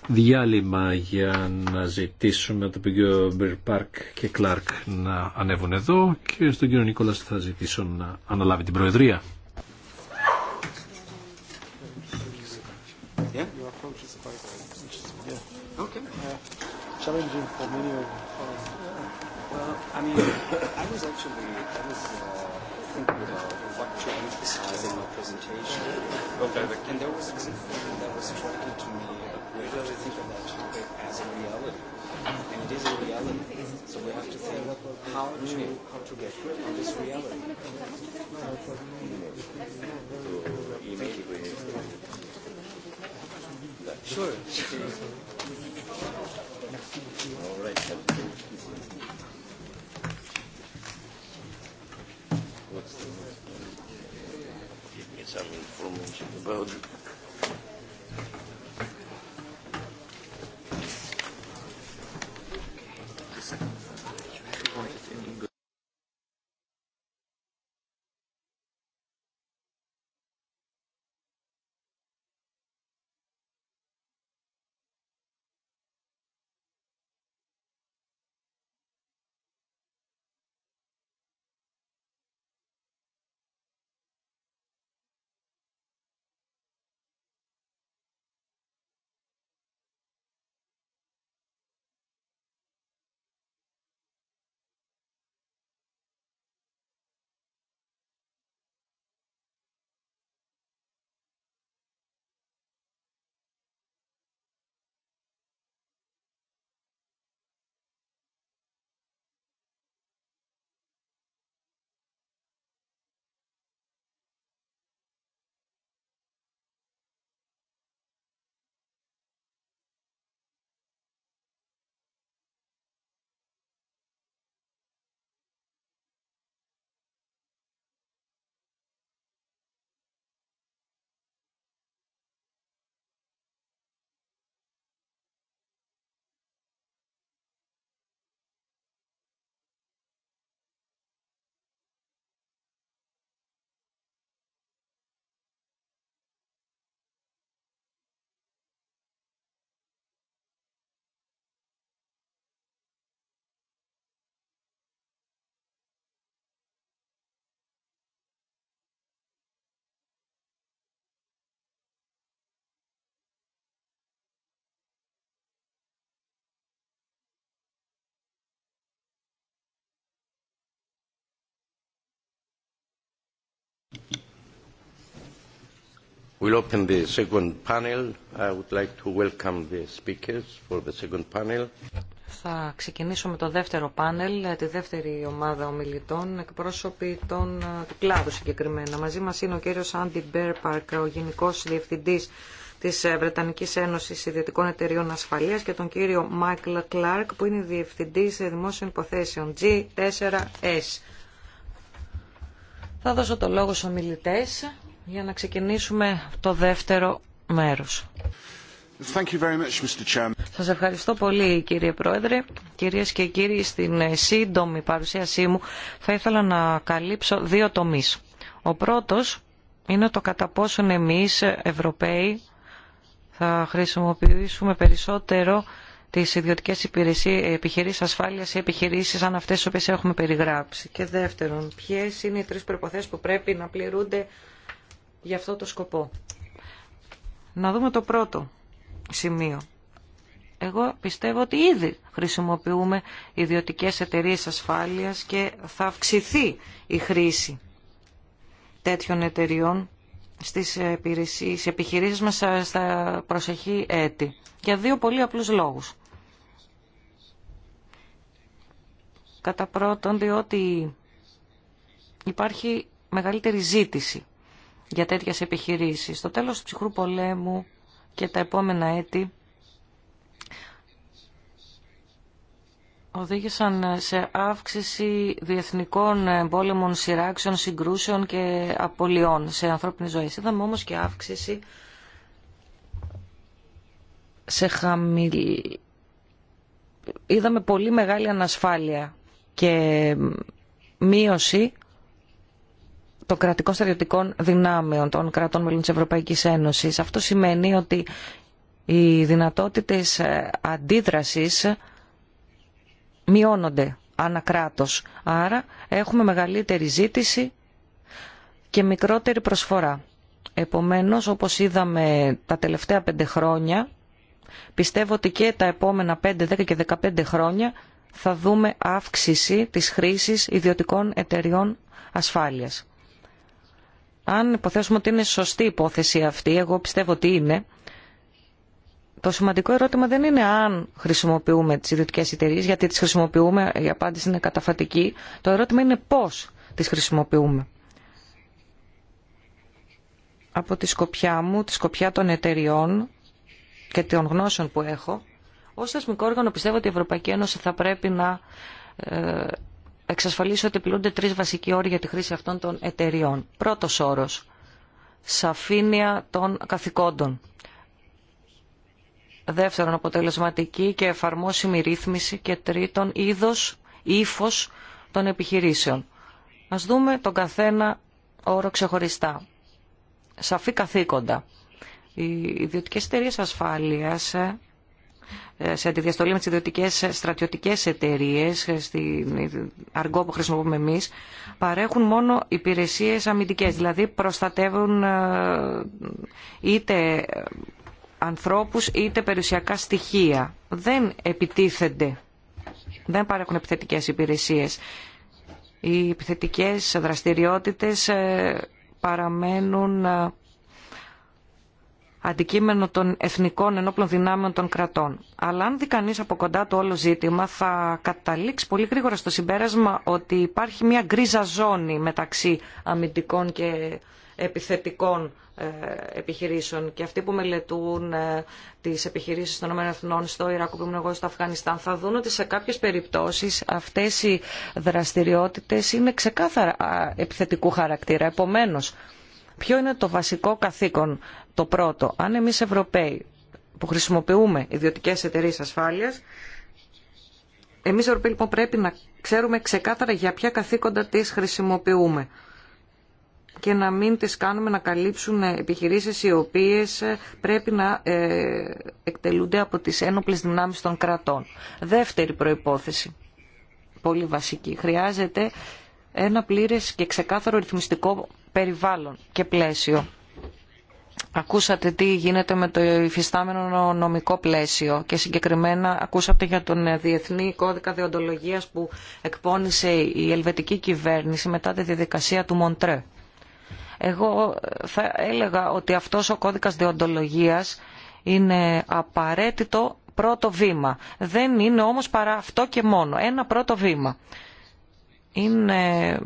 διάλειμμα για να ζητήσουμε από τον κύριο Πάρκ και Κλάρκ να ανέβουν εδώ και στον κύριο Νίκολας θα ζητήσω να αναλάβει την Προεδρία. Yeah. Well, I mean, I was actually, I was thinking about what to emphasize in my presentation. And there was something that was striking to me. we think of that topic as a reality. And it is a reality. So we have to think how to, how to get rid of this reality. Sure. All right. some information about We'll open the second panel. I would like to welcome the speakers for the second panel. Θα ξεκινήσω με το δεύτερο πάνελ, τη δεύτερη ομάδα ομιλητών, εκπρόσωποι των, ε, του κλάδου συγκεκριμένα. Μαζί μας είναι ο κύριος Άντι Μπέρπαρκ, ο Γενικός Διευθυντής της ε, Βρετανικής Ένωσης Ιδιωτικών Εταιριών Ασφαλείας και τον κύριο Μάικλ Κλάρκ, που είναι Διευθυντής ε, Δημόσιων Υποθέσεων G4S. Θα δώσω το λόγο στους ομιλητές για να ξεκινήσουμε το δεύτερο μέρος. Thank Σας ευχαριστώ πολύ κύριε Πρόεδρε. Κυρίες και κύριοι, στην ε, σύντομη παρουσίασή μου θα ήθελα να καλύψω δύο τομείς. Ο πρώτος είναι το κατά πόσον εμείς ε, Ευρωπαίοι θα χρησιμοποιήσουμε περισσότερο τι ιδιωτικέ επιχειρήσει ασφάλεια ή επιχειρήσει σαν αυτέ τι οποίε έχουμε περιγράψει. Και δεύτερον, ποιε είναι οι τρεις προποθέσει που πρέπει να πληρούνται για αυτό το σκοπό. Να δούμε το πρώτο σημείο. Εγώ πιστεύω ότι ήδη χρησιμοποιούμε ιδιωτικές εταιρείες ασφάλειας και θα αυξηθεί η χρήση τέτοιων εταιριών στις, στις επιχειρήσεις μας στα προσεχή έτη. Για δύο πολύ απλούς λόγους. Κατά πρώτον, διότι υπάρχει μεγαλύτερη ζήτηση για τέτοιες επιχειρήσεις. Στο τέλος του ψυχρού πολέμου και τα επόμενα έτη οδήγησαν σε αύξηση διεθνικών πόλεμων, σειράξεων, συγκρούσεων και απολειών σε ανθρώπινη ζωή. Είδαμε όμως και αύξηση σε χαμηλή... Είδαμε πολύ μεγάλη ανασφάλεια και μείωση των κρατικών στρατιωτικών δυνάμεων των κρατών μελών της Ευρωπαϊκής Ένωσης. Αυτό σημαίνει ότι οι δυνατότητες ε, αντίδρασης μειώνονται ανακράτως. Άρα έχουμε μεγαλύτερη ζήτηση και μικρότερη προσφορά. Επομένως, όπως είδαμε τα τελευταία πέντε χρόνια, πιστεύω ότι και τα επόμενα 5, 10 και 15 χρόνια θα δούμε αύξηση της χρήσης ιδιωτικών εταιριών ασφάλειας αν υποθέσουμε ότι είναι σωστή η υπόθεση αυτή, εγώ πιστεύω ότι είναι, το σημαντικό ερώτημα δεν είναι αν χρησιμοποιούμε τις ιδιωτικές εταιρείε, γιατί τις χρησιμοποιούμε, η απάντηση είναι καταφατική. Το ερώτημα είναι πώς τις χρησιμοποιούμε. Από τη σκοπιά μου, τη σκοπιά των εταιριών και των γνώσεων που έχω, ως θεσμικό όργανο πιστεύω ότι η Ευρωπαϊκή Ένωση θα πρέπει να ε, εξασφαλίσει ότι πλούνται τρεις βασικοί όροι για τη χρήση αυτών των εταιριών. Πρώτος όρος, σαφήνεια των καθηκόντων. Δεύτερον, αποτελεσματική και εφαρμόσιμη ρύθμιση. Και τρίτον, είδος, ύφο των επιχειρήσεων. Ας δούμε τον καθένα όρο ξεχωριστά. Σαφή καθήκοντα. Οι ιδιωτικές εταιρείε ασφάλειας ε, σε αντιδιαστολή με τις ιδιωτικές στρατιωτικές εταιρείες, στην αργό που χρησιμοποιούμε εμείς, παρέχουν μόνο υπηρεσίες αμυντικές, δηλαδή προστατεύουν ε, είτε ανθρώπους είτε περιουσιακά στοιχεία. Δεν επιτίθενται, δεν παρέχουν επιθετικές υπηρεσίες. Οι επιθετικές δραστηριότητες ε, παραμένουν ε, αντικείμενο των εθνικών ενόπλων δυνάμεων των κρατών. Αλλά αν δει κανεί από κοντά το όλο ζήτημα, θα καταλήξει πολύ γρήγορα στο συμπέρασμα ότι υπάρχει μια γκρίζα ζώνη μεταξύ αμυντικών και επιθετικών ε, επιχειρήσεων. Και αυτοί που μελετούν ε, τι επιχειρήσει των ΗΠΑ στο Ιράκ, που ήμουν εγώ στο Αφγανιστάν, θα δουν ότι σε κάποιε περιπτώσει αυτέ οι δραστηριότητε είναι ξεκάθαρα επιθετικού χαρακτήρα. Επομένω, Ποιο είναι το βασικό καθήκον. Το πρώτο, αν εμείς Ευρωπαίοι που χρησιμοποιούμε ιδιωτικές εταιρείες ασφάλειας, εμείς Ευρωπαίοι λοιπόν πρέπει να ξέρουμε ξεκάθαρα για ποια καθήκοντα τις χρησιμοποιούμε και να μην τις κάνουμε να καλύψουν επιχειρήσεις οι οποίες ε, πρέπει να ε, εκτελούνται από τις ένοπλες δυνάμεις των κρατών. Δεύτερη προϋπόθεση, πολύ βασική, χρειάζεται ένα πλήρες και ξεκάθαρο ρυθμιστικό περιβάλλον και πλαίσιο. Ακούσατε τι γίνεται με το υφιστάμενο νομικό πλαίσιο και συγκεκριμένα ακούσατε για τον Διεθνή Κώδικα Διοντολογίας που εκπώνησε η ελβετική κυβέρνηση μετά τη διαδικασία του Μοντρέ. Εγώ θα έλεγα ότι αυτός ο κώδικας διοντολογίας είναι απαραίτητο πρώτο βήμα. Δεν είναι όμως παρά αυτό και μόνο. Ένα πρώτο βήμα είναι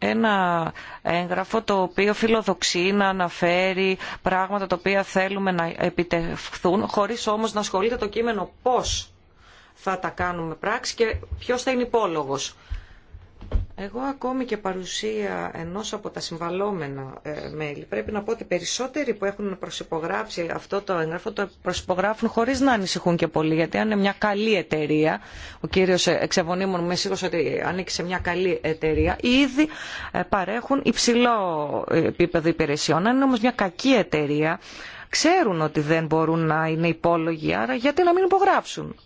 ένα έγγραφο το οποίο φιλοδοξεί να αναφέρει πράγματα τα οποία θέλουμε να επιτευχθούν χωρίς όμως να ασχολείται το κείμενο πώς θα τα κάνουμε πράξη και ποιος θα είναι υπόλογος. Εγώ ακόμη και παρουσία ενός από τα συμβαλόμενα μέλη. Ε, πρέπει να πω ότι περισσότεροι που έχουν προσυπογράψει αυτό το έγγραφο το προσυπογράφουν χωρίς να ανησυχούν και πολύ. Γιατί αν είναι μια καλή εταιρεία, ο κύριος ε, Εξεβονίμων με σίγουρος ότι ανήκει σε μια καλή εταιρεία, ήδη ε, παρέχουν υψηλό επίπεδο υπηρεσιών. Αν είναι όμως μια κακή εταιρεία, ξέρουν ότι δεν μπορούν να είναι υπόλογοι, άρα γιατί να μην υπογράψουν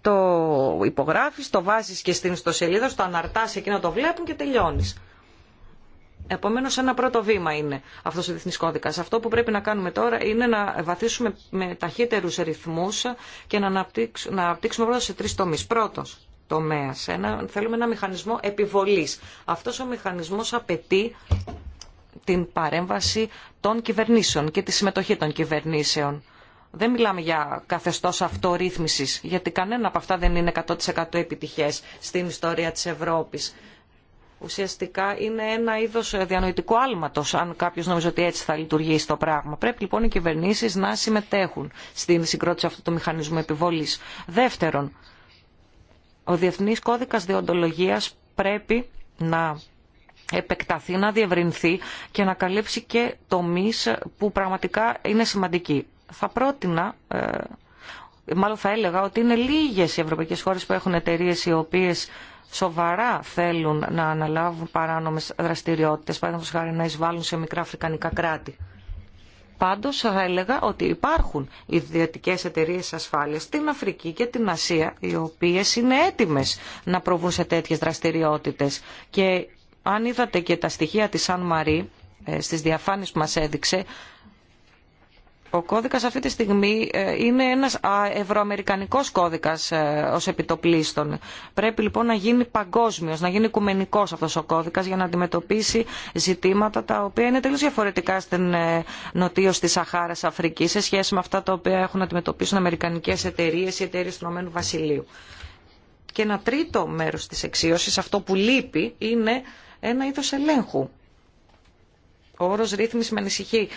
το υπογράφεις, το βάζεις και στην ιστοσελίδα το αναρτάς εκεί να το βλέπουν και τελειώνεις. Επομένως ένα πρώτο βήμα είναι αυτός ο διεθνής κώδικας. Αυτό που πρέπει να κάνουμε τώρα είναι να βαθίσουμε με ταχύτερους ρυθμούς και να αναπτύξουμε, να αναπτύξουμε πρώτα σε τρεις τομείς. Πρώτος τομέας, ένα, θέλουμε ένα μηχανισμό επιβολής. Αυτός ο μηχανισμός απαιτεί την παρέμβαση των κυβερνήσεων και τη συμμετοχή των κυβερνήσεων δεν μιλάμε για καθεστώς αυτορύθμισης, γιατί κανένα από αυτά δεν είναι 100% επιτυχές στην ιστορία της Ευρώπης. Ουσιαστικά είναι ένα είδο διανοητικού άλματο αν κάποιο νομίζει ότι έτσι θα λειτουργήσει το πράγμα. Πρέπει λοιπόν οι κυβερνήσει να συμμετέχουν στην συγκρότηση αυτού του μηχανισμού επιβολή. Δεύτερον, ο Διεθνή κώδικα διοντολογία πρέπει να επεκταθεί, να διευρυνθεί και να καλύψει και τομεί που πραγματικά είναι σημαντικοί θα πρότεινα, ε, μάλλον θα έλεγα, ότι είναι λίγες οι ευρωπαϊκές χώρες που έχουν εταιρείε οι οποίες σοβαρά θέλουν να αναλάβουν παράνομες δραστηριότητες, παράδειγμα χάρη να εισβάλλουν σε μικρά αφρικανικά κράτη. Πάντως θα έλεγα ότι υπάρχουν ιδιωτικές εταιρείες ασφάλειας στην Αφρική και την Ασία, οι οποίες είναι έτοιμες να προβούν σε τέτοιες δραστηριότητες. Και αν είδατε και τα στοιχεία της Σαν Μαρή, ε, στις διαφάνειες που μας έδειξε, ο κώδικας αυτή τη στιγμή ε, είναι ένας ευρωαμερικανικός κώδικας ε, ως επιτοπλίστων. Πρέπει λοιπόν να γίνει παγκόσμιος, να γίνει οικουμενικός αυτός ο κώδικας για να αντιμετωπίσει ζητήματα τα οποία είναι τελείως διαφορετικά στην ε, νοτίως της Σαχάρας Αφρική σε σχέση με αυτά τα οποία έχουν να αντιμετωπίσουν αμερικανικές εταιρείες ή εταιρείες του Ηνωμένου Βασιλείου. Και ένα τρίτο μέρος της εξίωσης, αυτό που λείπει, είναι ένα είδος ελέγχου. Ο όρος ρύθμιση με ανησυχεί.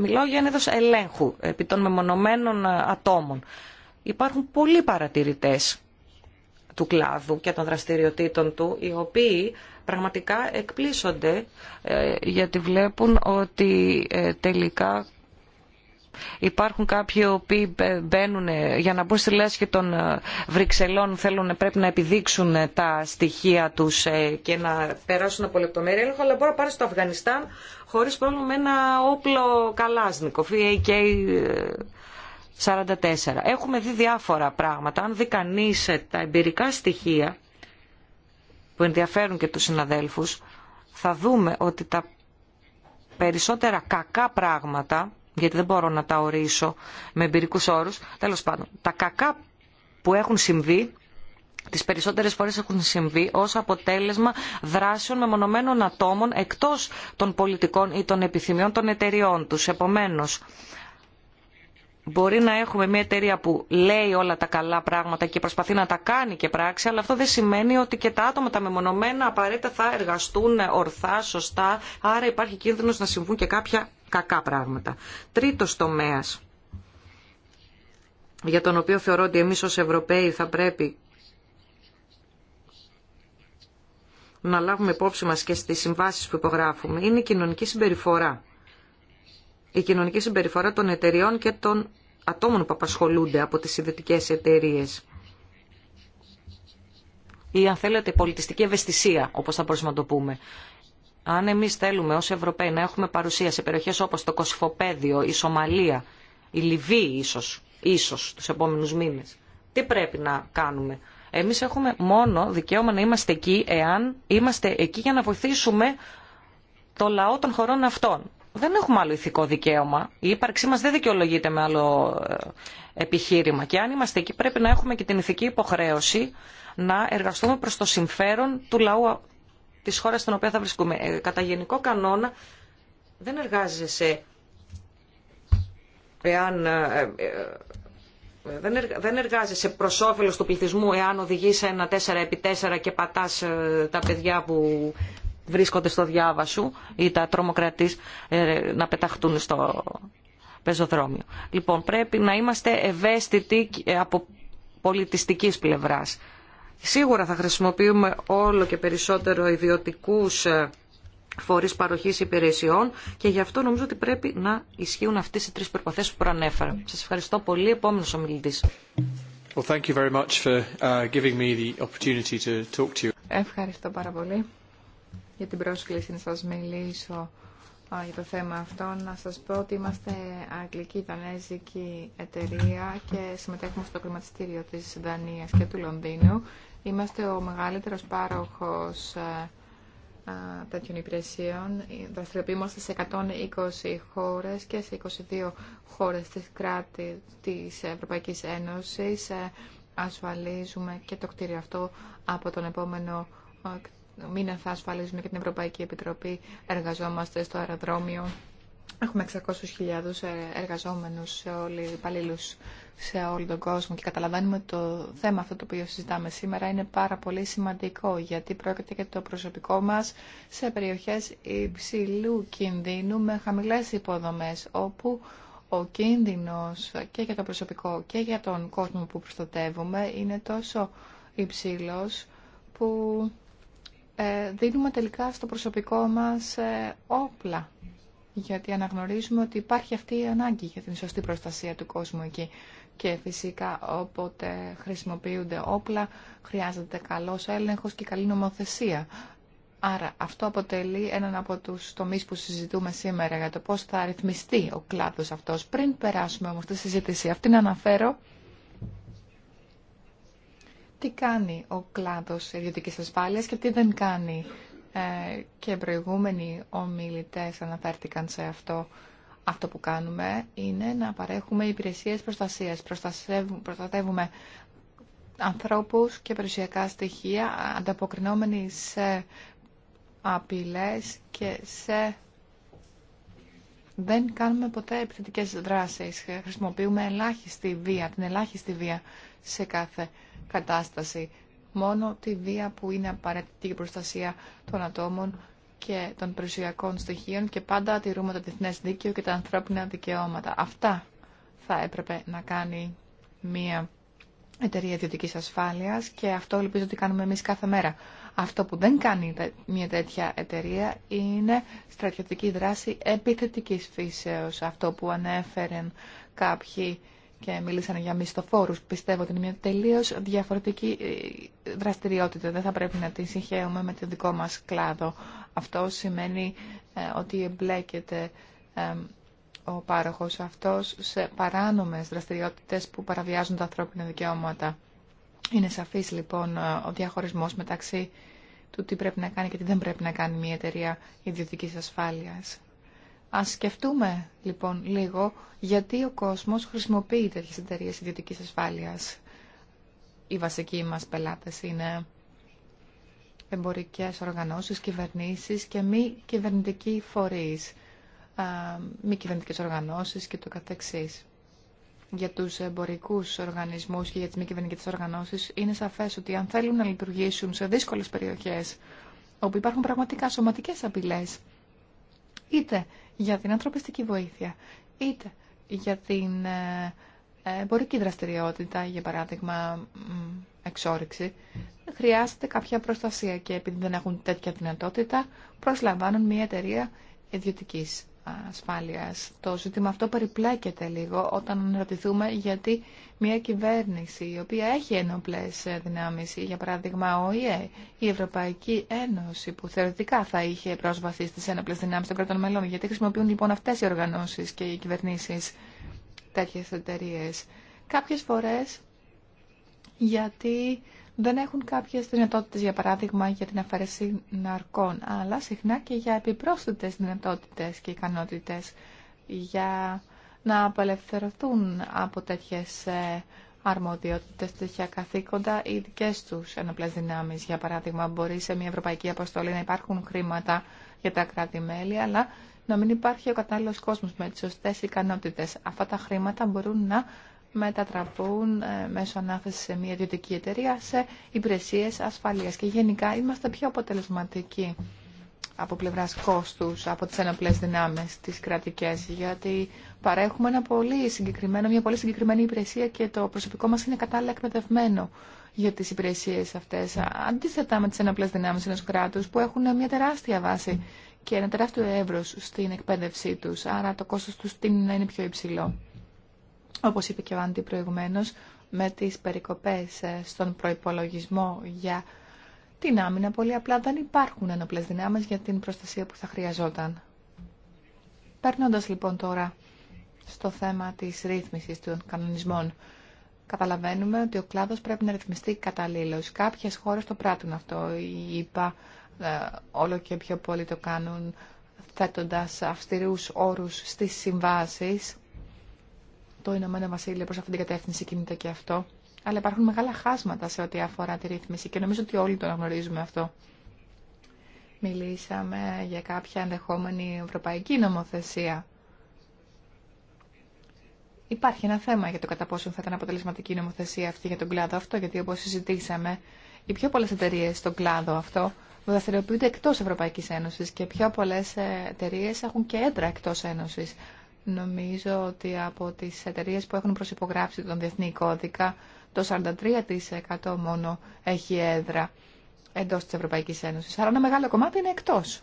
Μιλάω για ένα είδος ελέγχου επί των μεμονωμένων ε, ατόμων. Υπάρχουν πολλοί παρατηρητές του κλάδου και των δραστηριοτήτων του, οι οποίοι πραγματικά εκπλήσονται ε, γιατί βλέπουν ότι ε, τελικά Υπάρχουν κάποιοι οποίοι μπαίνουν ε, για να μπουν στη λέσχη των ε, Βρυξελών, θέλουν, πρέπει να επιδείξουν ε, τα στοιχεία τους και να περάσουν από λεπτομέρεια έλεγχο, αλλά μπορώ να πάρει στο Αφγανιστάν χωρίς πρόβλημα με ένα όπλο καλάσνικο, VAK 44. Έχουμε δει διάφορα πράγματα. Αν δει κανεί τα εμπειρικά στοιχεία που ενδιαφέρουν και τους συναδέλφους, θα δούμε ότι τα περισσότερα κακά πράγματα γιατί δεν μπορώ να τα ορίσω με εμπειρικούς όρους. Τέλος πάντων, τα κακά που έχουν συμβεί τις περισσότερες φορές έχουν συμβεί ως αποτέλεσμα δράσεων μεμονωμένων ατόμων εκτός των πολιτικών ή των επιθυμιών των εταιριών τους. Επομένως, μπορεί να έχουμε μια εταιρεία που λέει όλα τα καλά πράγματα και προσπαθεί να τα κάνει και πράξη, αλλά αυτό δεν σημαίνει ότι και τα άτομα τα μεμονωμένα απαραίτητα θα εργαστούν ορθά, σωστά, άρα υπάρχει κίνδυνος να συμβούν και κάποια κακά πράγματα. Τρίτος τομέας για τον οποίο θεωρώ ότι εμείς ως Ευρωπαίοι θα πρέπει να λάβουμε υπόψη μας και στις συμβάσεις που υπογράφουμε είναι η κοινωνική συμπεριφορά. Η κοινωνική συμπεριφορά των εταιριών και των ατόμων που απασχολούνται από τις ιδιωτικές εταιρείε. Ή αν θέλετε πολιτιστική ευαισθησία, όπως θα μπορούσαμε να το πούμε. Αν εμείς θέλουμε ως Ευρωπαίοι να έχουμε παρουσία σε περιοχές όπως το Κοσφοπέδιο, η Σομαλία, η Λιβύη ίσως, ίσως τους επόμενους μήνες, τι πρέπει να κάνουμε. Εμείς έχουμε μόνο δικαίωμα να είμαστε εκεί εάν είμαστε εκεί για να βοηθήσουμε το λαό των χωρών αυτών. Δεν έχουμε άλλο ηθικό δικαίωμα. Η ύπαρξή μας δεν δικαιολογείται με άλλο ε, επιχείρημα. Και αν είμαστε εκεί πρέπει να έχουμε και την ηθική υποχρέωση να εργαστούμε προς το συμφέρον του λαού Τη χώρα στην οποία θα βρισκούμε. Ε, κατά γενικό κανόνα δεν εργάζεσαι εάν... Ε, ε, ε δεν, δεν εργάζεσαι προ όφελο του πληθυσμού εάν οδηγεί ένα 4x4 και πατά ε, τα παιδιά που βρίσκονται στο διάβα σου ή τα τρομοκρατή να πεταχτούν στο πεζοδρόμιο. Λοιπόν, πρέπει να είμαστε ευαίσθητοι από πολιτιστικής πλευρά Σίγουρα θα χρησιμοποιούμε όλο και περισσότερο ιδιωτικούς ε, φορείς παροχής υπηρεσιών και γι' αυτό νομίζω ότι πρέπει να ισχύουν αυτές οι τρεις προποθέσει που προανέφερα. Σας ευχαριστώ πολύ. Επόμενος ομιλητής. Ευχαριστώ πάρα πολύ για την πρόσκληση να σας μιλήσω για το θέμα αυτό. Να σας πω ότι είμαστε αγγλική δανέζικη εταιρεία και συμμετέχουμε στο κρηματιστήριο της Δανίας και του Λονδίνου Είμαστε ο μεγαλύτερος πάροχος ε, τέτοιων υπηρεσιών. Δραστηριοποιούμαστε σε 120 χώρες και σε 22 χώρες της κράτη της Ευρωπαϊκής Ένωσης. Ε, ασφαλίζουμε και το κτίριο αυτό από τον επόμενο ε, μήνα θα ασφαλίζουμε και την Ευρωπαϊκή Επιτροπή. Εργαζόμαστε στο αεροδρόμιο Έχουμε 600.000 ε, εργαζόμενους σε όλοι, υπαλλήλου σε όλο τον κόσμο και καταλαβαίνουμε το θέμα αυτό το οποίο συζητάμε σήμερα είναι πάρα πολύ σημαντικό γιατί πρόκειται για το προσωπικό μας σε περιοχές υψηλού κινδύνου με χαμηλές υποδομές όπου ο κίνδυνος και για το προσωπικό και για τον κόσμο που προστατεύουμε είναι τόσο υψηλός που ε, δίνουμε τελικά στο προσωπικό μας ε, όπλα γιατί αναγνωρίζουμε ότι υπάρχει αυτή η ανάγκη για την σωστή προστασία του κόσμου εκεί. Και φυσικά όποτε χρησιμοποιούνται όπλα χρειάζεται καλός έλεγχος και καλή νομοθεσία. Άρα αυτό αποτελεί έναν από τους τομείς που συζητούμε σήμερα για το πώς θα αριθμιστεί ο κλάδος αυτός. Πριν περάσουμε όμως τη συζήτηση αυτή να αναφέρω τι κάνει ο κλάδος ιδιωτικής ασφάλειας και τι δεν κάνει ε, και προηγούμενοι ομιλητές αναφέρθηκαν σε αυτό. Αυτό που κάνουμε είναι να παρέχουμε υπηρεσίες προστασίας. Προστατεύουμε ανθρώπους και περιουσιακά στοιχεία ανταποκρινόμενοι σε απειλές και σε... Δεν κάνουμε ποτέ επιθετικές δράσεις. Χρησιμοποιούμε ελάχιστη βία, την ελάχιστη βία σε κάθε κατάσταση μόνο τη βία που είναι απαραίτητη για προστασία των ατόμων και των περιουσιακών στοιχείων και πάντα τηρούμε το διεθνέ δίκαιο και τα ανθρώπινα δικαιώματα. Αυτά θα έπρεπε να κάνει μια εταιρεία ιδιωτική ασφάλεια και αυτό ελπίζω ότι κάνουμε εμεί κάθε μέρα. Αυτό που δεν κάνει μια τέτοια εταιρεία είναι στρατιωτική δράση επιθετικής φύσεως. Αυτό που ανέφεραν κάποιοι και μίλησαν για μισθοφόρους. Πιστεύω ότι είναι μια τελείω διαφορετική ε, δραστηριότητα. Δεν θα πρέπει να τη συγχαίουμε με το δικό μας κλάδο. Αυτό σημαίνει ε, ότι εμπλέκεται ε, ο πάροχο αυτό σε παράνομες δραστηριότητες που παραβιάζουν τα ανθρώπινα δικαιώματα. Είναι σαφή λοιπόν ο διαχωρισμός μεταξύ του τι πρέπει να κάνει και τι δεν πρέπει να κάνει μια εταιρεία ιδιωτική ασφάλεια. Ας σκεφτούμε λοιπόν λίγο γιατί ο κόσμος χρησιμοποιεί τέτοιε εταιρείε ιδιωτική ασφάλειας. Οι βασικοί μας πελάτες είναι εμπορικές οργανώσεις, κυβερνήσεις και μη κυβερνητικοί φορείς, μη κυβερνητικέ οργανώσεις και το καθεξής. Για τους εμπορικούς οργανισμούς και για τις μη κυβερνητικές οργανώσεις είναι σαφές ότι αν θέλουν να λειτουργήσουν σε δύσκολες περιοχές όπου υπάρχουν πραγματικά σωματικές απειλές είτε για την ανθρωπιστική βοήθεια, είτε για την ε, ε, εμπορική δραστηριότητα, για παράδειγμα εξόριξη, χρειάζεται κάποια προστασία και επειδή δεν έχουν τέτοια δυνατότητα, προσλαμβάνουν μια εταιρεία ιδιωτικής ασφάλειας. Το ζήτημα αυτό περιπλέκεται λίγο όταν ρωτηθούμε γιατί μια κυβέρνηση η οποία έχει ενοπλές δυνάμεις, για παράδειγμα ο ΙΕ, η Ευρωπαϊκή Ένωση που θεωρητικά θα είχε πρόσβαση στις ενοπλές δυνάμεις των κρατών μελών, γιατί χρησιμοποιούν λοιπόν αυτές οι οργανώσεις και οι κυβερνήσεις τέτοιες εταιρείε. Κάποιες φορές γιατί δεν έχουν κάποιες δυνατότητες, για παράδειγμα, για την αφαίρεση ναρκών, αλλά συχνά και για επιπρόσθετες δυνατότητες και ικανότητες για να απελευθερωθούν από τέτοιες ε, αρμοδιότητες, τέτοια καθήκοντα οι δικέ τους ενοπλές δυνάμεις. Για παράδειγμα, μπορεί σε μια ευρωπαϊκή αποστολή να υπάρχουν χρήματα για τα κράτη-μέλη, αλλά να μην υπάρχει ο κατάλληλος κόσμος με τις σωστές ικανότητες. Αυτά τα χρήματα μπορούν να μετατραπούν ε, μέσω ανάθεση σε μια ιδιωτική εταιρεία σε υπηρεσίες ασφαλείας. Και γενικά είμαστε πιο αποτελεσματικοί από πλευράς κόστους, από τις ενοπλέ δυνάμεις, τις κρατικές, γιατί παρέχουμε ένα πολύ συγκεκριμένο, μια πολύ συγκεκριμένη υπηρεσία και το προσωπικό μας είναι κατάλληλα εκπαιδευμένο για τις υπηρεσίες αυτές. Αντίθετα με τις ενοπλέ δυνάμεις ενός κράτους που έχουν μια τεράστια βάση και ένα τεράστιο εύρος στην εκπαίδευσή τους, άρα το κόστος τους τίνει να είναι πιο υψηλό όπως είπε και ο Άντι προηγουμένως, με τις περικοπές ε, στον προϋπολογισμό για την άμυνα, πολύ απλά δεν υπάρχουν ενοπλές δυνάμεις για την προστασία που θα χρειαζόταν. Παίρνοντας λοιπόν τώρα στο θέμα της ρύθμισης των κανονισμών, καταλαβαίνουμε ότι ο κλάδος πρέπει να ρυθμιστεί καταλήλως. Κάποιες χώρες το πράττουν αυτό, οι ε, όλο και πιο πολύ το κάνουν θέτοντας αυστηρούς όρους στις συμβάσεις το Ηνωμένο Βασίλειο προ αυτήν την κατεύθυνση κινείται και αυτό. Αλλά υπάρχουν μεγάλα χάσματα σε ό,τι αφορά τη ρύθμιση και νομίζω ότι όλοι το αναγνωρίζουμε αυτό. Μιλήσαμε για κάποια ενδεχόμενη ευρωπαϊκή νομοθεσία. Υπάρχει ένα θέμα για το κατά πόσο θα ήταν αποτελεσματική η νομοθεσία αυτή για τον κλάδο αυτό, γιατί όπω συζητήσαμε, οι πιο πολλέ εταιρείε στον κλάδο αυτό δραστηριοποιούνται εκτό Ευρωπαϊκή Ένωση και πιο πολλέ εταιρείε έχουν και έντρα εκτό Ένωση. Νομίζω ότι από τις εταιρείες που έχουν προσυπογράψει τον Διεθνή Κώδικα, το 43% μόνο έχει έδρα εντός της Ευρωπαϊκής Ένωσης. Άρα ένα μεγάλο κομμάτι είναι εκτός.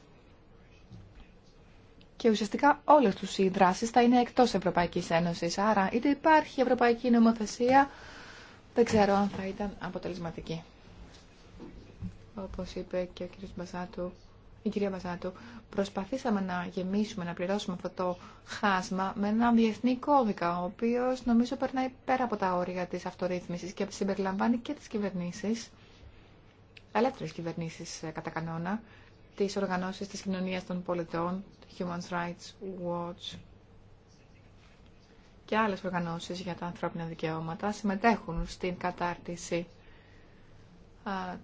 Και ουσιαστικά όλες τους οι δράσεις θα είναι εκτός Ευρωπαϊκής Ένωσης. Άρα είτε υπάρχει Ευρωπαϊκή Νομοθεσία, δεν ξέρω αν θα ήταν αποτελεσματική. Όπως είπε και ο κ. Μπασάτου, η κυρία Μπαζάτου, προσπαθήσαμε να γεμίσουμε, να πληρώσουμε αυτό το χάσμα με έναν διεθνή κώδικα, ο οποίος νομίζω περνάει πέρα από τα όρια της αυτορύθμισης και συμπεριλαμβάνει και τις κυβερνήσεις, ελεύθερε κυβερνήσεις ε, κατά κανόνα, τι οργανώσει της κοινωνία των πολιτών, Human Rights Watch και άλλες οργανώσεις για τα ανθρώπινα δικαιώματα συμμετέχουν στην κατάρτιση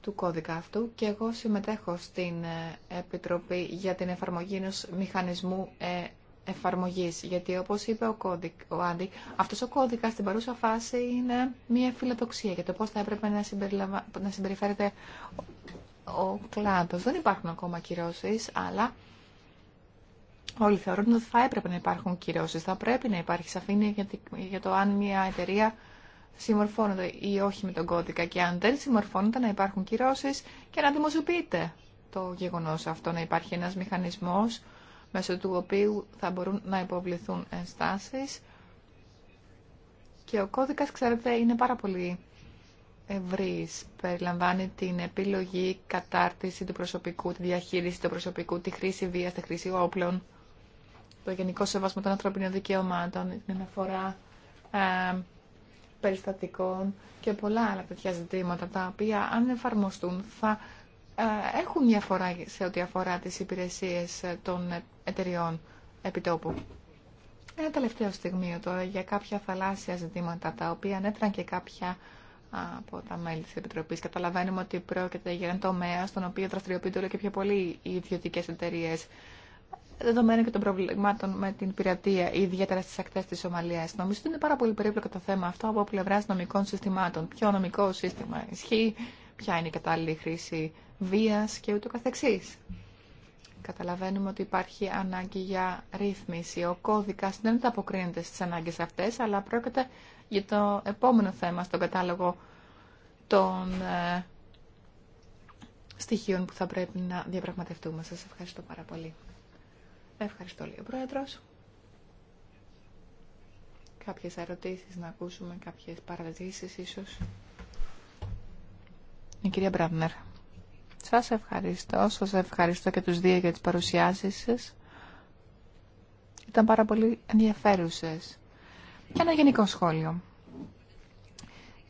του κώδικα αυτού και εγώ συμμετέχω στην ε, Επιτροπή για την εφαρμογή ενός μηχανισμού ε, εφαρμογής. Γιατί όπως είπε ο, κώδικ, ο Άντι, αυτός ο κώδικας στην παρούσα φάση είναι μια φιλοδοξία για το πώς θα έπρεπε να, να συμπεριφέρεται ο κλάδος. Δεν υπάρχουν ακόμα κυρώσεις, αλλά... Όλοι θεωρούν ότι θα έπρεπε να υπάρχουν κυρώσεις, θα πρέπει να υπάρχει σαφήνεια για το αν μια εταιρεία συμμορφώνονται ή όχι με τον κώδικα και αν δεν συμμορφώνονται να υπάρχουν κυρώσεις και να δημοσιοποιείται το γεγονός αυτό, να υπάρχει ένας μηχανισμός μέσω του οποίου θα μπορούν να υποβληθούν ενστάσεις και ο κώδικας, ξέρετε, είναι πάρα πολύ ευρύς. Περιλαμβάνει την επιλογή, κατάρτιση του προσωπικού, τη διαχείριση του προσωπικού, τη χρήση βίας, τη χρήση όπλων, το γενικό σεβασμό των ανθρωπίνων δικαιωμάτων, την αναφορά ε, περιστατικών και πολλά άλλα τέτοια ζητήματα τα οποία αν εφαρμοστούν θα ε, έχουν μια φορά σε ό,τι αφορά τις υπηρεσίες ε, των εταιριών επιτόπου. Ένα τελευταίο στιγμή τώρα για κάποια θαλάσσια ζητήματα τα οποία ανέφεραν και κάποια από τα μέλη της Επιτροπής. Καταλαβαίνουμε ότι πρόκειται για ένα τομέα στον οποίο δραστηριοποιούνται όλο και πιο πολλοί οι ιδιωτικές εταιρείες δεδομένων και των προβλημάτων με την πειρατεία, ιδιαίτερα στι ακτέ τη Σομαλία. Νομίζω ότι είναι πάρα πολύ περίπλοκο το θέμα αυτό από πλευρά νομικών συστημάτων. Ποιο νομικό σύστημα ισχύει, ποια είναι η κατάλληλη χρήση βία και ούτω καθεξή. Καταλαβαίνουμε ότι υπάρχει ανάγκη για ρύθμιση. Ο κώδικα δεν τα αποκρίνεται στι ανάγκε αυτέ, αλλά πρόκειται για το επόμενο θέμα στον κατάλογο των ε, στοιχείων που θα πρέπει να διαπραγματευτούμε. Σας ευχαριστώ πάρα πολύ. Ευχαριστώ, Λίγο ο Πρόεδρος. Κάποιες ερωτήσεις να ακούσουμε, κάποιες παρατηρήσεις ίσως. Η κυρία Μπράβνερ. Σας ευχαριστώ. Σας ευχαριστώ και τους δύο για τις παρουσιάσεις σας. Ήταν πάρα πολύ ενδιαφέρουσες. Ένα γενικό σχόλιο.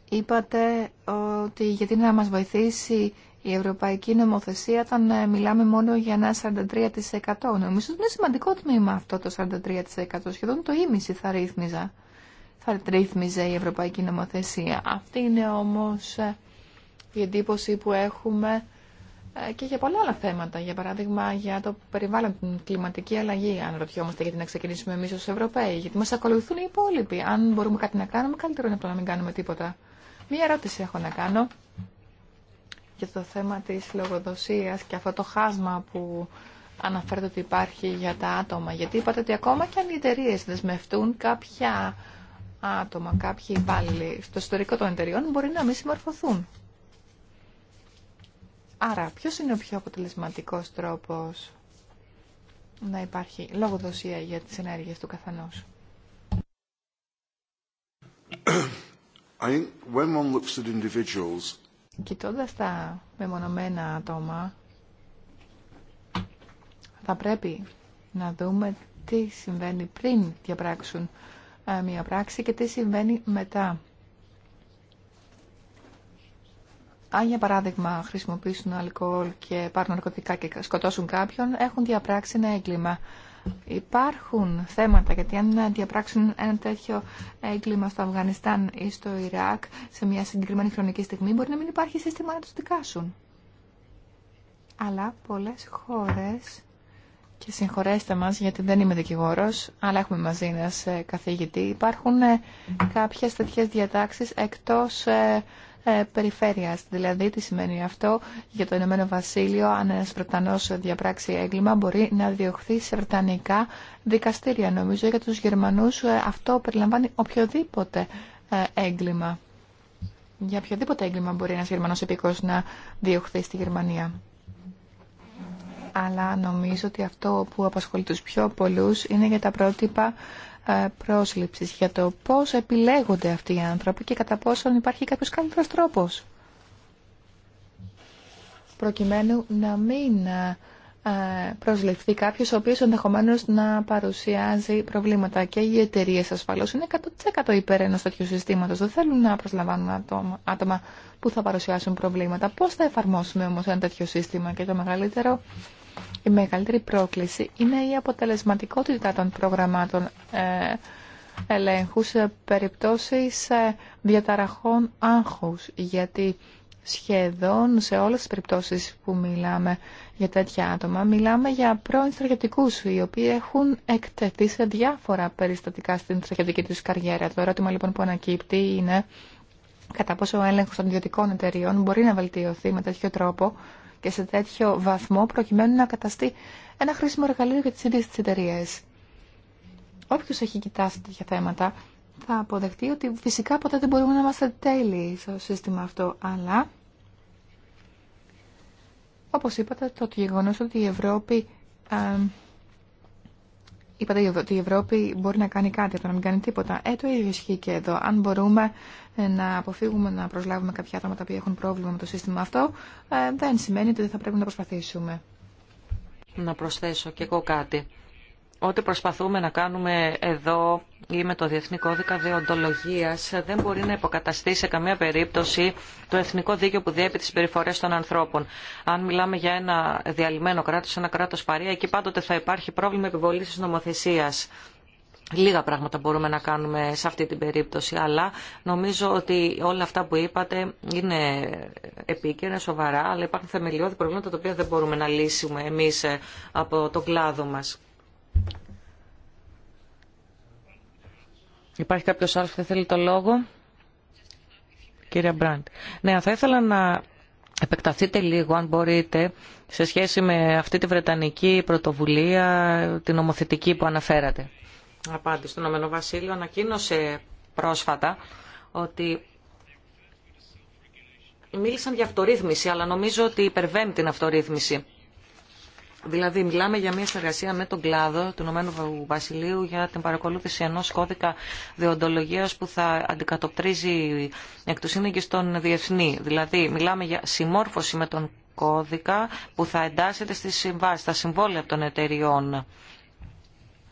Είπατε ότι γιατί να μας βοηθήσει η ευρωπαϊκή νομοθεσία όταν ε, μιλάμε μόνο για ένα 43%. Νομίζω ότι είναι σημαντικό τμήμα αυτό το 43%. Σχεδόν το ίμιση θα ρύθμιζα. Θα ρύθμιζε η ευρωπαϊκή νομοθεσία. Αυτή είναι όμως ε, η εντύπωση που έχουμε ε, και για πολλά άλλα θέματα. Για παράδειγμα, για το περιβάλλον, την κλιματική αλλαγή. Αν ρωτιόμαστε γιατί να ξεκινήσουμε εμεί ω Ευρωπαίοι, γιατί μα ακολουθούν οι υπόλοιποι. Αν μπορούμε κάτι να κάνουμε, καλύτερο είναι από το να μην κάνουμε τίποτα. Μία ερώτηση έχω να κάνω και το θέμα της λογοδοσίας και αυτό το χάσμα που αναφέρεται ότι υπάρχει για τα άτομα. Γιατί είπατε ότι ακόμα και αν οι εταιρείε δεσμευτούν κάποια άτομα, κάποιοι υπάλληλοι στο ιστορικό των εταιρεών μπορεί να μην συμμορφωθούν. Άρα, ποιο είναι ο πιο αποτελεσματικό τρόπος να υπάρχει λογοδοσία για τις ενέργειες του καθενό κοιτώντας τα μεμονωμένα άτομα, θα πρέπει να δούμε τι συμβαίνει πριν διαπράξουν ε, μία πράξη και τι συμβαίνει μετά. Αν για παράδειγμα χρησιμοποιήσουν αλκοόλ και πάρουν ναρκωτικά και σκοτώσουν κάποιον, έχουν διαπράξει ένα έγκλημα υπάρχουν θέματα, γιατί αν διαπράξουν ένα τέτοιο έγκλημα στο Αφγανιστάν ή στο Ιράκ σε μια συγκεκριμένη χρονική στιγμή, μπορεί να μην υπάρχει σύστημα να τους δικάσουν. Αλλά πολλές χώρες, και συγχωρέστε μας γιατί δεν είμαι δικηγόρος, αλλά έχουμε μαζί ένας ε, καθηγητή, υπάρχουν ε, κάποιες τέτοιες διατάξεις εκτός ε, ε, περιφέρειας. Δηλαδή, τι σημαίνει αυτό για το Ηνωμένο Βασίλειο, αν ένα Βρετανός διαπράξει έγκλημα, μπορεί να διωχθεί σε βρετανικά δικαστήρια. Νομίζω για τους Γερμανούς ε, αυτό περιλαμβάνει οποιοδήποτε ε, έγκλημα. Για οποιοδήποτε έγκλημα μπορεί ένας Γερμανός επίκος να διωχθεί στη Γερμανία αλλά νομίζω ότι αυτό που απασχολεί τους πιο πολλούς είναι για τα πρότυπα ε, πρόσληψης για το πώς επιλέγονται αυτοί οι άνθρωποι και κατά πόσον υπάρχει κάποιος καλύτερος τρόπος προκειμένου να μην ε, ε, προσληφθεί κάποιος ο οποίος ενδεχομένω να παρουσιάζει προβλήματα και οι εταιρείε ασφαλώς είναι 100% υπέρ ενός τέτοιου συστήματος δεν θέλουν να προσλαμβάνουν άτομα που θα παρουσιάσουν προβλήματα πώς θα εφαρμόσουμε όμως ένα τέτοιο σύστημα και το μεγαλύτερο η μεγαλύτερη πρόκληση είναι η αποτελεσματικότητα των προγραμμάτων ε, ελέγχου σε περιπτώσεις ε, διαταραχών άγχους, γιατί σχεδόν σε όλες τις περιπτώσεις που μιλάμε για τέτοια άτομα, μιλάμε για πρώην στρατιωτικούς, οι οποίοι έχουν εκτεθεί σε διάφορα περιστατικά στην στρατιωτική τους καριέρα. Το ερώτημα λοιπόν που ανακύπτει είναι κατά πόσο ο έλεγχος των ιδιωτικών εταιριών μπορεί να βελτιωθεί με τέτοιο τρόπο, και σε τέτοιο βαθμό προκειμένου να καταστεί ένα χρήσιμο εργαλείο για τις ίδιες τις εταιρείες. Όποιος έχει κοιτάσει τέτοια θέματα θα αποδεχτεί ότι φυσικά ποτέ δεν μπορούμε να είμαστε τέλειοι στο σύστημα αυτό, αλλά όπως είπατε το γεγονός ότι η Ευρώπη Είπατε ότι η Ευρώπη μπορεί να κάνει κάτι από το να μην κάνει τίποτα. Ε, το ίδιο ισχύει και εδώ. Αν μπορούμε ε, να αποφύγουμε να προσλάβουμε κάποια άτομα τα οποία έχουν πρόβλημα με το σύστημα αυτό, ε, δεν σημαίνει ότι δεν θα πρέπει να προσπαθήσουμε. Να προσθέσω και εγώ κάτι ό,τι προσπαθούμε να κάνουμε εδώ ή με το Διεθνή Κώδικα Δεοντολογίας δεν μπορεί να υποκαταστήσει σε καμία περίπτωση το εθνικό δίκαιο που διέπει τις περιφορές των ανθρώπων. Αν μιλάμε για ένα διαλυμένο κράτος, ένα κράτος παρία, εκεί πάντοτε θα υπάρχει πρόβλημα επιβολής της νομοθεσίας. Λίγα πράγματα μπορούμε να κάνουμε σε αυτή την περίπτωση, αλλά νομίζω ότι όλα αυτά που είπατε είναι επίκαιρα, σοβαρά, αλλά υπάρχουν θεμελιώδη προβλήματα τα οποία δεν μπορούμε να λύσουμε εμείς ε, από τον κλάδο μας. Υπάρχει κάποιος άλλος που δεν θέλει το λόγο. Κύριε Μπραντ. Ναι, θα ήθελα να επεκταθείτε λίγο, αν μπορείτε, σε σχέση με αυτή τη Βρετανική πρωτοβουλία, την νομοθετική που αναφέρατε. Απάντηση. Το Ηνωμένο Βασίλειο ανακοίνωσε πρόσφατα ότι μίλησαν για αυτορύθμιση, αλλά νομίζω ότι υπερβαίνει την αυτορύθμιση. Δηλαδή, μιλάμε για μια συνεργασία με τον κλάδο του Ηνωμένου Βασιλείου για την παρακολούθηση ενό κώδικα διοντολογία που θα αντικατοπτρίζει εκ του σύνεγγυ τον διεθνή. Δηλαδή, μιλάμε για συμμόρφωση με τον κώδικα που θα εντάσσεται στη συμβάση, στα συμβόλαια των εταιριών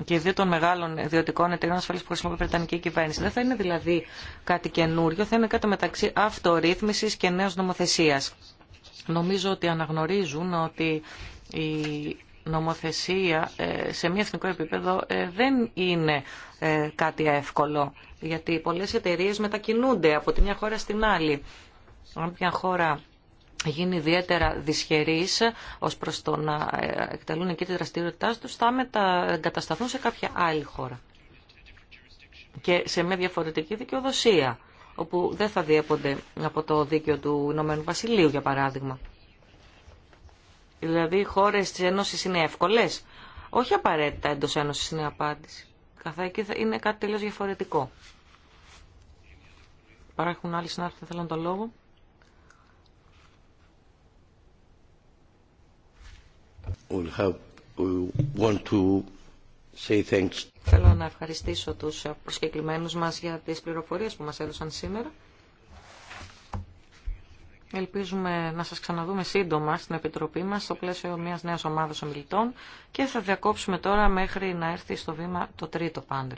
και δύο των μεγάλων ιδιωτικών εταιριών ασφαλή που χρησιμοποιεί η Βρετανική κυβέρνηση. Δεν θα είναι δηλαδή κάτι καινούριο, θα είναι κάτι μεταξύ αυτορύθμιση και νέα νομοθεσία. Νομίζω ότι αναγνωρίζουν ότι η νομοθεσία ε, σε μια εθνικό επίπεδο ε, δεν είναι ε, κάτι εύκολο, γιατί πολλές εταιρείες μετακινούνται από τη μια χώρα στην άλλη. Αν μια χώρα γίνει ιδιαίτερα δυσχερής ως προς το να εκτελούν εκεί τη δραστηριότητά τους, θα μετακατασταθούν σε κάποια άλλη χώρα και σε μια διαφορετική δικαιοδοσία, όπου δεν θα διέπονται από το δίκαιο του Ηνωμένου Βασιλείου, για παράδειγμα. Δηλαδή οι χώρες της Ένωσης είναι εύκολες. Όχι απαραίτητα εντός Ένωσης είναι απάντηση. Καθά εκεί είναι κάτι τελείως διαφορετικό. Υπάρχουν άλλοι συνάδελφοι που θέλουν τον λόγο. Θέλω να ευχαριστήσω τους προσκεκλημένους μας για τις πληροφορίες που μας έδωσαν σήμερα. Ελπίζουμε να σας ξαναδούμε σύντομα στην Επιτροπή μας στο πλαίσιο μιας νέας ομάδας ομιλητών και θα διακόψουμε τώρα μέχρι να έρθει στο βήμα το τρίτο πάντελ.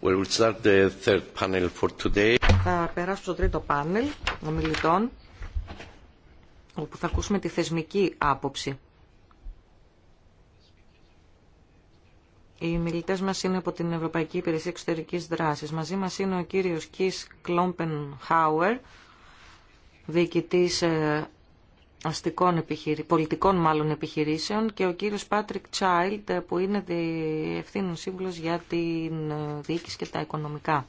Θα περάσουμε στο τρίτο πάνελ ομιλητών, όπου θα ακούσουμε τη θεσμική άποψη. Οι μιλητέ μα είναι από την Ευρωπαϊκή Υπηρεσία Εξωτερική Δράση. Μαζί μα είναι ο κύριο Κι Κλόμπεν-Χάουερ, διοικητή ε, αστικών επιχειρη... πολιτικών μάλλον επιχειρήσεων και ο κύριος Πάτρικ Τσάιλτ ε, που είναι ευθύνων σύμβουλος για την ε, διοίκηση και τα οικονομικά.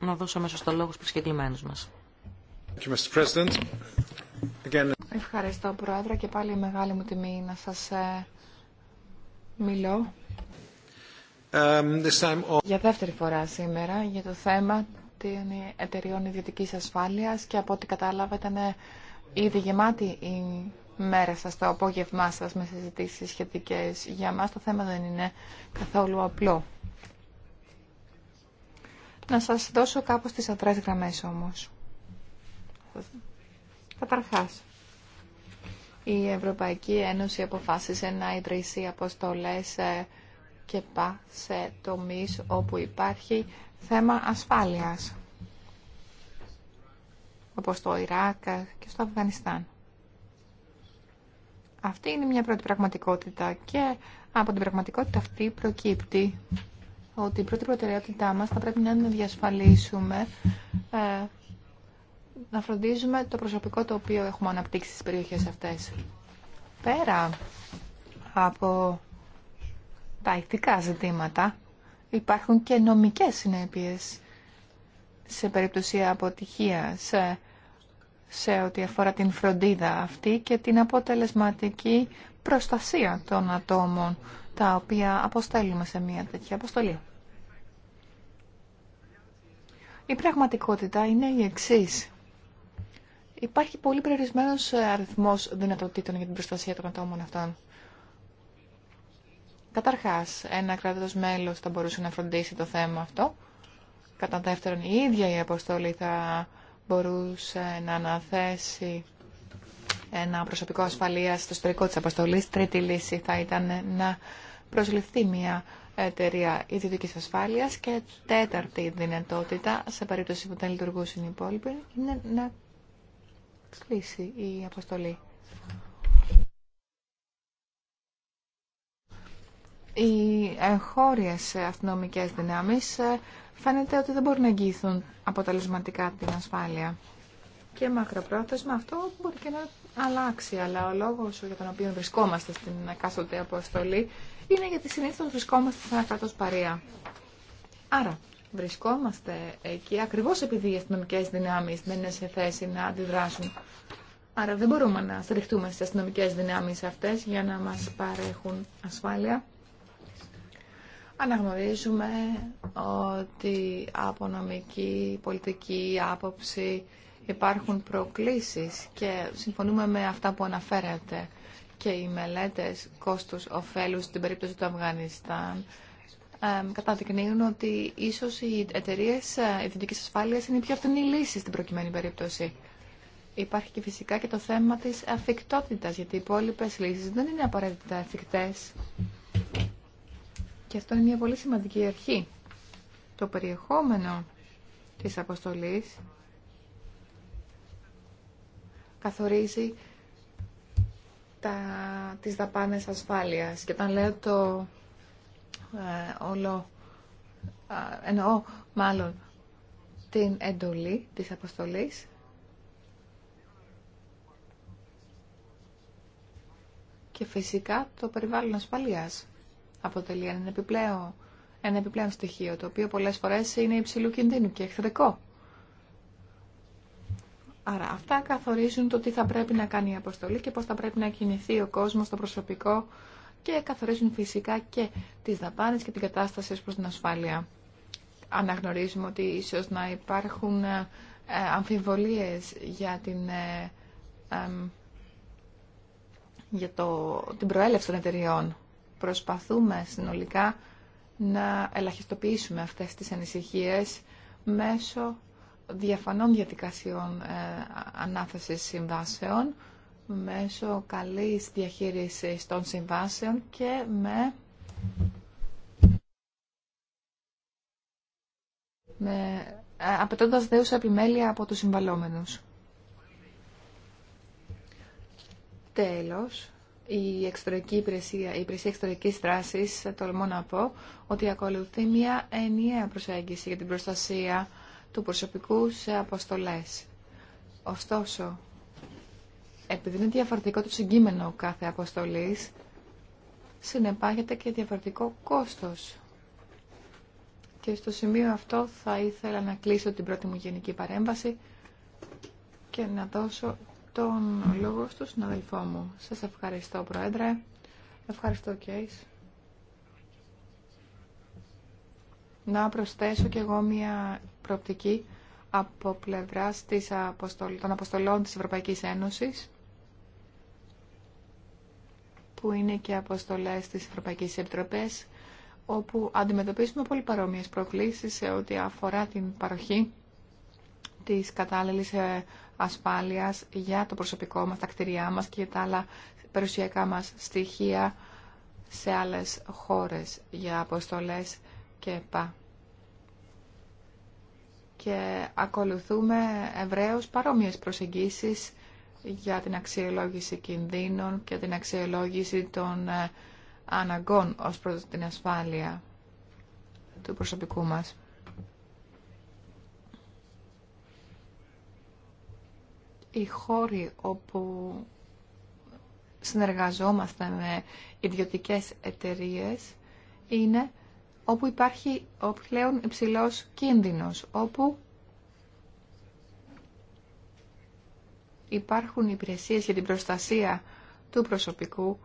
Να δώσω μέσω στο λόγο στους προσκεκλημένους μας. Ευχαριστώ Πρόεδρε και πάλι μεγάλη μου τιμή να σας ε, μιλώ. Um, για δεύτερη φορά σήμερα για το θέμα εταιριών ιδιωτική ασφάλεια και από ό,τι κατάλαβα ήταν ήδη γεμάτη η μέρα σα το απόγευμά σα με συζητήσει σχετικέ Για μα το θέμα δεν είναι καθόλου απλό. Να σα δώσω κάπω τις αδρέ γραμμέ. όμως. Καταρχά, η Ευρωπαϊκή Ένωση αποφάσισε να ιδρύσει αποστολές ε, και πά σε τομείς όπου υπάρχει θέμα ασφάλειας, όπως το Ιράκ και στο Αφγανιστάν. Αυτή είναι μια πρώτη πραγματικότητα και από την πραγματικότητα αυτή προκύπτει ότι η πρώτη προτεραιότητά μας θα πρέπει να είναι να διασφαλίσουμε, ε, να φροντίζουμε το προσωπικό το οποίο έχουμε αναπτύξει στις περιοχές αυτές. Πέρα από τα ηθικά ζητήματα, υπάρχουν και νομικές συνέπειες σε περίπτωση αποτυχίας σε, σε ό,τι αφορά την φροντίδα αυτή και την αποτελεσματική προστασία των ατόμων τα οποία αποστέλουμε σε μια τέτοια αποστολή. Η πραγματικότητα είναι η εξής. Υπάρχει πολύ περιορισμένος αριθμός δυνατοτήτων για την προστασία των ατόμων αυτών. Καταρχάς, ένα κράτος μέλος θα μπορούσε να φροντίσει το θέμα αυτό. Κατά δεύτερον, η ίδια η αποστολή θα μπορούσε να αναθέσει ένα προσωπικό ασφαλείας στο ιστορικό της αποστολής. Τρίτη λύση θα ήταν να προσληφθεί μια εταιρεία ιδιωτικής ασφάλειας και τέταρτη δυνατότητα, σε περίπτωση που δεν λειτουργούσαν οι υπόλοιποι, είναι να κλείσει η αποστολή. οι εγχώριες ε, αστυνομικέ δυνάμεις ε, φαίνεται ότι δεν μπορούν να εγγυηθούν αποτελεσματικά την ασφάλεια. Και μακροπρόθεσμα αυτό μπορεί και να αλλάξει, αλλά ο λόγος για τον οποίο βρισκόμαστε στην εκάστοτε αποστολή είναι γιατί συνήθως βρισκόμαστε σε ένα κράτος παρεία. Άρα, βρισκόμαστε εκεί ακριβώς επειδή οι αστυνομικέ δυνάμεις δεν είναι σε θέση να αντιδράσουν. Άρα δεν μπορούμε να στηριχτούμε στις αστυνομικέ δυνάμεις αυτές για να μας παρέχουν ασφάλεια αναγνωρίζουμε ότι από νομική, πολιτική άποψη υπάρχουν προκλήσεις και συμφωνούμε με αυτά που αναφέρατε και οι μελέτες κόστους ωφέλους στην περίπτωση του Αφγανιστάν καταδεικνύουν ότι ίσως οι εταιρείε εθνικής ασφάλειας είναι η πιο φθηνή λύση στην προκειμένη περίπτωση. Υπάρχει και φυσικά και το θέμα της αφικτότητας, γιατί οι υπόλοιπε λύσεις δεν είναι απαραίτητα εφικτές. Και αυτό είναι μια πολύ σημαντική αρχή. Το περιεχόμενο της αποστολής καθορίζει τα, τις δαπάνες ασφάλειας. Και όταν λέω το ε, όλο, ε, εννοώ μάλλον την εντολή της αποστολής, και φυσικά το περιβάλλον ασφαλείας αποτελεί ένα επιπλέον, ένα επιπλέον στοιχείο, το οποίο πολλές φορές είναι υψηλού κινδύνου και εχθρικό. Άρα αυτά καθορίζουν το τι θα πρέπει να κάνει η αποστολή και πώς θα πρέπει να κινηθεί ο κόσμος, το προσωπικό και καθορίζουν φυσικά και τις δαπάνες και την κατάσταση προς την ασφάλεια. Αναγνωρίζουμε ότι ίσως να υπάρχουν ε, αμφιβολίες για την ε, το, την προέλευση των εταιριών προσπαθούμε συνολικά να ελαχιστοποιήσουμε αυτές τις ανησυχίες μέσω διαφανών διαδικασιών ε, ανάθεσης συμβάσεων, μέσω καλής διαχείρισης των συμβάσεων και με, με ε, απαιτώντας δέουσα επιμέλεια από τους συμβαλόμενους. Τέλος, η εξωτερική υπηρεσία, η υπηρεσία εξωτερικής δράσης, τολμώ να πω, ότι ακολουθεί μια ενιαία προσέγγιση για την προστασία του προσωπικού σε αποστολέ. Ωστόσο, επειδή είναι διαφορετικό το συγκείμενο κάθε αποστολή συνεπάγεται και διαφορετικό κόστος. Και στο σημείο αυτό θα ήθελα να κλείσω την πρώτη μου γενική παρέμβαση και να δώσω τον λόγο στον συναδελφό μου. Σας ευχαριστώ, Πρόεδρε. Ευχαριστώ, Κέις. Να προσθέσω κι εγώ μια προοπτική από πλευράς της των αποστολών της Ευρωπαϊκής Ένωσης που είναι και αποστολές της Ευρωπαϊκής Επιτροπής όπου αντιμετωπίζουμε πολύ παρόμοιες προκλήσεις σε ό,τι αφορά την παροχή της κατάλληλης ε, ασφάλειας για το προσωπικό μας, τα κτηριά μας και για τα άλλα περιουσιακά μας στοιχεία σε άλλες χώρες για αποστολές και πα. Και ακολουθούμε ευρέως παρόμοιες προσεγγίσεις για την αξιολόγηση κινδύνων και την αξιολόγηση των ε, αναγκών ως προς την ασφάλεια του προσωπικού μας. οι χώροι όπου συνεργαζόμαστε με ιδιωτικές εταιρείες είναι όπου υπάρχει ο πλέον υψηλός κίνδυνος, όπου υπάρχουν υπηρεσίες για την προστασία του προσωπικού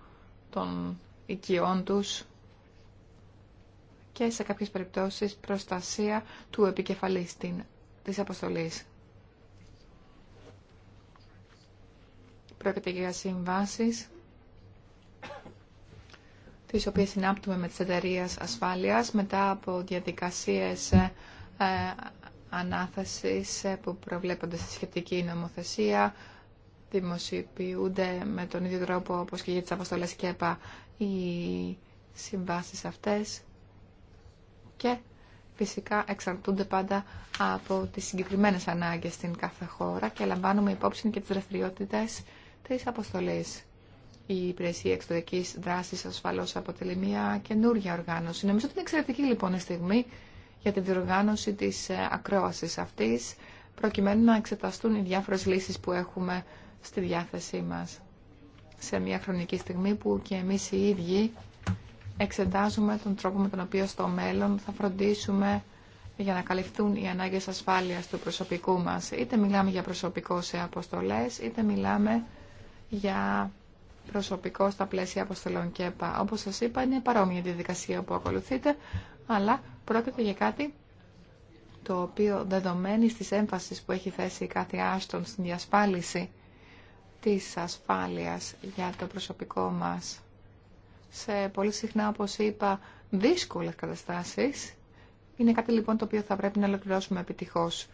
των οικειών τους και σε κάποιες περιπτώσεις προστασία του επικεφαλής της αποστολής. Πρόκειται για συμβάσεις τις οποίες συνάπτουμε με τις εταιρείε ασφάλειας μετά από διαδικασίες ε, ε, ανάθεσης ε, που προβλέπονται στη σχετική νομοθεσία δημοσιοποιούνται με τον ίδιο τρόπο όπως και για τις αποστολές ΚΕΠΑ οι συμβάσεις αυτές και φυσικά εξαρτούνται πάντα από τις συγκεκριμένες ανάγκες στην κάθε χώρα και λαμβάνουμε υπόψη και τις δραστηριότητες της αποστολής. Η υπηρεσία εξωτερική δράση ασφαλώ αποτελεί μια καινούργια οργάνωση. Νομίζω ότι είναι εξαιρετική λοιπόν η στιγμή για την διοργάνωση τη ε, ακρόαση αυτή, προκειμένου να εξεταστούν οι διάφορε λύσει που έχουμε στη διάθεσή μα. Σε μια χρονική στιγμή που και εμεί οι ίδιοι εξετάζουμε τον τρόπο με τον οποίο στο μέλλον θα φροντίσουμε για να καλυφθούν οι ανάγκες ασφάλειας του προσωπικού μας. Είτε μιλάμε για προσωπικό σε αποστολές, είτε μιλάμε για προσωπικό στα πλαίσια αποστολών και ΕΠΑ. Όπως σας είπα, είναι παρόμοια διαδικασία που ακολουθείτε, αλλά πρόκειται για κάτι το οποίο δεδομένη της έμφασης που έχει θέσει κάθε άστον στην διασφάλιση της ασφάλειας για το προσωπικό μας σε πολύ συχνά, όπως είπα, δύσκολες καταστάσεις. Είναι κάτι λοιπόν το οποίο θα πρέπει να ολοκληρώσουμε επιτυχώς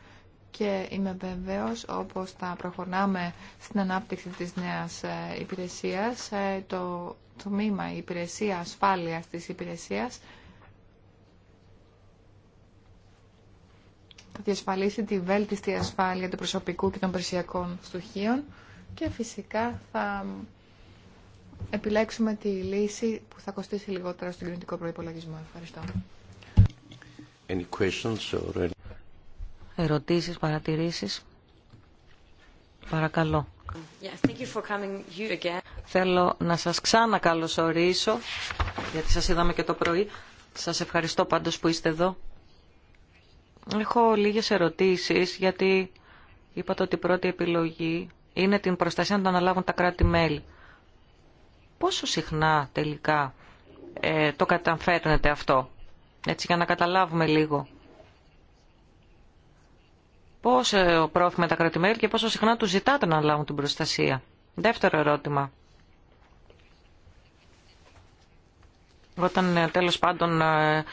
και είμαι βέβαιος όπως θα προχωράμε στην ανάπτυξη της νέας ε, υπηρεσίας, ε, το τμήμα υπηρεσία ασφάλειας της υπηρεσίας θα διασφαλίσει τη βέλτιστη ασφάλεια του προσωπικού και των περισσιακών στοιχείων και φυσικά θα επιλέξουμε τη λύση που θα κοστίσει λιγότερα στον κοινωνικό προϋπολογισμό. Ευχαριστώ. Any questions or ερωτήσεις, παρατηρήσεις. Παρακαλώ. Θέλω να σας ξανακαλωσορίσω, γιατί σας είδαμε και το πρωί. Σας ευχαριστώ πάντως που είστε εδώ. Έχω λίγες ερωτήσεις, γιατί είπατε ότι η πρώτη επιλογή είναι την προστασία να το αναλάβουν τα κράτη-μέλη. Πόσο συχνά τελικά ε, το καταφέρνετε αυτό, έτσι για να καταλάβουμε λίγο πόσο πρόθυμα τα κρατημέρια και πόσο συχνά του ζητάτε να λάβουν την προστασία. Δεύτερο ερώτημα. Όταν ε, τέλος πάντων ε,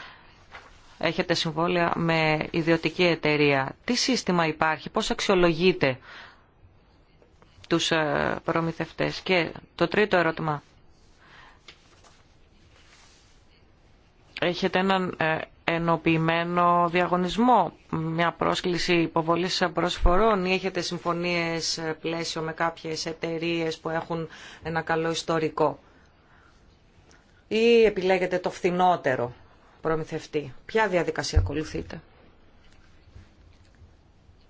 έχετε συμβόλαια με ιδιωτική εταιρεία, τι σύστημα υπάρχει, πώς αξιολογείτε τους ε, προμηθευτές. Και το τρίτο ερώτημα. Έχετε έναν ενοποιημένο διαγωνισμό, μια πρόσκληση υποβολής προσφορών ή έχετε συμφωνίες ε, πλαίσιο με κάποιες εταιρείες που έχουν ένα καλό ιστορικό ή επιλέγετε το φθηνότερο προμηθευτή. Ποια διαδικασία ακολουθείτε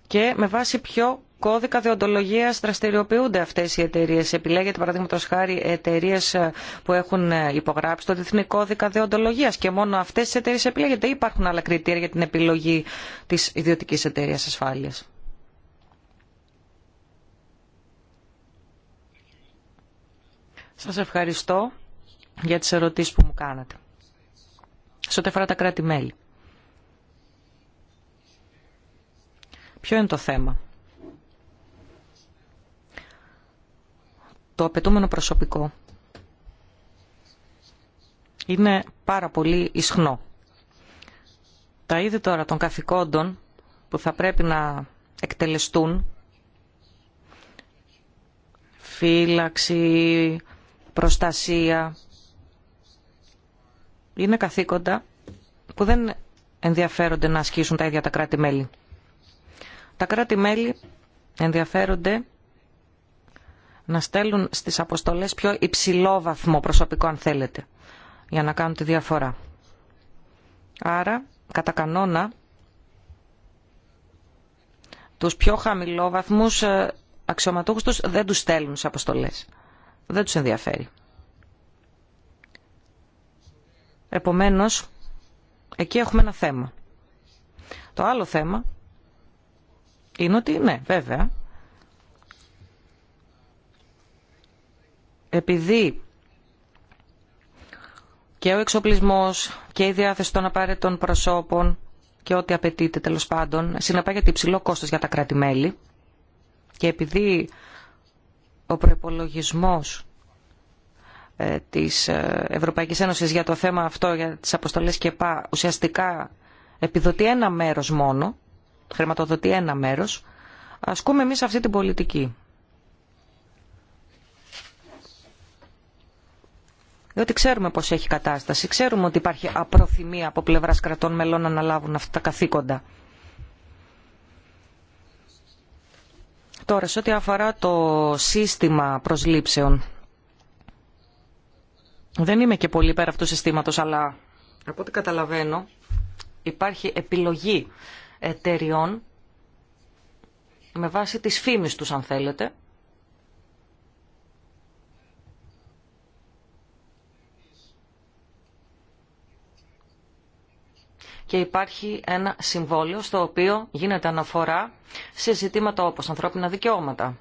και με βάση ποιο κώδικα διοντολογία δραστηριοποιούνται αυτέ οι εταιρείε. Επιλέγεται παραδείγματο χάρη εταιρείε ε, που έχουν ε, υπογράψει το διεθνή κώδικα διοντολογία και μόνο αυτέ τι εταιρείε επιλέγεται ή υπάρχουν άλλα κριτήρια για την επιλογή τη ιδιωτική εταιρεία ασφάλεια. Σας ευχαριστώ για τις ερωτήσεις που μου κάνατε. Σε ό,τι αφορά τα κράτη-μέλη. Ποιο είναι το θέμα. το απαιτούμενο προσωπικό είναι πάρα πολύ ισχνό. Τα είδη τώρα των καθηκόντων που θα πρέπει να εκτελεστούν φύλαξη, προστασία είναι καθήκοντα που δεν ενδιαφέρονται να ασκήσουν τα ίδια τα κράτη-μέλη. Τα κράτη-μέλη ενδιαφέρονται να στέλνουν στις αποστολές πιο υψηλό βαθμό προσωπικό αν θέλετε για να κάνουν τη διαφορά. Άρα κατά κανόνα τους πιο χαμηλόβαθμους ε, αξιωματούχους τους δεν τους στέλνουν σε αποστολές. Δεν τους ενδιαφέρει. Επομένως, εκεί έχουμε ένα θέμα. Το άλλο θέμα είναι ότι, ναι, βέβαια, επειδή και ο εξοπλισμός και η διάθεση των απαραίτητων προσώπων και ό,τι απαιτείται τέλος πάντων συνεπάγεται υψηλό κόστος για τα κράτη-μέλη και επειδή ο προεπολογισμός ε, της ε, Ευρωπαϊκής Ένωσης για το θέμα αυτό, για τις αποστολές και ουσιαστικά επιδοτεί ένα μέρος μόνο, χρηματοδοτεί ένα μέρος, ασκούμε εμείς αυτή την πολιτική. διότι ξέρουμε πώς έχει κατάσταση, ξέρουμε ότι υπάρχει απροθυμία από πλευράς κρατών μελών να αναλάβουν αυτά τα καθήκοντα. Τώρα, σε ό,τι αφορά το σύστημα προσλήψεων, δεν είμαι και πολύ πέρα αυτού του συστήματος, αλλά από ό,τι καταλαβαίνω υπάρχει επιλογή εταιριών με βάση τις φήμες τους, αν θέλετε, και υπάρχει ένα συμβόλαιο στο οποίο γίνεται αναφορά σε ζητήματα όπως ανθρώπινα δικαιώματα.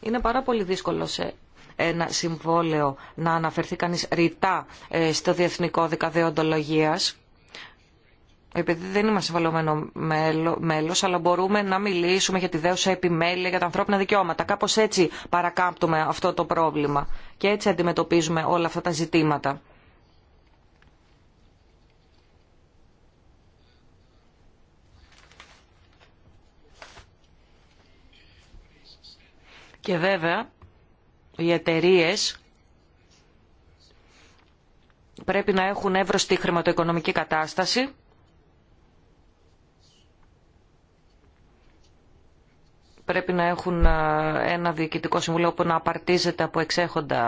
Είναι πάρα πολύ δύσκολο σε ένα συμβόλαιο να αναφερθεί κανείς ρητά ε, στο Διεθνικό Δικαδεοντολογίας επειδή δεν είμαστε βαλωμένο μέλο, αλλά μπορούμε να μιλήσουμε για τη δέουσα επιμέλεια, για τα ανθρώπινα δικαιώματα. Κάπω έτσι παρακάμπτουμε αυτό το πρόβλημα και έτσι αντιμετωπίζουμε όλα αυτά τα ζητήματα. Και βέβαια, οι εταιρείε πρέπει να έχουν εύρωστη χρηματοοικονομική κατάσταση πρέπει να έχουν ε, ένα διοικητικό συμβουλίο που να απαρτίζεται από εξέχοντα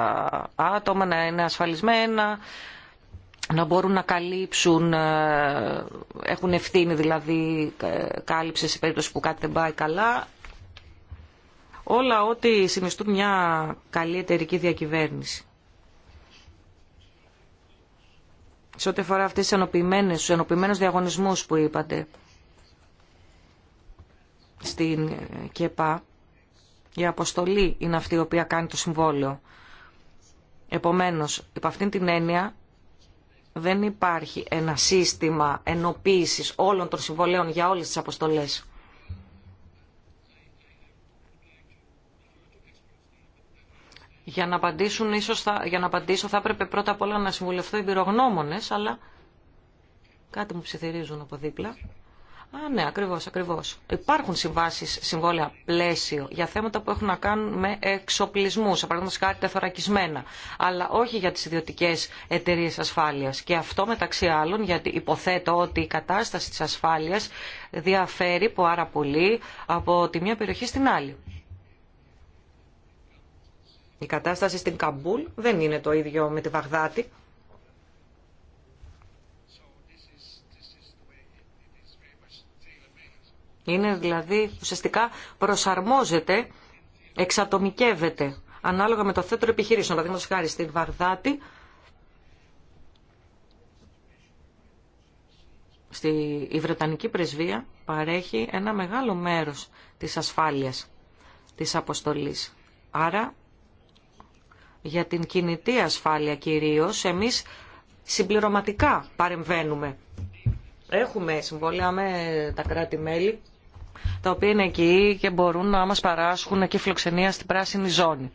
άτομα, να είναι ασφαλισμένα, να μπορούν να καλύψουν, ε, έχουν ευθύνη δηλαδή κάλυψη σε περίπτωση που κάτι δεν πάει καλά. Όλα ό,τι συνιστούν μια καλή εταιρική διακυβέρνηση. Σε ό,τι αφορά αυτές τις ενοποιημένες, τους ενοποιημένους διαγωνισμούς που είπατε, στην ΚΕΠΑ, η αποστολή είναι αυτή η οποία κάνει το συμβόλαιο. Επομένως, υπ' αυτήν την έννοια δεν υπάρχει ένα σύστημα ενοποίησης όλων των συμβολέων για όλες τις αποστολές. Για να, απαντήσουν, ίσως θα, για να απαντήσω θα έπρεπε πρώτα απ' όλα να συμβουλευτώ εμπειρογνώμονες, αλλά κάτι μου ψιθυρίζουν από δίπλα. Α, ναι, ακριβώ, ακριβώ. Υπάρχουν συμβάσει, συμβόλαια πλαίσιο για θέματα που έχουν να κάνουν με εξοπλισμού, παραδείγματο χάρη τεθωρακισμένα, αλλά όχι για τι ιδιωτικέ εταιρείε ασφάλεια. Και αυτό μεταξύ άλλων, γιατί υποθέτω ότι η κατάσταση τη ασφάλεια διαφέρει άρα πολύ από τη μία περιοχή στην άλλη. Η κατάσταση στην Καμπούλ δεν είναι το ίδιο με τη Βαγδάτη. Είναι δηλαδή ουσιαστικά προσαρμόζεται, εξατομικεύεται ανάλογα με το θέτρο επιχειρήσεων. Παραδείγματο χάρη στην Βαγδάτη, στη, η Βρετανική πρεσβεία παρέχει ένα μεγάλο μέρος της ασφάλειας της αποστολής. Άρα για την κινητή ασφάλεια κυρίως εμείς συμπληρωματικά παρεμβαίνουμε. Έχουμε συμβόλαια με τα κράτη-μέλη τα οποία είναι εκεί και μπορούν να μας παράσχουν και φιλοξενία στην πράσινη ζώνη.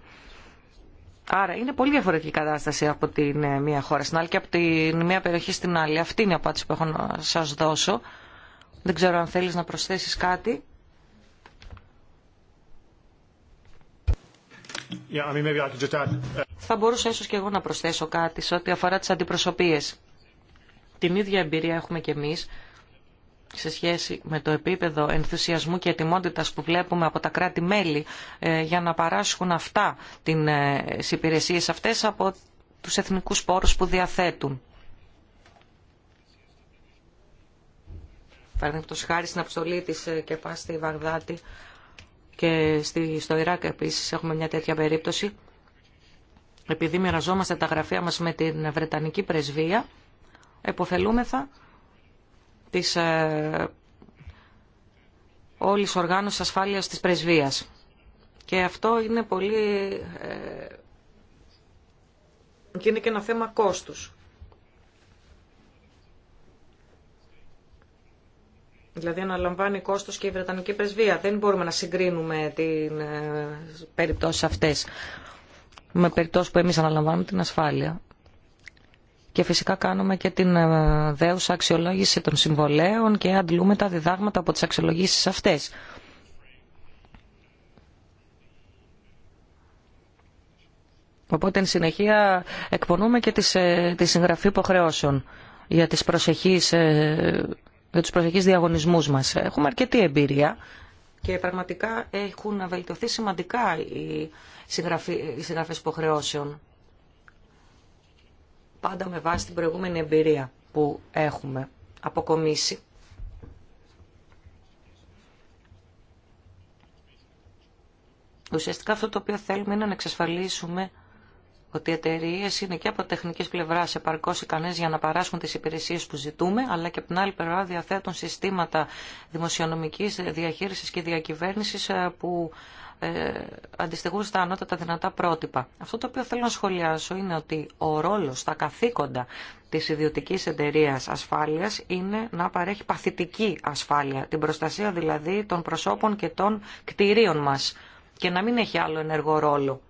Άρα είναι πολύ διαφορετική η κατάσταση από την ε, μία χώρα στην άλλη και από την μία περιοχή στην άλλη. Αυτή είναι η απάντηση που έχω να σας δώσω. Δεν ξέρω αν θέλεις να προσθέσεις κάτι. Uh, Θα μπορούσα ίσως και εγώ να προσθέσω κάτι σε ό,τι αφορά τις αντιπροσωπείες. Την ίδια εμπειρία έχουμε και εμείς σε σχέση με το επίπεδο ενθουσιασμού και ετοιμότητας που βλέπουμε από τα κράτη-μέλη ε, για να παράσχουν αυτά ε, τις υπηρεσίες αυτές από τους εθνικούς πόρους που διαθέτουν. Παραδείγματο χάρη στην αποστολή ε, και ΚΕΠΑ στη Βαγδάτη και στο Ιράκ επίσης έχουμε μια τέτοια περίπτωση. Επειδή μοιραζόμαστε τα γραφεία μας με την Βρετανική Πρεσβεία, εποφελούμεθα της ε, όλης οργάνωσης ασφάλειας της πρεσβείας. Και αυτό είναι πολύ... Ε, και είναι και ένα θέμα κόστους. Δηλαδή αναλαμβάνει κόστος και η Βρετανική Πρεσβεία. Δεν μπορούμε να συγκρίνουμε την ε, περιπτώσεις αυτές με περιπτώσεις που εμείς αναλαμβάνουμε την ασφάλεια και φυσικά κάνουμε και την ε, δέουσα αξιολόγηση των συμβολέων και αντλούμε τα διδάγματα από τις αξιολογήσεις αυτές. Οπότε, εν συνεχεία, εκπονούμε και ε, τη συγγραφή υποχρεώσεων για, τις προσεχείς, ε, για τους προσεχείς διαγωνισμούς μας. Έχουμε αρκετή εμπειρία και πραγματικά έχουν βελτιωθεί σημαντικά οι συγγραφές υποχρεώσεων πάντα με βάση την προηγούμενη εμπειρία που έχουμε αποκομίσει. Ουσιαστικά αυτό το οποίο θέλουμε είναι να εξασφαλίσουμε ότι οι εταιρείε είναι και από τεχνική πλευρά επαρκώ ικανέ για να παράσχουν τι υπηρεσίε που ζητούμε, αλλά και από την άλλη πλευρά διαθέτουν συστήματα δημοσιονομική διαχείριση και διακυβέρνηση ε, που ε, αντιστοιχούν στα ανώτατα δυνατά πρότυπα. Αυτό το οποίο θέλω να σχολιάσω είναι ότι ο ρόλος, τα καθήκοντα της ιδιωτικής εταιρείας ασφάλειας είναι να παρέχει παθητική ασφάλεια, την προστασία δηλαδή των προσώπων και των κτηρίων μας και να μην έχει άλλο ενεργό ρόλο.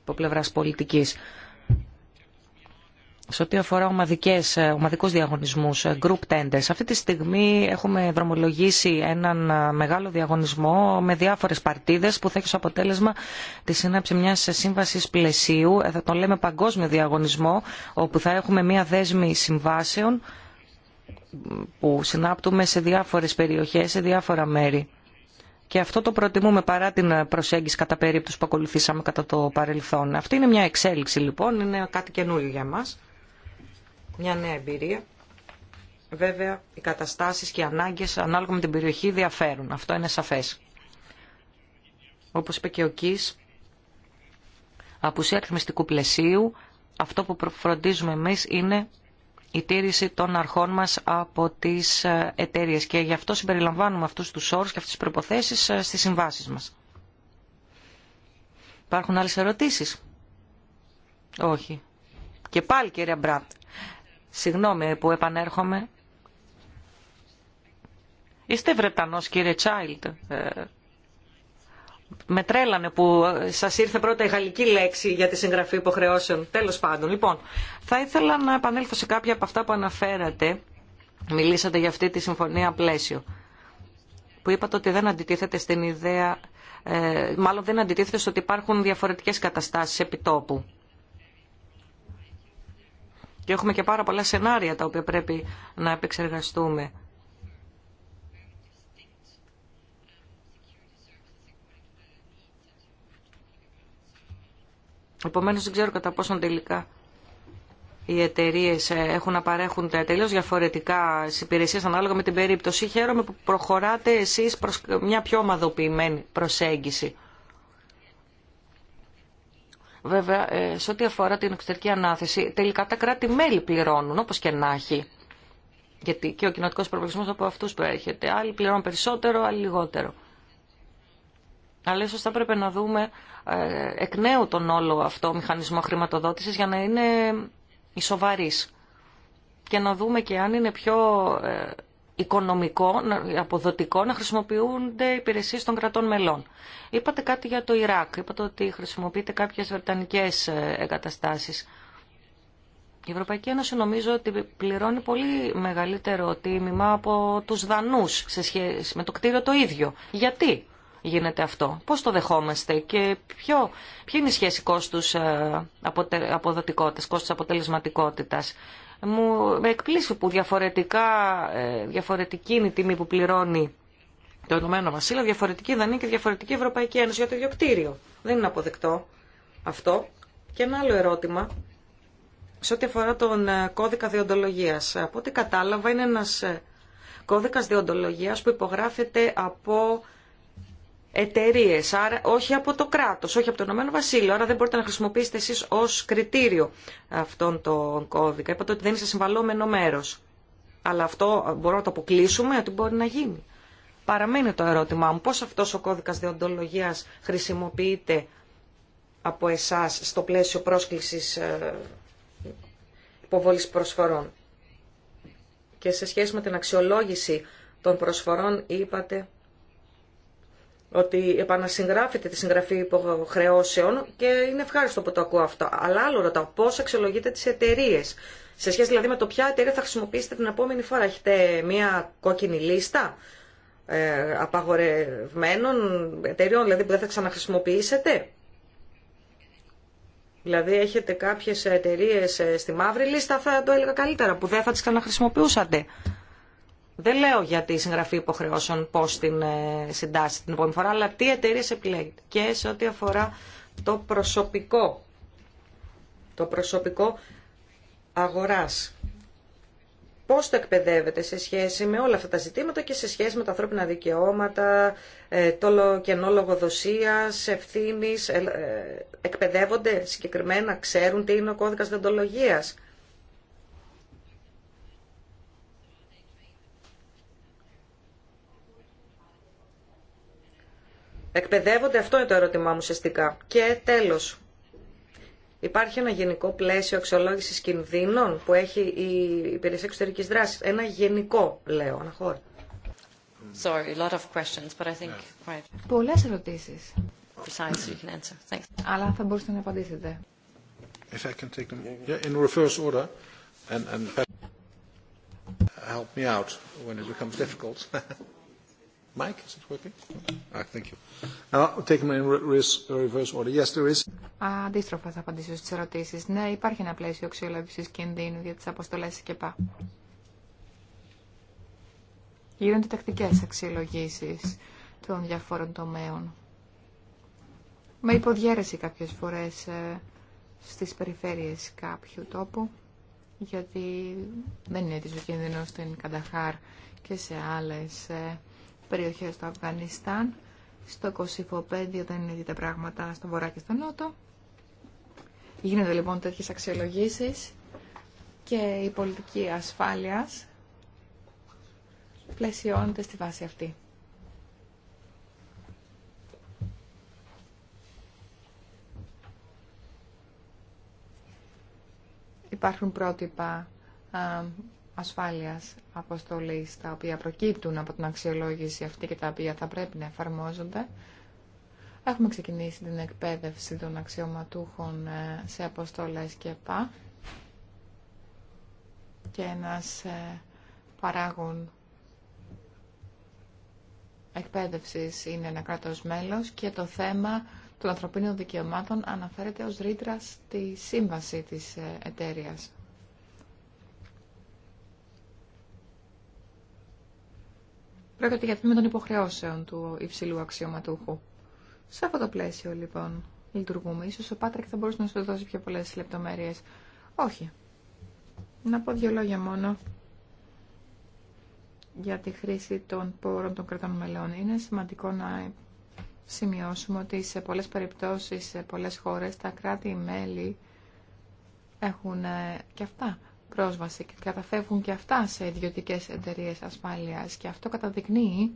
Από πλευράς πολιτικής σε ό,τι αφορά ομαδικές, ε, ομαδικούς διαγωνισμούς, ε, group tenders. Αυτή τη στιγμή έχουμε δρομολογήσει έναν ε, μεγάλο διαγωνισμό με διάφορες παρτίδες που θα έχει ως αποτέλεσμα τη σύναψη μιας σύμβασης πλαισίου, θα τον λέμε παγκόσμιο διαγωνισμό, όπου θα έχουμε μια δέσμη συμβάσεων που συνάπτουμε σε διάφορες περιοχές, σε διάφορα μέρη. Και αυτό το προτιμούμε παρά την προσέγγιση κατά περίπτωση που ακολουθήσαμε κατά το παρελθόν. Αυτή είναι μια εξέλιξη λοιπόν, είναι κάτι καινούριο για μας μια νέα εμπειρία. Βέβαια, οι καταστάσεις και οι ανάγκες ανάλογα με την περιοχή διαφέρουν. Αυτό είναι σαφές. Όπως είπε και ο Κις, απουσία αριθμιστικού πλαισίου, αυτό που φροντίζουμε εμείς είναι η τήρηση των αρχών μας από τις ε, εταιρείε και γι' αυτό συμπεριλαμβάνουμε αυτούς τους όρους και αυτές τις προϋποθέσεις ε, στις συμβάσεις μας. Υπάρχουν άλλες ερωτήσεις? Όχι. Και πάλι κυρία Μπραντ, Συγγνώμη που επανέρχομαι. Είστε Βρετανός κύριε Τσάιλτ. Ε, με τρέλανε που σας ήρθε πρώτα η γαλλική λέξη για τη συγγραφή υποχρεώσεων. Τέλος πάντων. Λοιπόν, θα ήθελα να επανέλθω σε κάποια από αυτά που αναφέρατε. Μιλήσατε για αυτή τη συμφωνία πλαίσιο. Που είπατε ότι δεν αντιτίθεται στην ιδέα, ε, μάλλον δεν αντιτίθεται στο ότι υπάρχουν διαφορετικές καταστάσεις επιτόπου και έχουμε και πάρα πολλά σενάρια τα οποία πρέπει να επεξεργαστούμε. Επομένως δεν ξέρω κατά πόσον τελικά οι εταιρείε ε, έχουν να παρέχουν τελείω διαφορετικά υπηρεσίε ανάλογα με την περίπτωση. Χαίρομαι που προχωράτε εσεί προ μια πιο ομαδοποιημένη προσέγγιση. Βέβαια, ε, σε ό,τι αφορά την εξωτερική ανάθεση, τελικά τα κράτη-μέλη πληρώνουν, όπως και να έχει. Γιατί και ο κοινοτικός προβληματισμός από αυτούς προέρχεται. Άλλοι πληρώνουν περισσότερο, άλλοι λιγότερο. Αλλά ίσως θα πρέπει να δούμε ε, εκ νέου τον όλο αυτό μηχανισμό χρηματοδότησης για να είναι ισοβαρής. Και να δούμε και αν είναι πιο ε, οικονομικό, αποδοτικό να χρησιμοποιούνται υπηρεσίες των κρατών μελών. Είπατε κάτι για το Ιράκ. Είπατε ότι χρησιμοποιείτε κάποιες βρετανικές ε, εγκαταστάσεις. Η Ευρωπαϊκή Ένωση νομίζω ότι πληρώνει πολύ μεγαλύτερο τίμημα από τους δανούς σε σχέση με το κτίριο το ίδιο. Γιατί γίνεται αυτό, πώς το δεχόμαστε και ποιο, ποια είναι η σχέση κόστους ε, αποδοτικότητας, κόστους αποτελεσματικότητας. Μου με εκπλήσει που διαφορετικά, ε, διαφορετική είναι η τιμή που πληρώνει το Ηνωμένο Βασίλειο, διαφορετική Δανία και διαφορετική Ευρωπαϊκή Ένωση για το ίδιο κτίριο. Δεν είναι αποδεκτό αυτό. Και ένα άλλο ερώτημα σε ό,τι αφορά τον ε, κώδικα διοντολογίας. Από ό,τι κατάλαβα είναι ένας ε, κώδικας διοντολογίας που υπογράφεται από εταιρείε, άρα όχι από το κράτο, όχι από το Ηνωμένο Βασίλειο. Άρα δεν μπορείτε να χρησιμοποιήσετε εσεί ω κριτήριο αυτόν τον κώδικα. Είπατε ότι δεν είσαι συμβαλόμενο μέρο. Αλλά αυτό μπορούμε να το αποκλείσουμε ότι μπορεί να γίνει. Παραμένει το ερώτημά μου πώς αυτός ο κώδικας διοντολογίας χρησιμοποιείται από εσάς στο πλαίσιο πρόσκλησης ε, υποβολής προσφορών. Και σε σχέση με την αξιολόγηση των προσφορών είπατε ότι επανασυγγράφεται τη συγγραφή υποχρεώσεων και είναι ευχάριστο που το ακούω αυτό. Αλλά άλλο ρωτάω, πώ αξιολογείτε τι εταιρείε. Σε σχέση δηλαδή με το ποια εταιρεία θα χρησιμοποιήσετε την επόμενη φορά. Έχετε μία κόκκινη λίστα ε, απαγορευμένων εταιρείων, δηλαδή που δεν θα ξαναχρησιμοποιήσετε. Δηλαδή έχετε κάποιες εταιρείε ε, στη μαύρη λίστα, θα το έλεγα καλύτερα, που δεν θα τις ξαναχρησιμοποιούσατε. Δεν λέω για τη συγγραφή υποχρεώσεων πώ την ε, συντάσσει την επόμενη φορά, αλλά τι εταιρείε επιλέγει. Και σε ό,τι αφορά το προσωπικό. Το προσωπικό αγοράς. Πώς το εκπαιδεύεται σε σχέση με όλα αυτά τα ζητήματα και σε σχέση με τα ανθρώπινα δικαιώματα, ε, το κενό λογοδοσίας, ευθύνης, ε, εκπαιδεύονται συγκεκριμένα, ξέρουν τι είναι ο κώδικας δεντολογίας. εκπαιδεύονται, αυτό είναι το ερώτημά μου ουσιαστικά. Και τέλος, υπάρχει ένα γενικό πλαίσιο αξιολόγησης κινδύνων που έχει η υπηρεσία εξωτερικής δράσης. Ένα γενικό, λέω, ένα χώρο. Sorry, a lot of questions, but I think... Yeah. Ναι. Right. Πολλές ερωτήσεις. Besides, you can answer. Thanks. Αλλά θα μπορούσατε να απαντήσετε. If I can take them yeah, in reverse order and, and help me out when it becomes difficult. Mike, is it working? thank you. I'll take reverse order. Yes, there is. Αντίστροφα θα απαντήσω στις ερωτήσεις. Ναι, υπάρχει ένα πλαίσιο αξιολόγηση κινδύνου για τις αποστολές και Γίνονται τακτικές αξιολογήσεις των διαφόρων τομέων. Με υποδιέρεση κάποιες φορές ε, στις περιφέρειες κάποιου τόπου, γιατί δεν είναι έτσι ο κίνδυνος στην Κανταχάρ και σε άλλες ε, περιοχές του Αφγανιστάν. Στο Κωσυφοπέδιο δεν είναι τα πράγματα στο βορρά και στο νότο. Γίνονται λοιπόν τέτοιες αξιολογήσεις και η πολιτική ασφάλειας πλαισιώνεται στη βάση αυτή. Υπάρχουν πρότυπα ασφάλειας αποστολής τα οποία προκύπτουν από την αξιολόγηση αυτή και τα οποία θα πρέπει να εφαρμόζονται. Έχουμε ξεκινήσει την εκπαίδευση των αξιωματούχων ε, σε αποστολές και πά, και ένας ε, παράγων εκπαίδευσης είναι ένα κράτος μέλος και το θέμα των ανθρωπίνων δικαιωμάτων αναφέρεται ως ρήτρα στη σύμβαση της ε, εταιρείας. Πρόκειται για τμήμα των υποχρεώσεων του υψηλού αξιωματούχου. Σε αυτό το πλαίσιο, λοιπόν, λειτουργούμε. Ίσως ο Πάτρικ θα μπορούσε να σου δώσει πιο πολλές λεπτομέρειες. Όχι. Να πω δύο λόγια μόνο για τη χρήση των πόρων των κρατών μελών. Είναι σημαντικό να σημειώσουμε ότι σε πολλές περιπτώσεις, σε πολλές χώρες, τα κράτη-μέλη έχουν ε, και αυτά πρόσβαση και καταφεύγουν και αυτά σε ιδιωτικέ εταιρείε ασφάλειας και αυτό καταδεικνύει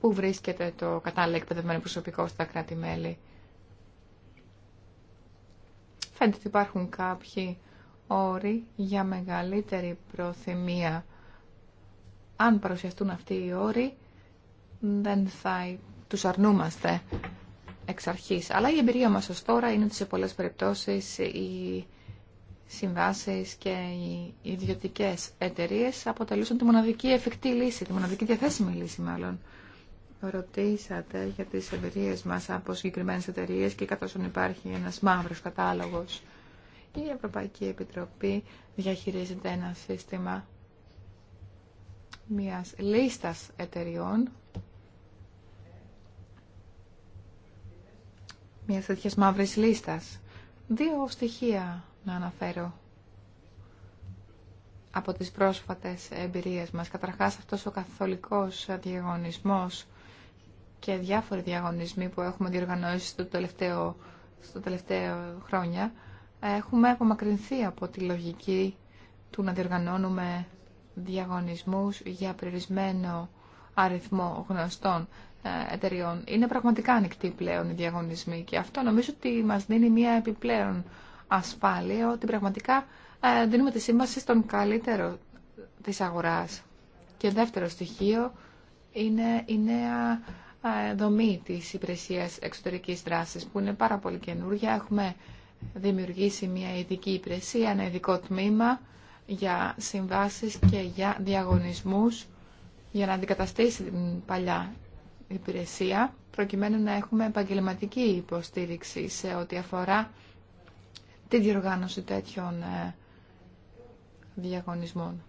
πού βρίσκεται το κατάλληλο εκπαιδευμένο προσωπικό στα κράτη-μέλη. Φαίνεται ότι υπάρχουν κάποιοι όροι για μεγαλύτερη προθυμία. Αν παρουσιαστούν αυτοί οι όροι, δεν θα τους αρνούμαστε εξ Αλλά η εμπειρία μας ως τώρα είναι ότι σε πολλές περιπτώσεις οι συμβάσεις και οι ιδιωτικές εταιρείες αποτελούσαν τη μοναδική εφικτή λύση, τη μοναδική διαθέσιμη λύση μάλλον. Ρωτήσατε για τις εμπειρίες μας από συγκεκριμένε εταιρείε και καθώς υπάρχει ένας μαύρος κατάλογος. Η Ευρωπαϊκή Επιτροπή διαχειρίζεται ένα σύστημα μιας λίστας εταιριών Μια τέτοια μαύρη λίστα. Δύο στοιχεία να αναφέρω από τις πρόσφατες εμπειρίες μας. Καταρχάς αυτός ο καθολικός διαγωνισμός και διάφοροι διαγωνισμοί που έχουμε διοργανώσει στο τελευταίο, στο τελευταίο χρόνια έχουμε απομακρυνθεί από τη λογική του να διοργανώνουμε διαγωνισμούς για περιορισμένο αριθμό γνωστών ε, εταιριών. Είναι πραγματικά ανοιχτοί πλέον οι διαγωνισμοί και αυτό νομίζω ότι μας δίνει μια επιπλέον ασφάλεια ότι πραγματικά ε, δίνουμε τη σύμβαση στον καλύτερο της αγοράς. Και δεύτερο στοιχείο είναι η νέα ε, δομή της υπηρεσίας εξωτερικής δράσης που είναι πάρα πολύ καινούργια. Έχουμε δημιουργήσει μια ειδική υπηρεσία, ένα ειδικό τμήμα για συμβάσεις και για διαγωνισμούς για να αντικαταστήσει την παλιά υπηρεσία προκειμένου να έχουμε επαγγελματική υποστήριξη σε ό,τι αφορά την διοργάνωση τέτοιων ε, διαγωνισμών.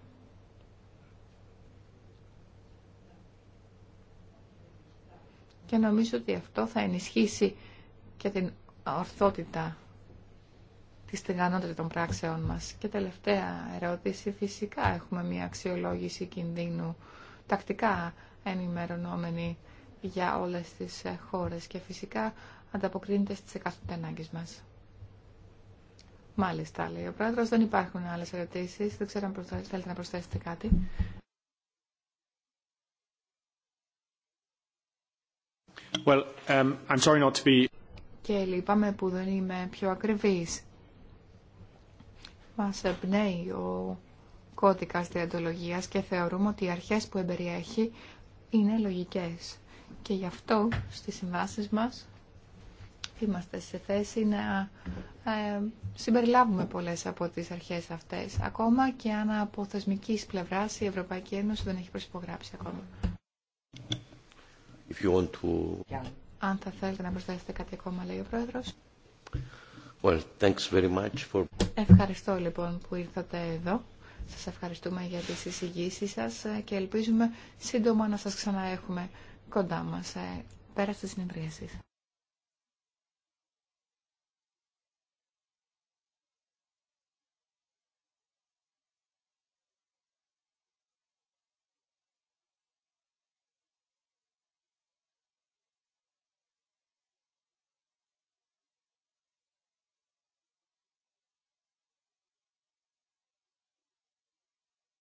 Και νομίζω ότι αυτό θα ενισχύσει και την ορθότητα τη στεγανότητα των πράξεών μας. Και τελευταία ερώτηση, φυσικά έχουμε μια αξιολόγηση κινδύνου τακτικά ενημερωνόμενη για όλες τις ε, χώρες και φυσικά ανταποκρίνεται στις εκάστοτε ανάγκες μας. Μάλιστα, λέει ο Πρόεδρος, δεν υπάρχουν άλλες ερωτήσεις. Δεν ξέρω αν θέλετε να προσθέσετε κάτι. Well, um, I'm sorry not to be... Και λυπάμαι που δεν είμαι πιο ακριβής. Μας εμπνέει ο κώδικας διαντολογίας και θεωρούμε ότι οι αρχές που εμπεριέχει είναι λογικές. Και γι' αυτό στις συμβάσεις μας είμαστε σε θέση να ε, συμπεριλάβουμε πολλές από τις αρχές αυτές. Ακόμα και αν από θεσμικής πλευράς η Ευρωπαϊκή Ένωση δεν έχει προσυπογράψει ακόμα. If you want to... Αν θα θέλετε να προσθέσετε κάτι ακόμα, λέει ο Πρόεδρος. Well, thanks very much for... Ευχαριστώ λοιπόν που ήρθατε εδώ. Σας ευχαριστούμε για τις εισηγήσεις σας και ελπίζουμε σύντομα να σας ξαναέχουμε κοντά μας. Ε, πέρα στις συνεδρίασεις.